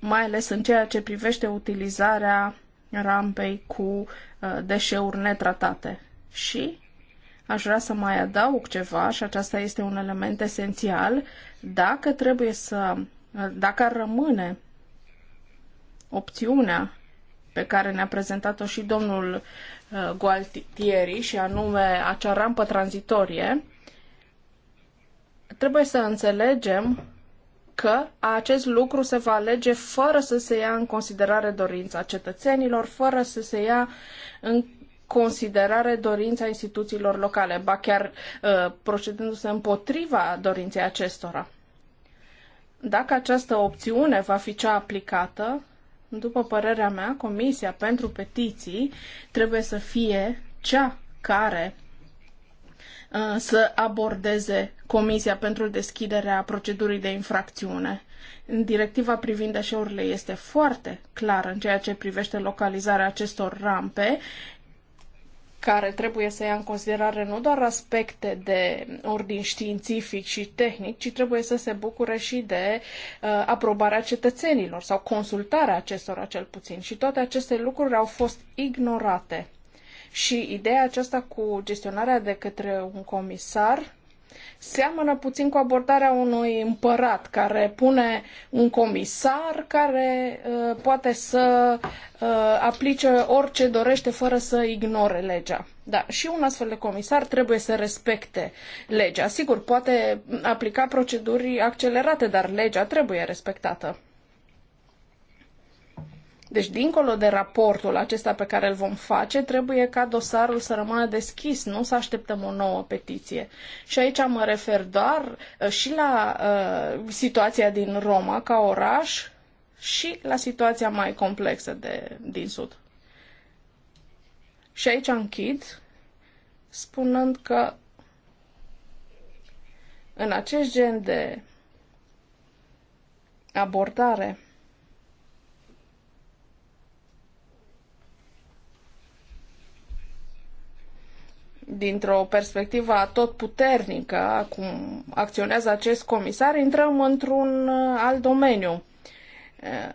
mai ales în ceea ce privește utilizarea rampei cu uh, deșeuri netratate. Și Aș vrea să mai adaug ceva și aceasta este un element esențial. Dacă trebuie să, dacă ar rămâne opțiunea pe care ne-a prezentat-o și domnul uh, Gualtieri și anume acea rampă tranzitorie, trebuie să înțelegem că acest lucru se va alege fără să se ia în considerare dorința cetățenilor, fără să se ia în considerare dorința instituțiilor locale, ba chiar uh, procedându-se împotriva dorinței acestora. Dacă această opțiune va fi cea aplicată, după părerea mea, Comisia pentru Petiții trebuie să fie cea care uh, să abordeze Comisia pentru deschiderea procedurii de infracțiune. Directiva privind deșeurile este foarte clară în ceea ce privește localizarea acestor rampe care trebuie să ia în considerare nu doar aspecte de ordin științific și tehnic, ci trebuie să se bucure și de uh, aprobarea cetățenilor sau consultarea acestora cel puțin. Și toate aceste lucruri au fost ignorate. Și ideea aceasta cu gestionarea de către un comisar seamănă puțin cu abordarea unui împărat care pune un comisar care uh, poate să uh, aplice orice dorește fără să ignore legea. Da, și un astfel de comisar trebuie să respecte legea. Sigur, poate aplica proceduri accelerate, dar legea trebuie respectată. Deci, dincolo de raportul acesta pe care îl vom face, trebuie ca dosarul să rămână deschis, nu să așteptăm o nouă petiție. Și aici mă refer doar uh, și la uh, situația din Roma ca oraș și la situația mai complexă de, din Sud. Și aici închid spunând că în acest gen de abordare dintr-o perspectivă tot puternică a cum acționează acest comisar, intrăm într-un uh, alt domeniu. Uh,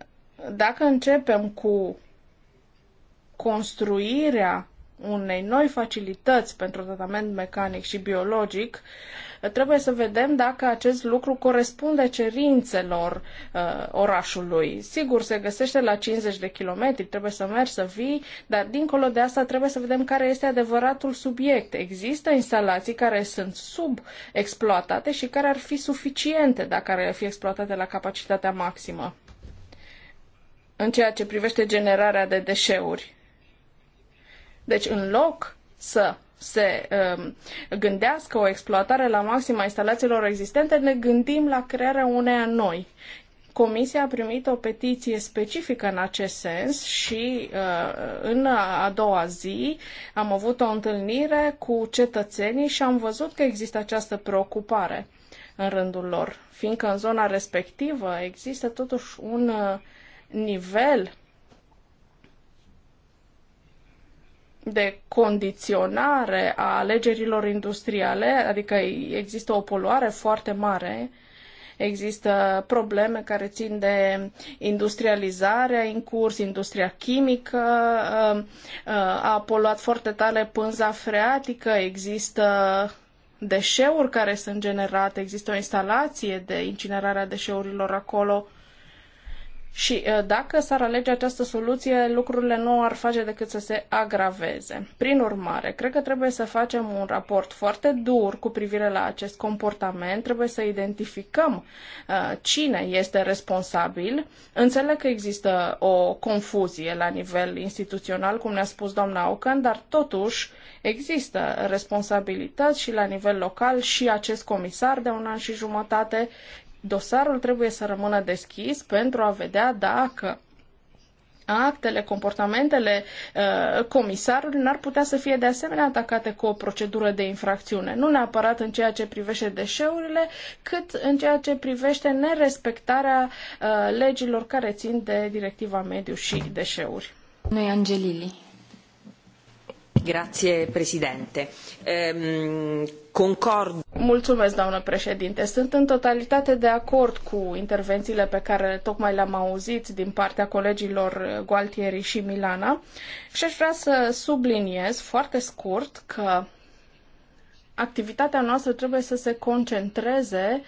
dacă începem cu construirea unei noi facilități pentru tratament mecanic și biologic, trebuie să vedem dacă acest lucru corespunde cerințelor uh, orașului. Sigur, se găsește la 50 de kilometri, trebuie să mergi, să vii, dar dincolo de asta trebuie să vedem care este adevăratul subiect. Există instalații care sunt subexploatate și care ar fi suficiente dacă ar fi exploatate la capacitatea maximă în ceea ce privește generarea de deșeuri deci, în loc să se um, gândească o exploatare la maxim a instalațiilor existente, ne gândim la crearea uneia noi. Comisia a primit o petiție specifică în acest sens și uh, în a doua zi am avut o întâlnire cu cetățenii și am văzut că există această preocupare în rândul lor, fiindcă în zona respectivă există totuși un uh, nivel de condiționare a alegerilor industriale, adică există o poluare foarte mare, există probleme care țin de industrializarea în curs, industria chimică um, uh, a poluat foarte tare pânza freatică, există deșeuri care sunt generate, există o instalație de incinerare a deșeurilor acolo. Și uh, dacă s-ar alege această soluție, lucrurile nu ar face decât să se agraveze. Prin urmare, cred că trebuie să facem un raport foarte dur cu privire la acest comportament, trebuie să identificăm uh, cine este responsabil. Înțeleg că există o confuzie la nivel instituțional, cum ne-a spus doamna Ocan. dar totuși există responsabilități și la nivel local și acest comisar de un an și jumătate dosarul trebuie să rămână deschis pentru a vedea dacă actele, comportamentele uh, comisarului n-ar putea să fie de asemenea atacate cu o procedură de infracțiune. Nu neapărat în ceea ce privește deșeurile, cât în ceea ce privește nerespectarea uh, legilor care țin de directiva mediu și deșeuri. Noi Angelili. Grazie Presidente. Ehm, Concord. Mulțumesc, doamnă președinte. Sunt în totalitate de acord cu intervențiile pe care tocmai le-am auzit din partea colegilor Gualtieri și Milana și aș vrea să subliniez foarte scurt că activitatea noastră trebuie să se concentreze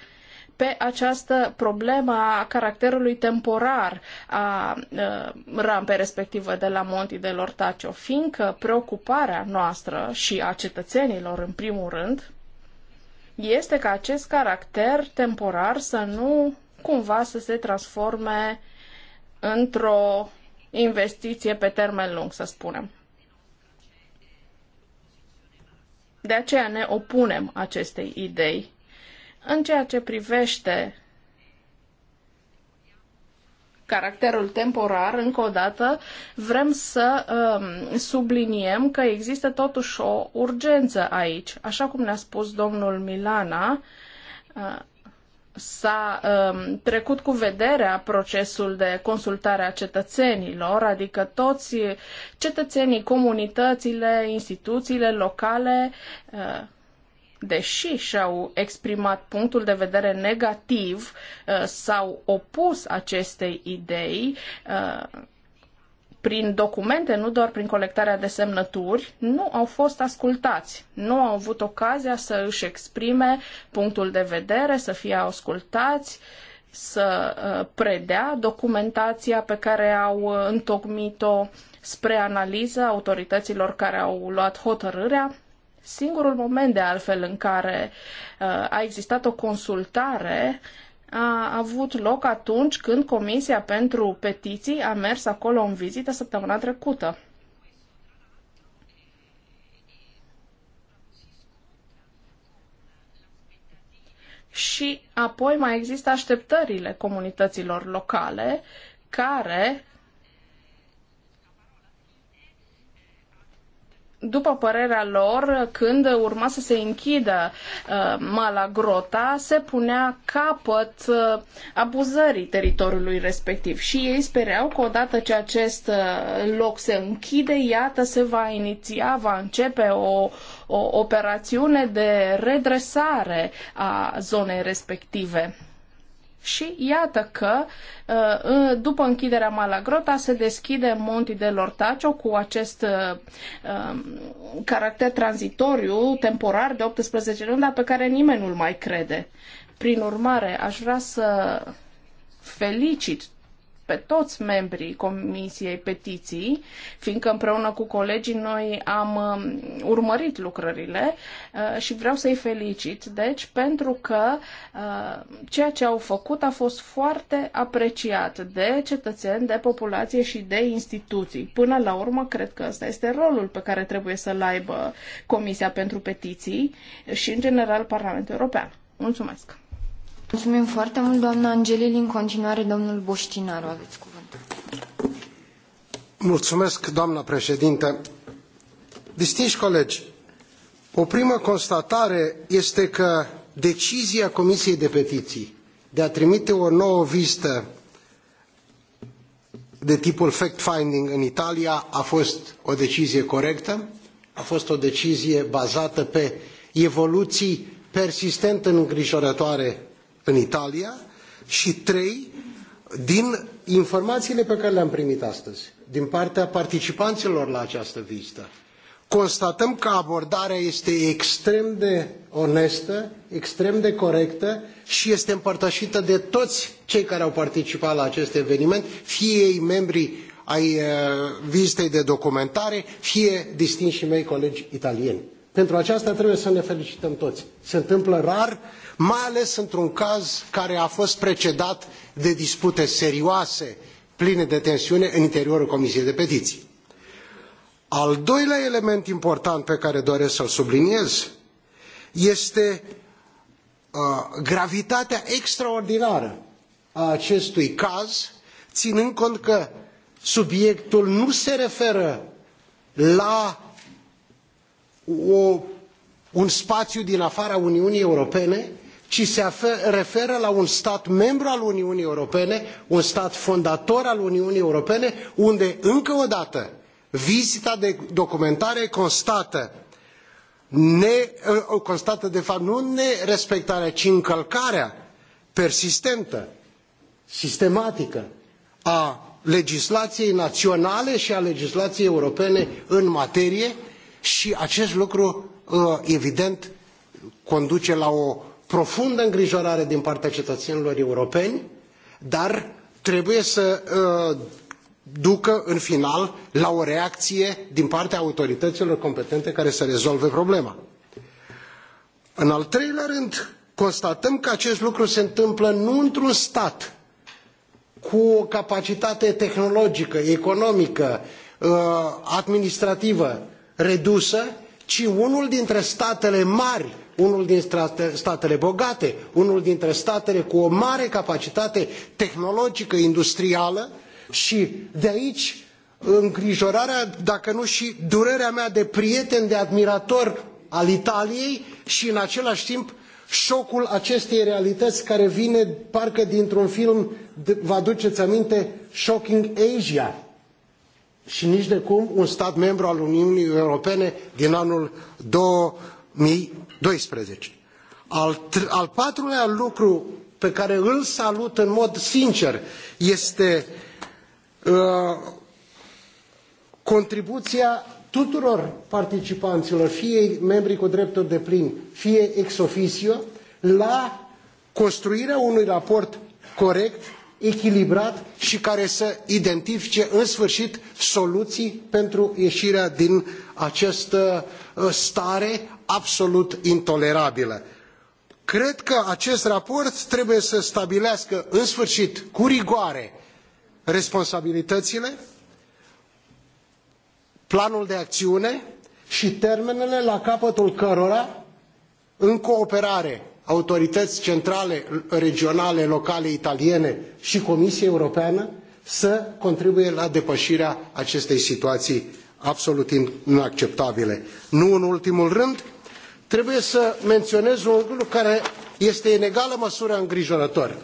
pe această problemă a caracterului temporar a ă, rampei respectivă de la Monti de Lortacio, fiindcă preocuparea noastră și a cetățenilor în primul rând este ca acest caracter temporar să nu cumva să se transforme într-o investiție pe termen lung, să spunem. De aceea ne opunem acestei idei. În ceea ce privește caracterul temporar, încă o dată, vrem să um, subliniem că există totuși o urgență aici. Așa cum ne-a spus domnul Milana, uh, s-a um, trecut cu vederea procesul de consultare a cetățenilor, adică toți cetățenii, comunitățile, instituțiile locale uh, deși și-au exprimat punctul de vedere negativ, uh, s-au opus acestei idei uh, prin documente, nu doar prin colectarea de semnături, nu au fost ascultați, nu au avut ocazia să își exprime punctul de vedere, să fie ascultați, să uh, predea documentația pe care au întocmit-o spre analiză autorităților care au luat hotărârea Singurul moment de altfel în care uh, a existat o consultare a avut loc atunci când Comisia pentru Petiții a mers acolo în vizită săptămâna trecută. Și apoi mai există așteptările comunităților locale care după părerea lor, când urma să se închidă uh, Mala Grota, se punea capăt uh, abuzării teritoriului respectiv și ei spereau că odată ce acest uh, loc se închide, iată, se va iniția, va începe o, o operațiune de redresare a zonei respective. Și iată că uh, după închiderea Malagrota se deschide Monti de Lortacio cu acest uh, um, caracter tranzitoriu, temporar de 18 luni, dar pe care nimeni nu-l mai crede. Prin urmare, aș vrea să felicit pe toți membrii Comisiei Petiții, fiindcă împreună cu colegii noi am um, urmărit lucrările uh, și vreau să-i felicit, deci, pentru că uh, ceea ce au făcut a fost foarte apreciat de cetățeni, de populație și de instituții. Până la urmă, cred că ăsta este rolul pe care trebuie să-l aibă Comisia pentru Petiții și, în general, Parlamentul European. Mulțumesc! Mulțumim foarte mult, doamna Angelili. În continuare, domnul Boștinaru, aveți cuvântul. Mulțumesc, doamna președinte, Distinși colegi, o primă constatare este că decizia Comisiei de Petiții de a trimite o nouă vizită de tipul fact-finding în Italia a fost o decizie corectă, a fost o decizie bazată pe evoluții persistent îngrijorătoare în Italia și trei din informațiile pe care le-am primit astăzi din partea participanților la această vizită. Constatăm că abordarea este extrem de onestă, extrem de corectă și este împărtășită de toți cei care au participat la acest eveniment, fie ei membri ai uh, vizitei de documentare, fie distinși mei colegi italieni. Pentru aceasta trebuie să ne felicităm toți. Se întâmplă rar uh, mai ales într-un caz care a fost precedat de dispute serioase, pline de tensiune în interiorul Comisiei de Petiții. Al doilea element important pe care doresc să-l subliniez este uh, gravitatea extraordinară a acestui caz, ținând cont că subiectul nu se referă la o, un spațiu din afara Uniunii Europene, ci se referă la un stat membru al uniunii europene un stat fondator al uniunii europene unde încă o dată vizita de documentare constată ne, uh, constată de fapt nu nerespectarea ci încălcarea persistentă sistematică a legislației naționale și a legislației europene în materie și acest lucru uh, evident conduce la o profundă îngrijorare din partea cetățenilor europeni, dar trebuie să uh, ducă în final la o reacție din partea autorităților competente care să rezolve problema. În al treilea rând, constatăm că acest lucru se întâmplă nu într-un stat cu o capacitate tehnologică, economică, uh, administrativă redusă, ci unul dintre statele mari unul din statele bogate, unul dintre statele cu o mare capacitate tehnologică, industrială și de aici îngrijorarea, dacă nu și durerea mea de prieten, de admirator al Italiei și în același timp șocul acestei realități care vine parcă dintr-un film, vă aduceți aminte, Shocking Asia și nici de cum un stat membru al Uniunii Europene din anul 2000 doisprezece al, al patrulea lucru pe care îl salut în mod sincer este uh, contribuția tuturor participanților, fie membri cu drepturi de plin, fie ex officio, la construirea unui raport corect, echilibrat și care să identifice în sfârșit soluții pentru ieșirea din această ă, stare absolut intolerabilă. Cred că acest raport trebuie să stabilească în sfârșit cu rigoare responsabilitățile, planul de acțiune și termenele la capătul cărora, în cooperare autorități centrale, regionale, locale italiene și Comisia Europeană, să contribuie la depășirea acestei situații absolut inacceptabile. Nu în ultimul rând, trebuie să menționez un lucru care este în egală măsură îngrijorător.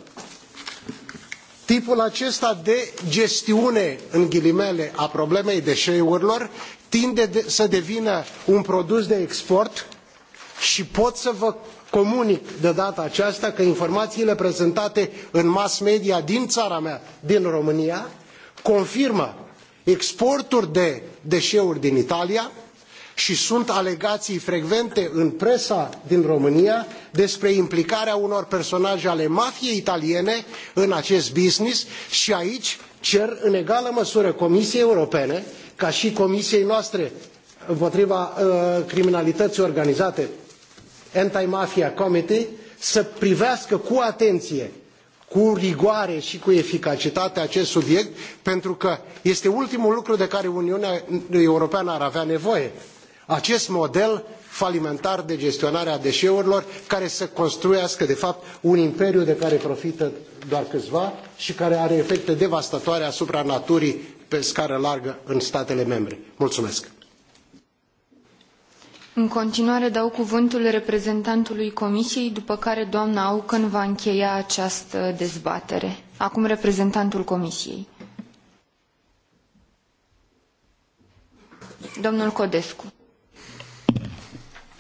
Tipul acesta de gestiune, în ghilimele, a problemei deeurilor tinde de, să devină un produs de export și pot să vă comunic de data aceasta că informațiile prezentate în mass media din țara mea, din România, confirmă exporturi de deșeuri din Italia și sunt alegații frecvente în presa din România despre implicarea unor personaje ale mafiei italiene în acest business și aici cer în egală măsură Comisiei Europene, ca și Comisiei noastre împotriva uh, criminalității organizate, Anti-Mafia Committee, să privească cu atenție cu rigoare și cu eficacitate acest subiect, pentru că este ultimul lucru de care Uniunea Europeană ar avea nevoie. Acest model falimentar de gestionare a deșeurilor, care să construiască, de fapt, un imperiu de care profită doar câțiva și care are efecte devastatoare asupra naturii pe scară largă în statele membre. Mulțumesc! În continuare dau cuvântul reprezentantului Comisiei, după care doamna Auken va încheia această dezbatere. Acum reprezentantul Comisiei. Domnul Codescu.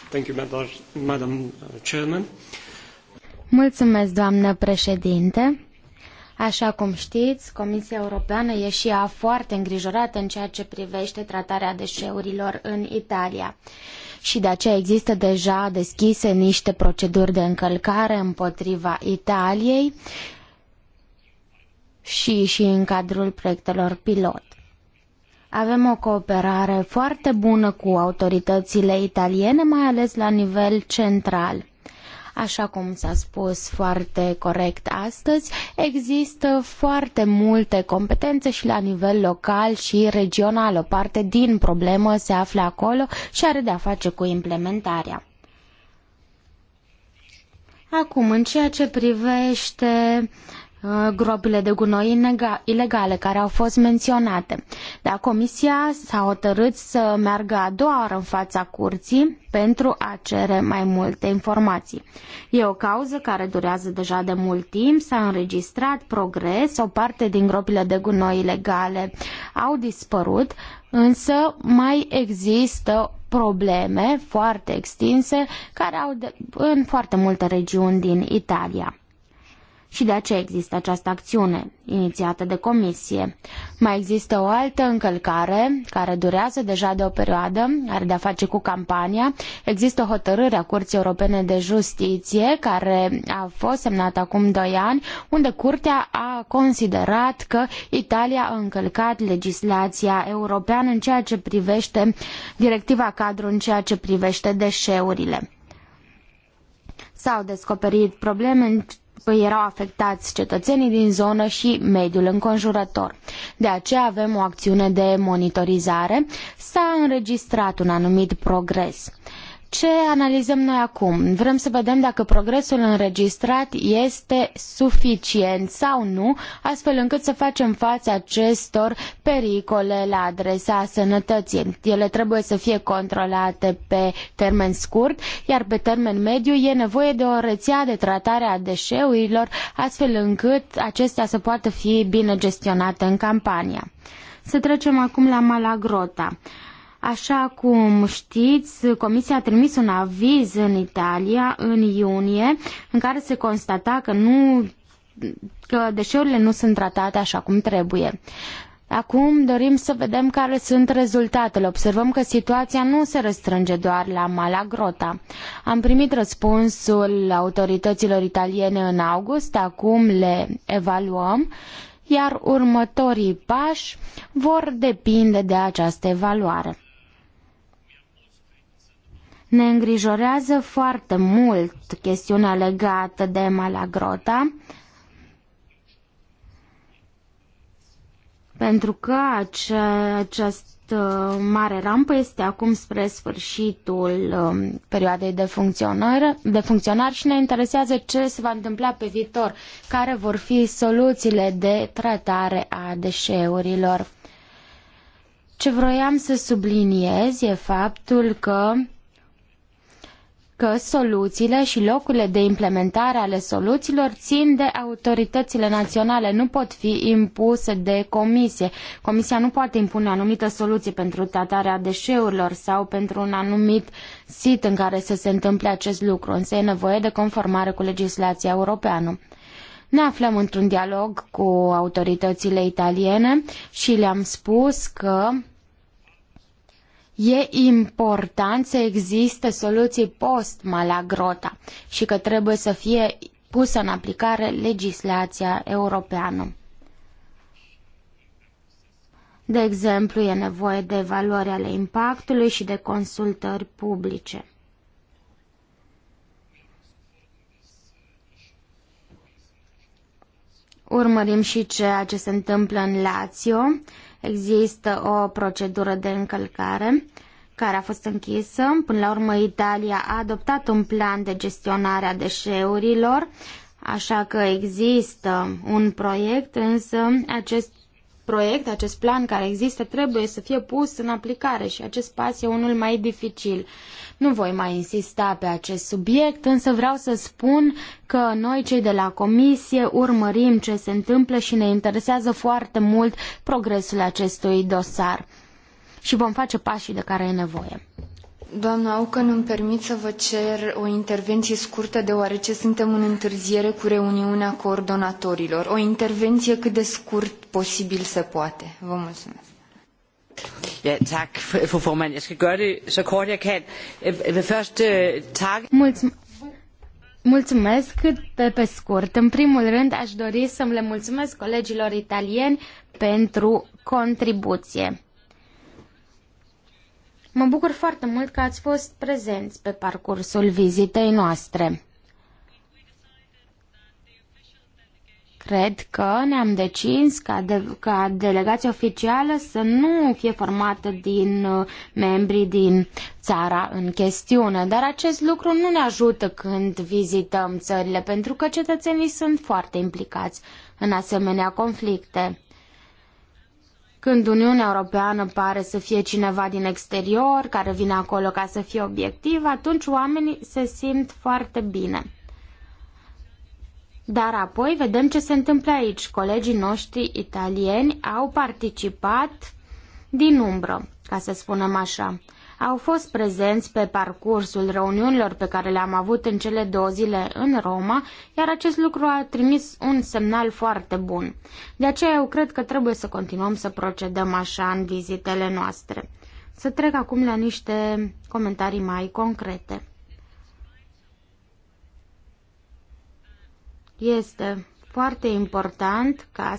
Thank you, Madam uh, Chairman. Mulțumesc, doamnă președinte. Așa cum știți, Comisia Europeană e și ea foarte îngrijorată în ceea ce privește tratarea deșeurilor în Italia și de aceea există deja deschise niște proceduri de încălcare împotriva Italiei și, și în cadrul proiectelor pilot. Avem o cooperare foarte bună cu autoritățile italiene, mai ales la nivel central. Așa cum s-a spus foarte corect astăzi, există foarte multe competențe și la nivel local și regional. O parte din problemă se află acolo și are de-a face cu implementarea. Acum, în ceea ce privește uh, Uh, gropile de gunoi ilegale care au fost menționate. Dar comisia s-a hotărât să meargă a doua oară în fața curții pentru a cere mai multe informații. E o cauză care durează deja de mult timp, s-a înregistrat progres, o parte din gropile de gunoi ilegale au dispărut, însă mai există probleme foarte extinse care au de, în foarte multe regiuni din Italia și de aceea există această acțiune inițiată de comisie. Mai există o altă încălcare care durează deja de o perioadă, are de-a face cu campania. Există o hotărâre a Curții Europene de Justiție care a fost semnată acum doi ani, unde Curtea a considerat că Italia a încălcat legislația europeană în ceea ce privește directiva cadru în ceea ce privește deșeurile s-au descoperit probleme Păi erau afectați cetățenii din zonă și mediul înconjurător. De aceea avem o acțiune de monitorizare. S-a înregistrat un anumit progres. Ce analizăm noi acum? Vrem să vedem dacă progresul înregistrat este suficient sau nu, astfel încât să facem față acestor pericole la adresa sănătății. Ele trebuie să fie controlate pe termen scurt, iar pe termen mediu e nevoie de o rețea de tratare a deșeurilor, astfel încât acestea să poată fi bine gestionate în campania. Să trecem acum la Malagrota. Așa cum știți, Comisia a trimis un aviz în Italia în iunie în care se constata că, nu, că deșeurile nu sunt tratate așa cum trebuie. Acum dorim să vedem care sunt rezultatele. Observăm că situația nu se restrânge doar la Malagrota. Am primit răspunsul autorităților italiene în august, acum le evaluăm, iar următorii pași vor depinde de această evaluare. Ne îngrijorează foarte mult chestiunea legată de Malagrota, pentru că ace- această mare rampă este acum spre sfârșitul um, perioadei de funcționare, de funcționare și ne interesează ce se va întâmpla pe viitor, care vor fi soluțiile de tratare a deșeurilor. Ce vroiam să subliniez e faptul că că soluțiile și locurile de implementare ale soluțiilor țin de autoritățile naționale, nu pot fi impuse de comisie. Comisia nu poate impune o anumită soluție pentru tratarea deșeurilor sau pentru un anumit sit în care să se întâmple acest lucru, însă e nevoie de conformare cu legislația europeană. Ne aflăm într-un dialog cu autoritățile italiene și le-am spus că e important să existe soluții post-Malagrota și că trebuie să fie pusă în aplicare legislația europeană. De exemplu, e nevoie de evaluări ale impactului și de consultări publice. Urmărim și ceea ce se întâmplă în Lazio Există o procedură de încălcare care a fost închisă. Până la urmă, Italia a adoptat un plan de gestionare a deșeurilor, așa că există un proiect, însă acest proiect, acest plan care există, trebuie să fie pus în aplicare și acest pas e unul mai dificil. Nu voi mai insista pe acest subiect, însă vreau să spun că noi cei de la comisie urmărim ce se întâmplă și ne interesează foarte mult progresul acestui dosar și vom face pașii de care e nevoie. Doamna Aucan, îmi permit să vă cer o intervenție scurtă, deoarece suntem în întârziere cu reuniunea coordonatorilor. O intervenție cât de scurt posibil se poate. Vă mulțumesc. Ja, tak, fru formand. Jeg skal gøre det så kort jeg kan. Vil først øh, takke... Mulțumesc. cât de pe scurt. În primul rând, aș dori să le mulțumesc colegilor italieni pentru contribuție. Mă bucur foarte mult că ați fost prezenți pe parcursul vizitei noastre. Cred că ne-am decis ca, de, ca delegația oficială să nu fie formată din uh, membrii din țara în chestiune, dar acest lucru nu ne ajută când vizităm țările, pentru că cetățenii sunt foarte implicați în asemenea conflicte. Când Uniunea Europeană pare să fie cineva din exterior, care vine acolo ca să fie obiectiv, atunci oamenii se simt foarte bine. Dar apoi vedem ce se întâmplă aici. Colegii noștri italieni au participat din umbră, ca să spunem așa au fost prezenți pe parcursul reuniunilor pe care le-am avut în cele două zile în Roma, iar acest lucru a trimis un semnal foarte bun. De aceea eu cred că trebuie să continuăm să procedăm așa în vizitele noastre. Să trec acum la niște comentarii mai concrete. Este foarte important ca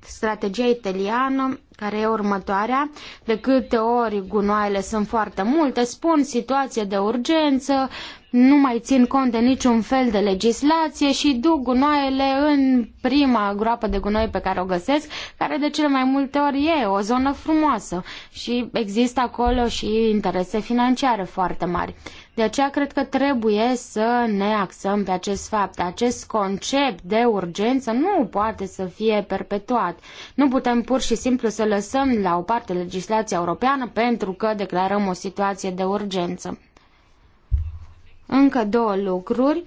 strategia italiană, care e următoarea, de câte ori gunoaiele sunt foarte multe, spun situație de urgență, nu mai țin cont de niciun fel de legislație și duc gunoaiele în prima groapă de gunoi pe care o găsesc, care de cele mai multe ori e o zonă frumoasă și există acolo și interese financiare foarte mari. De aceea cred că trebuie să ne axăm pe acest fapt. Acest concept de urgență nu poate să fie perpetuat. Nu putem pur și simplu să lăsăm la o parte legislația europeană pentru că declarăm o situație de urgență. Încă două lucruri.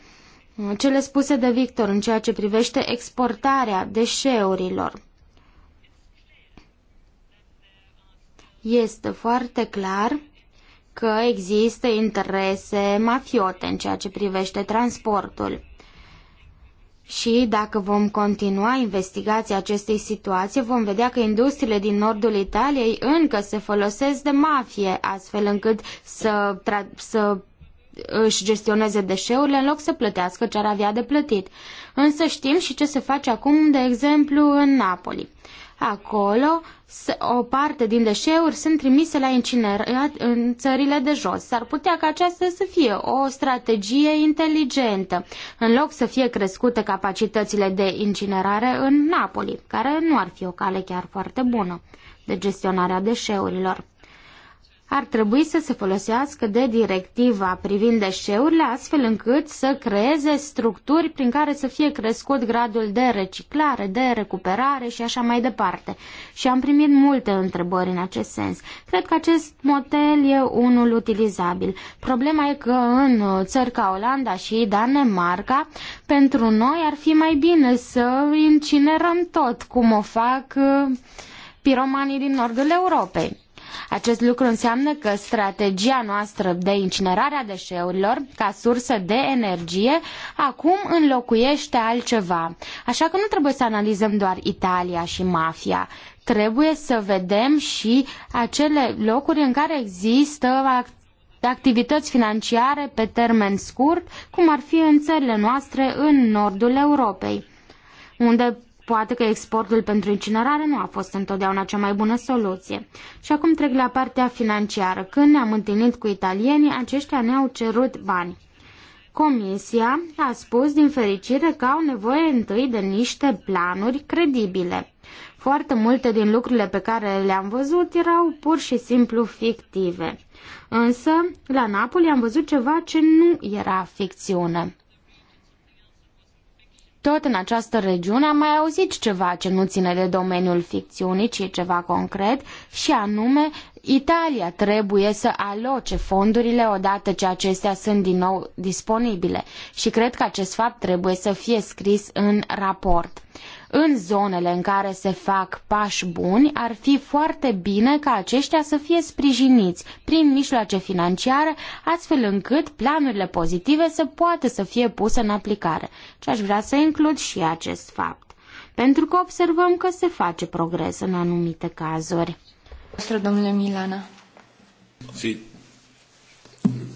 Cele spuse de Victor în ceea ce privește exportarea deșeurilor. Este foarte clar că există interese mafiote în ceea ce privește transportul. Și dacă vom continua investigația acestei situații, vom vedea că industriile din nordul Italiei încă se folosesc de mafie, astfel încât să, să își gestioneze deșeurile în loc să plătească ce ar avea de plătit. Însă știm și ce se face acum, de exemplu, în Napoli. Acolo, o parte din deșeuri sunt trimise la incinerat în țările de jos. S-ar putea ca aceasta să fie o strategie inteligentă, în loc să fie crescute capacitățile de incinerare în Napoli, care nu ar fi o cale chiar foarte bună de gestionarea deșeurilor ar trebui să se folosească de directiva privind deșeurile, astfel încât să creeze structuri prin care să fie crescut gradul de reciclare, de recuperare și așa mai departe. Și am primit multe întrebări în acest sens. Cred că acest model e unul utilizabil. Problema e că în țări ca Olanda și Danemarca, pentru noi ar fi mai bine să incinerăm tot, cum o fac uh, piromanii din nordul Europei. Acest lucru înseamnă că strategia noastră de incinerare a deșeurilor ca sursă de energie acum înlocuiește altceva. Așa că nu trebuie să analizăm doar Italia și mafia. Trebuie să vedem și acele locuri în care există activități financiare pe termen scurt, cum ar fi în țările noastre în nordul Europei unde Poate că exportul pentru incinerare nu a fost întotdeauna cea mai bună soluție. Și acum trec la partea financiară. Când ne-am întâlnit cu italienii, aceștia ne-au cerut bani. Comisia a spus din fericire că au nevoie întâi de niște planuri credibile. Foarte multe din lucrurile pe care le-am văzut erau pur și simplu fictive. Însă, la Napoli am văzut ceva ce nu era ficțiune. Tot în această regiune am mai auzit ceva ce nu ține de domeniul ficțiunii, ci ceva concret, și anume Italia trebuie să aloce fondurile odată ce acestea sunt din nou disponibile și cred că acest fapt trebuie să fie scris în raport în zonele în care se fac pași buni, ar fi foarte bine ca aceștia să fie sprijiniți prin mijloace financiare, astfel încât planurile pozitive să poată să fie puse în aplicare. Și aș vrea să includ și acest fapt. Pentru că observăm că se face progres în anumite cazuri. Domnule Milana. Si.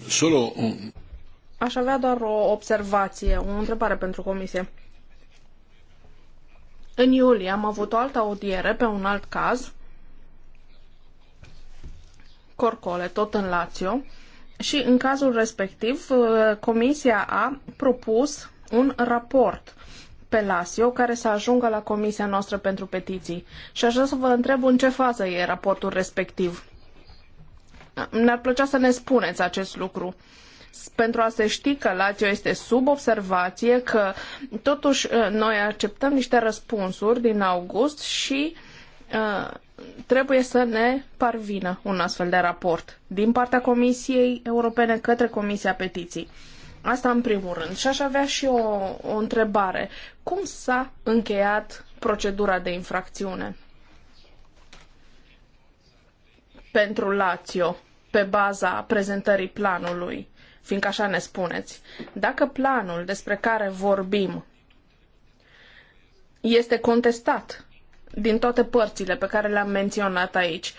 Solo un... Aș avea doar o observație, o întrebare pentru comisie. În iulie am avut o altă audiere pe un alt caz, Corcole, tot în Lazio, și în cazul respectiv uh, comisia a propus un raport pe Lazio care să ajungă la comisia noastră pentru petiții. Și aș vrea să vă întreb în ce fază e raportul respectiv. Ne-ar plăcea să ne spuneți acest lucru. Uh, pentru a se ști că Lazio este sub observație, că totuși uh, noi acceptăm niște răspunsuri din august și uh, trebuie să ne parvină un astfel de raport din partea Comisiei Europene către Comisia Petiții. Asta în primul rând. Și aș avea și o, o întrebare. Cum s-a încheiat procedura de infracțiune pentru Lazio pe baza prezentării planului? fiindcă așa ne spuneți, dacă planul despre care vorbim este contestat din toate părțile pe care le-am menționat aici,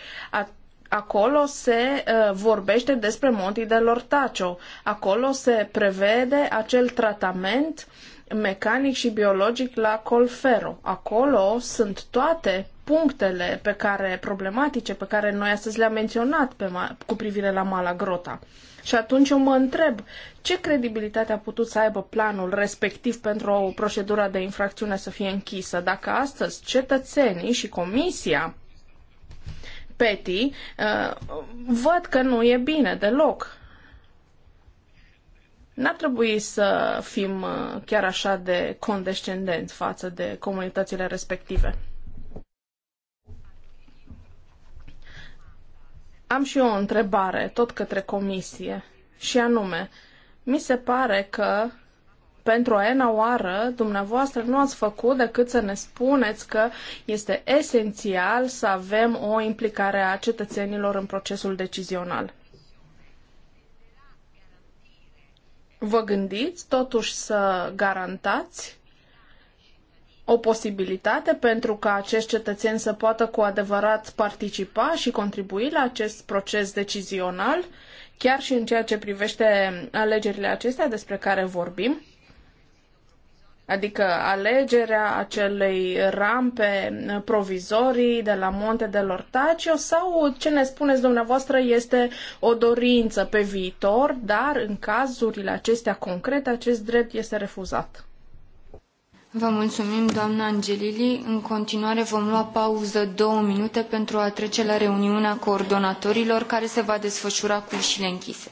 acolo se uh, vorbește despre Monti de Lortacio. Acolo se prevede acel tratament mecanic și biologic la Colfero. Acolo sunt toate punctele pe care, problematice pe care noi astăzi le-am menționat pe, cu privire la Malagrota. Grota. Și atunci eu mă întreb ce credibilitate a putut să aibă planul respectiv pentru o procedură de infracțiune să fie închisă, dacă astăzi cetățenii și comisia Peti uh, văd că nu e bine deloc. N-ar trebui să fim uh, chiar așa de condescendenți față de comunitățile respective. Am și eu o întrebare, tot către comisie, și anume, mi se pare că pentru a ena oară, dumneavoastră nu ați făcut decât să ne spuneți că este esențial să avem o implicare a cetățenilor în procesul decizional. Vă gândiți totuși să garantați o posibilitate pentru ca acești cetățeni să poată cu adevărat participa și contribui la acest proces decizional, chiar și în ceea ce privește alegerile acestea despre care vorbim, adică alegerea acelei rampe provizorii de la Monte de Lortacio sau ce ne spuneți dumneavoastră este o dorință pe viitor, dar în cazurile acestea concrete acest drept este refuzat. Vă mulțumim, doamna Angelili. În continuare vom lua pauză două minute pentru a trece la reuniunea coordonatorilor care se va desfășura cu ușile închise.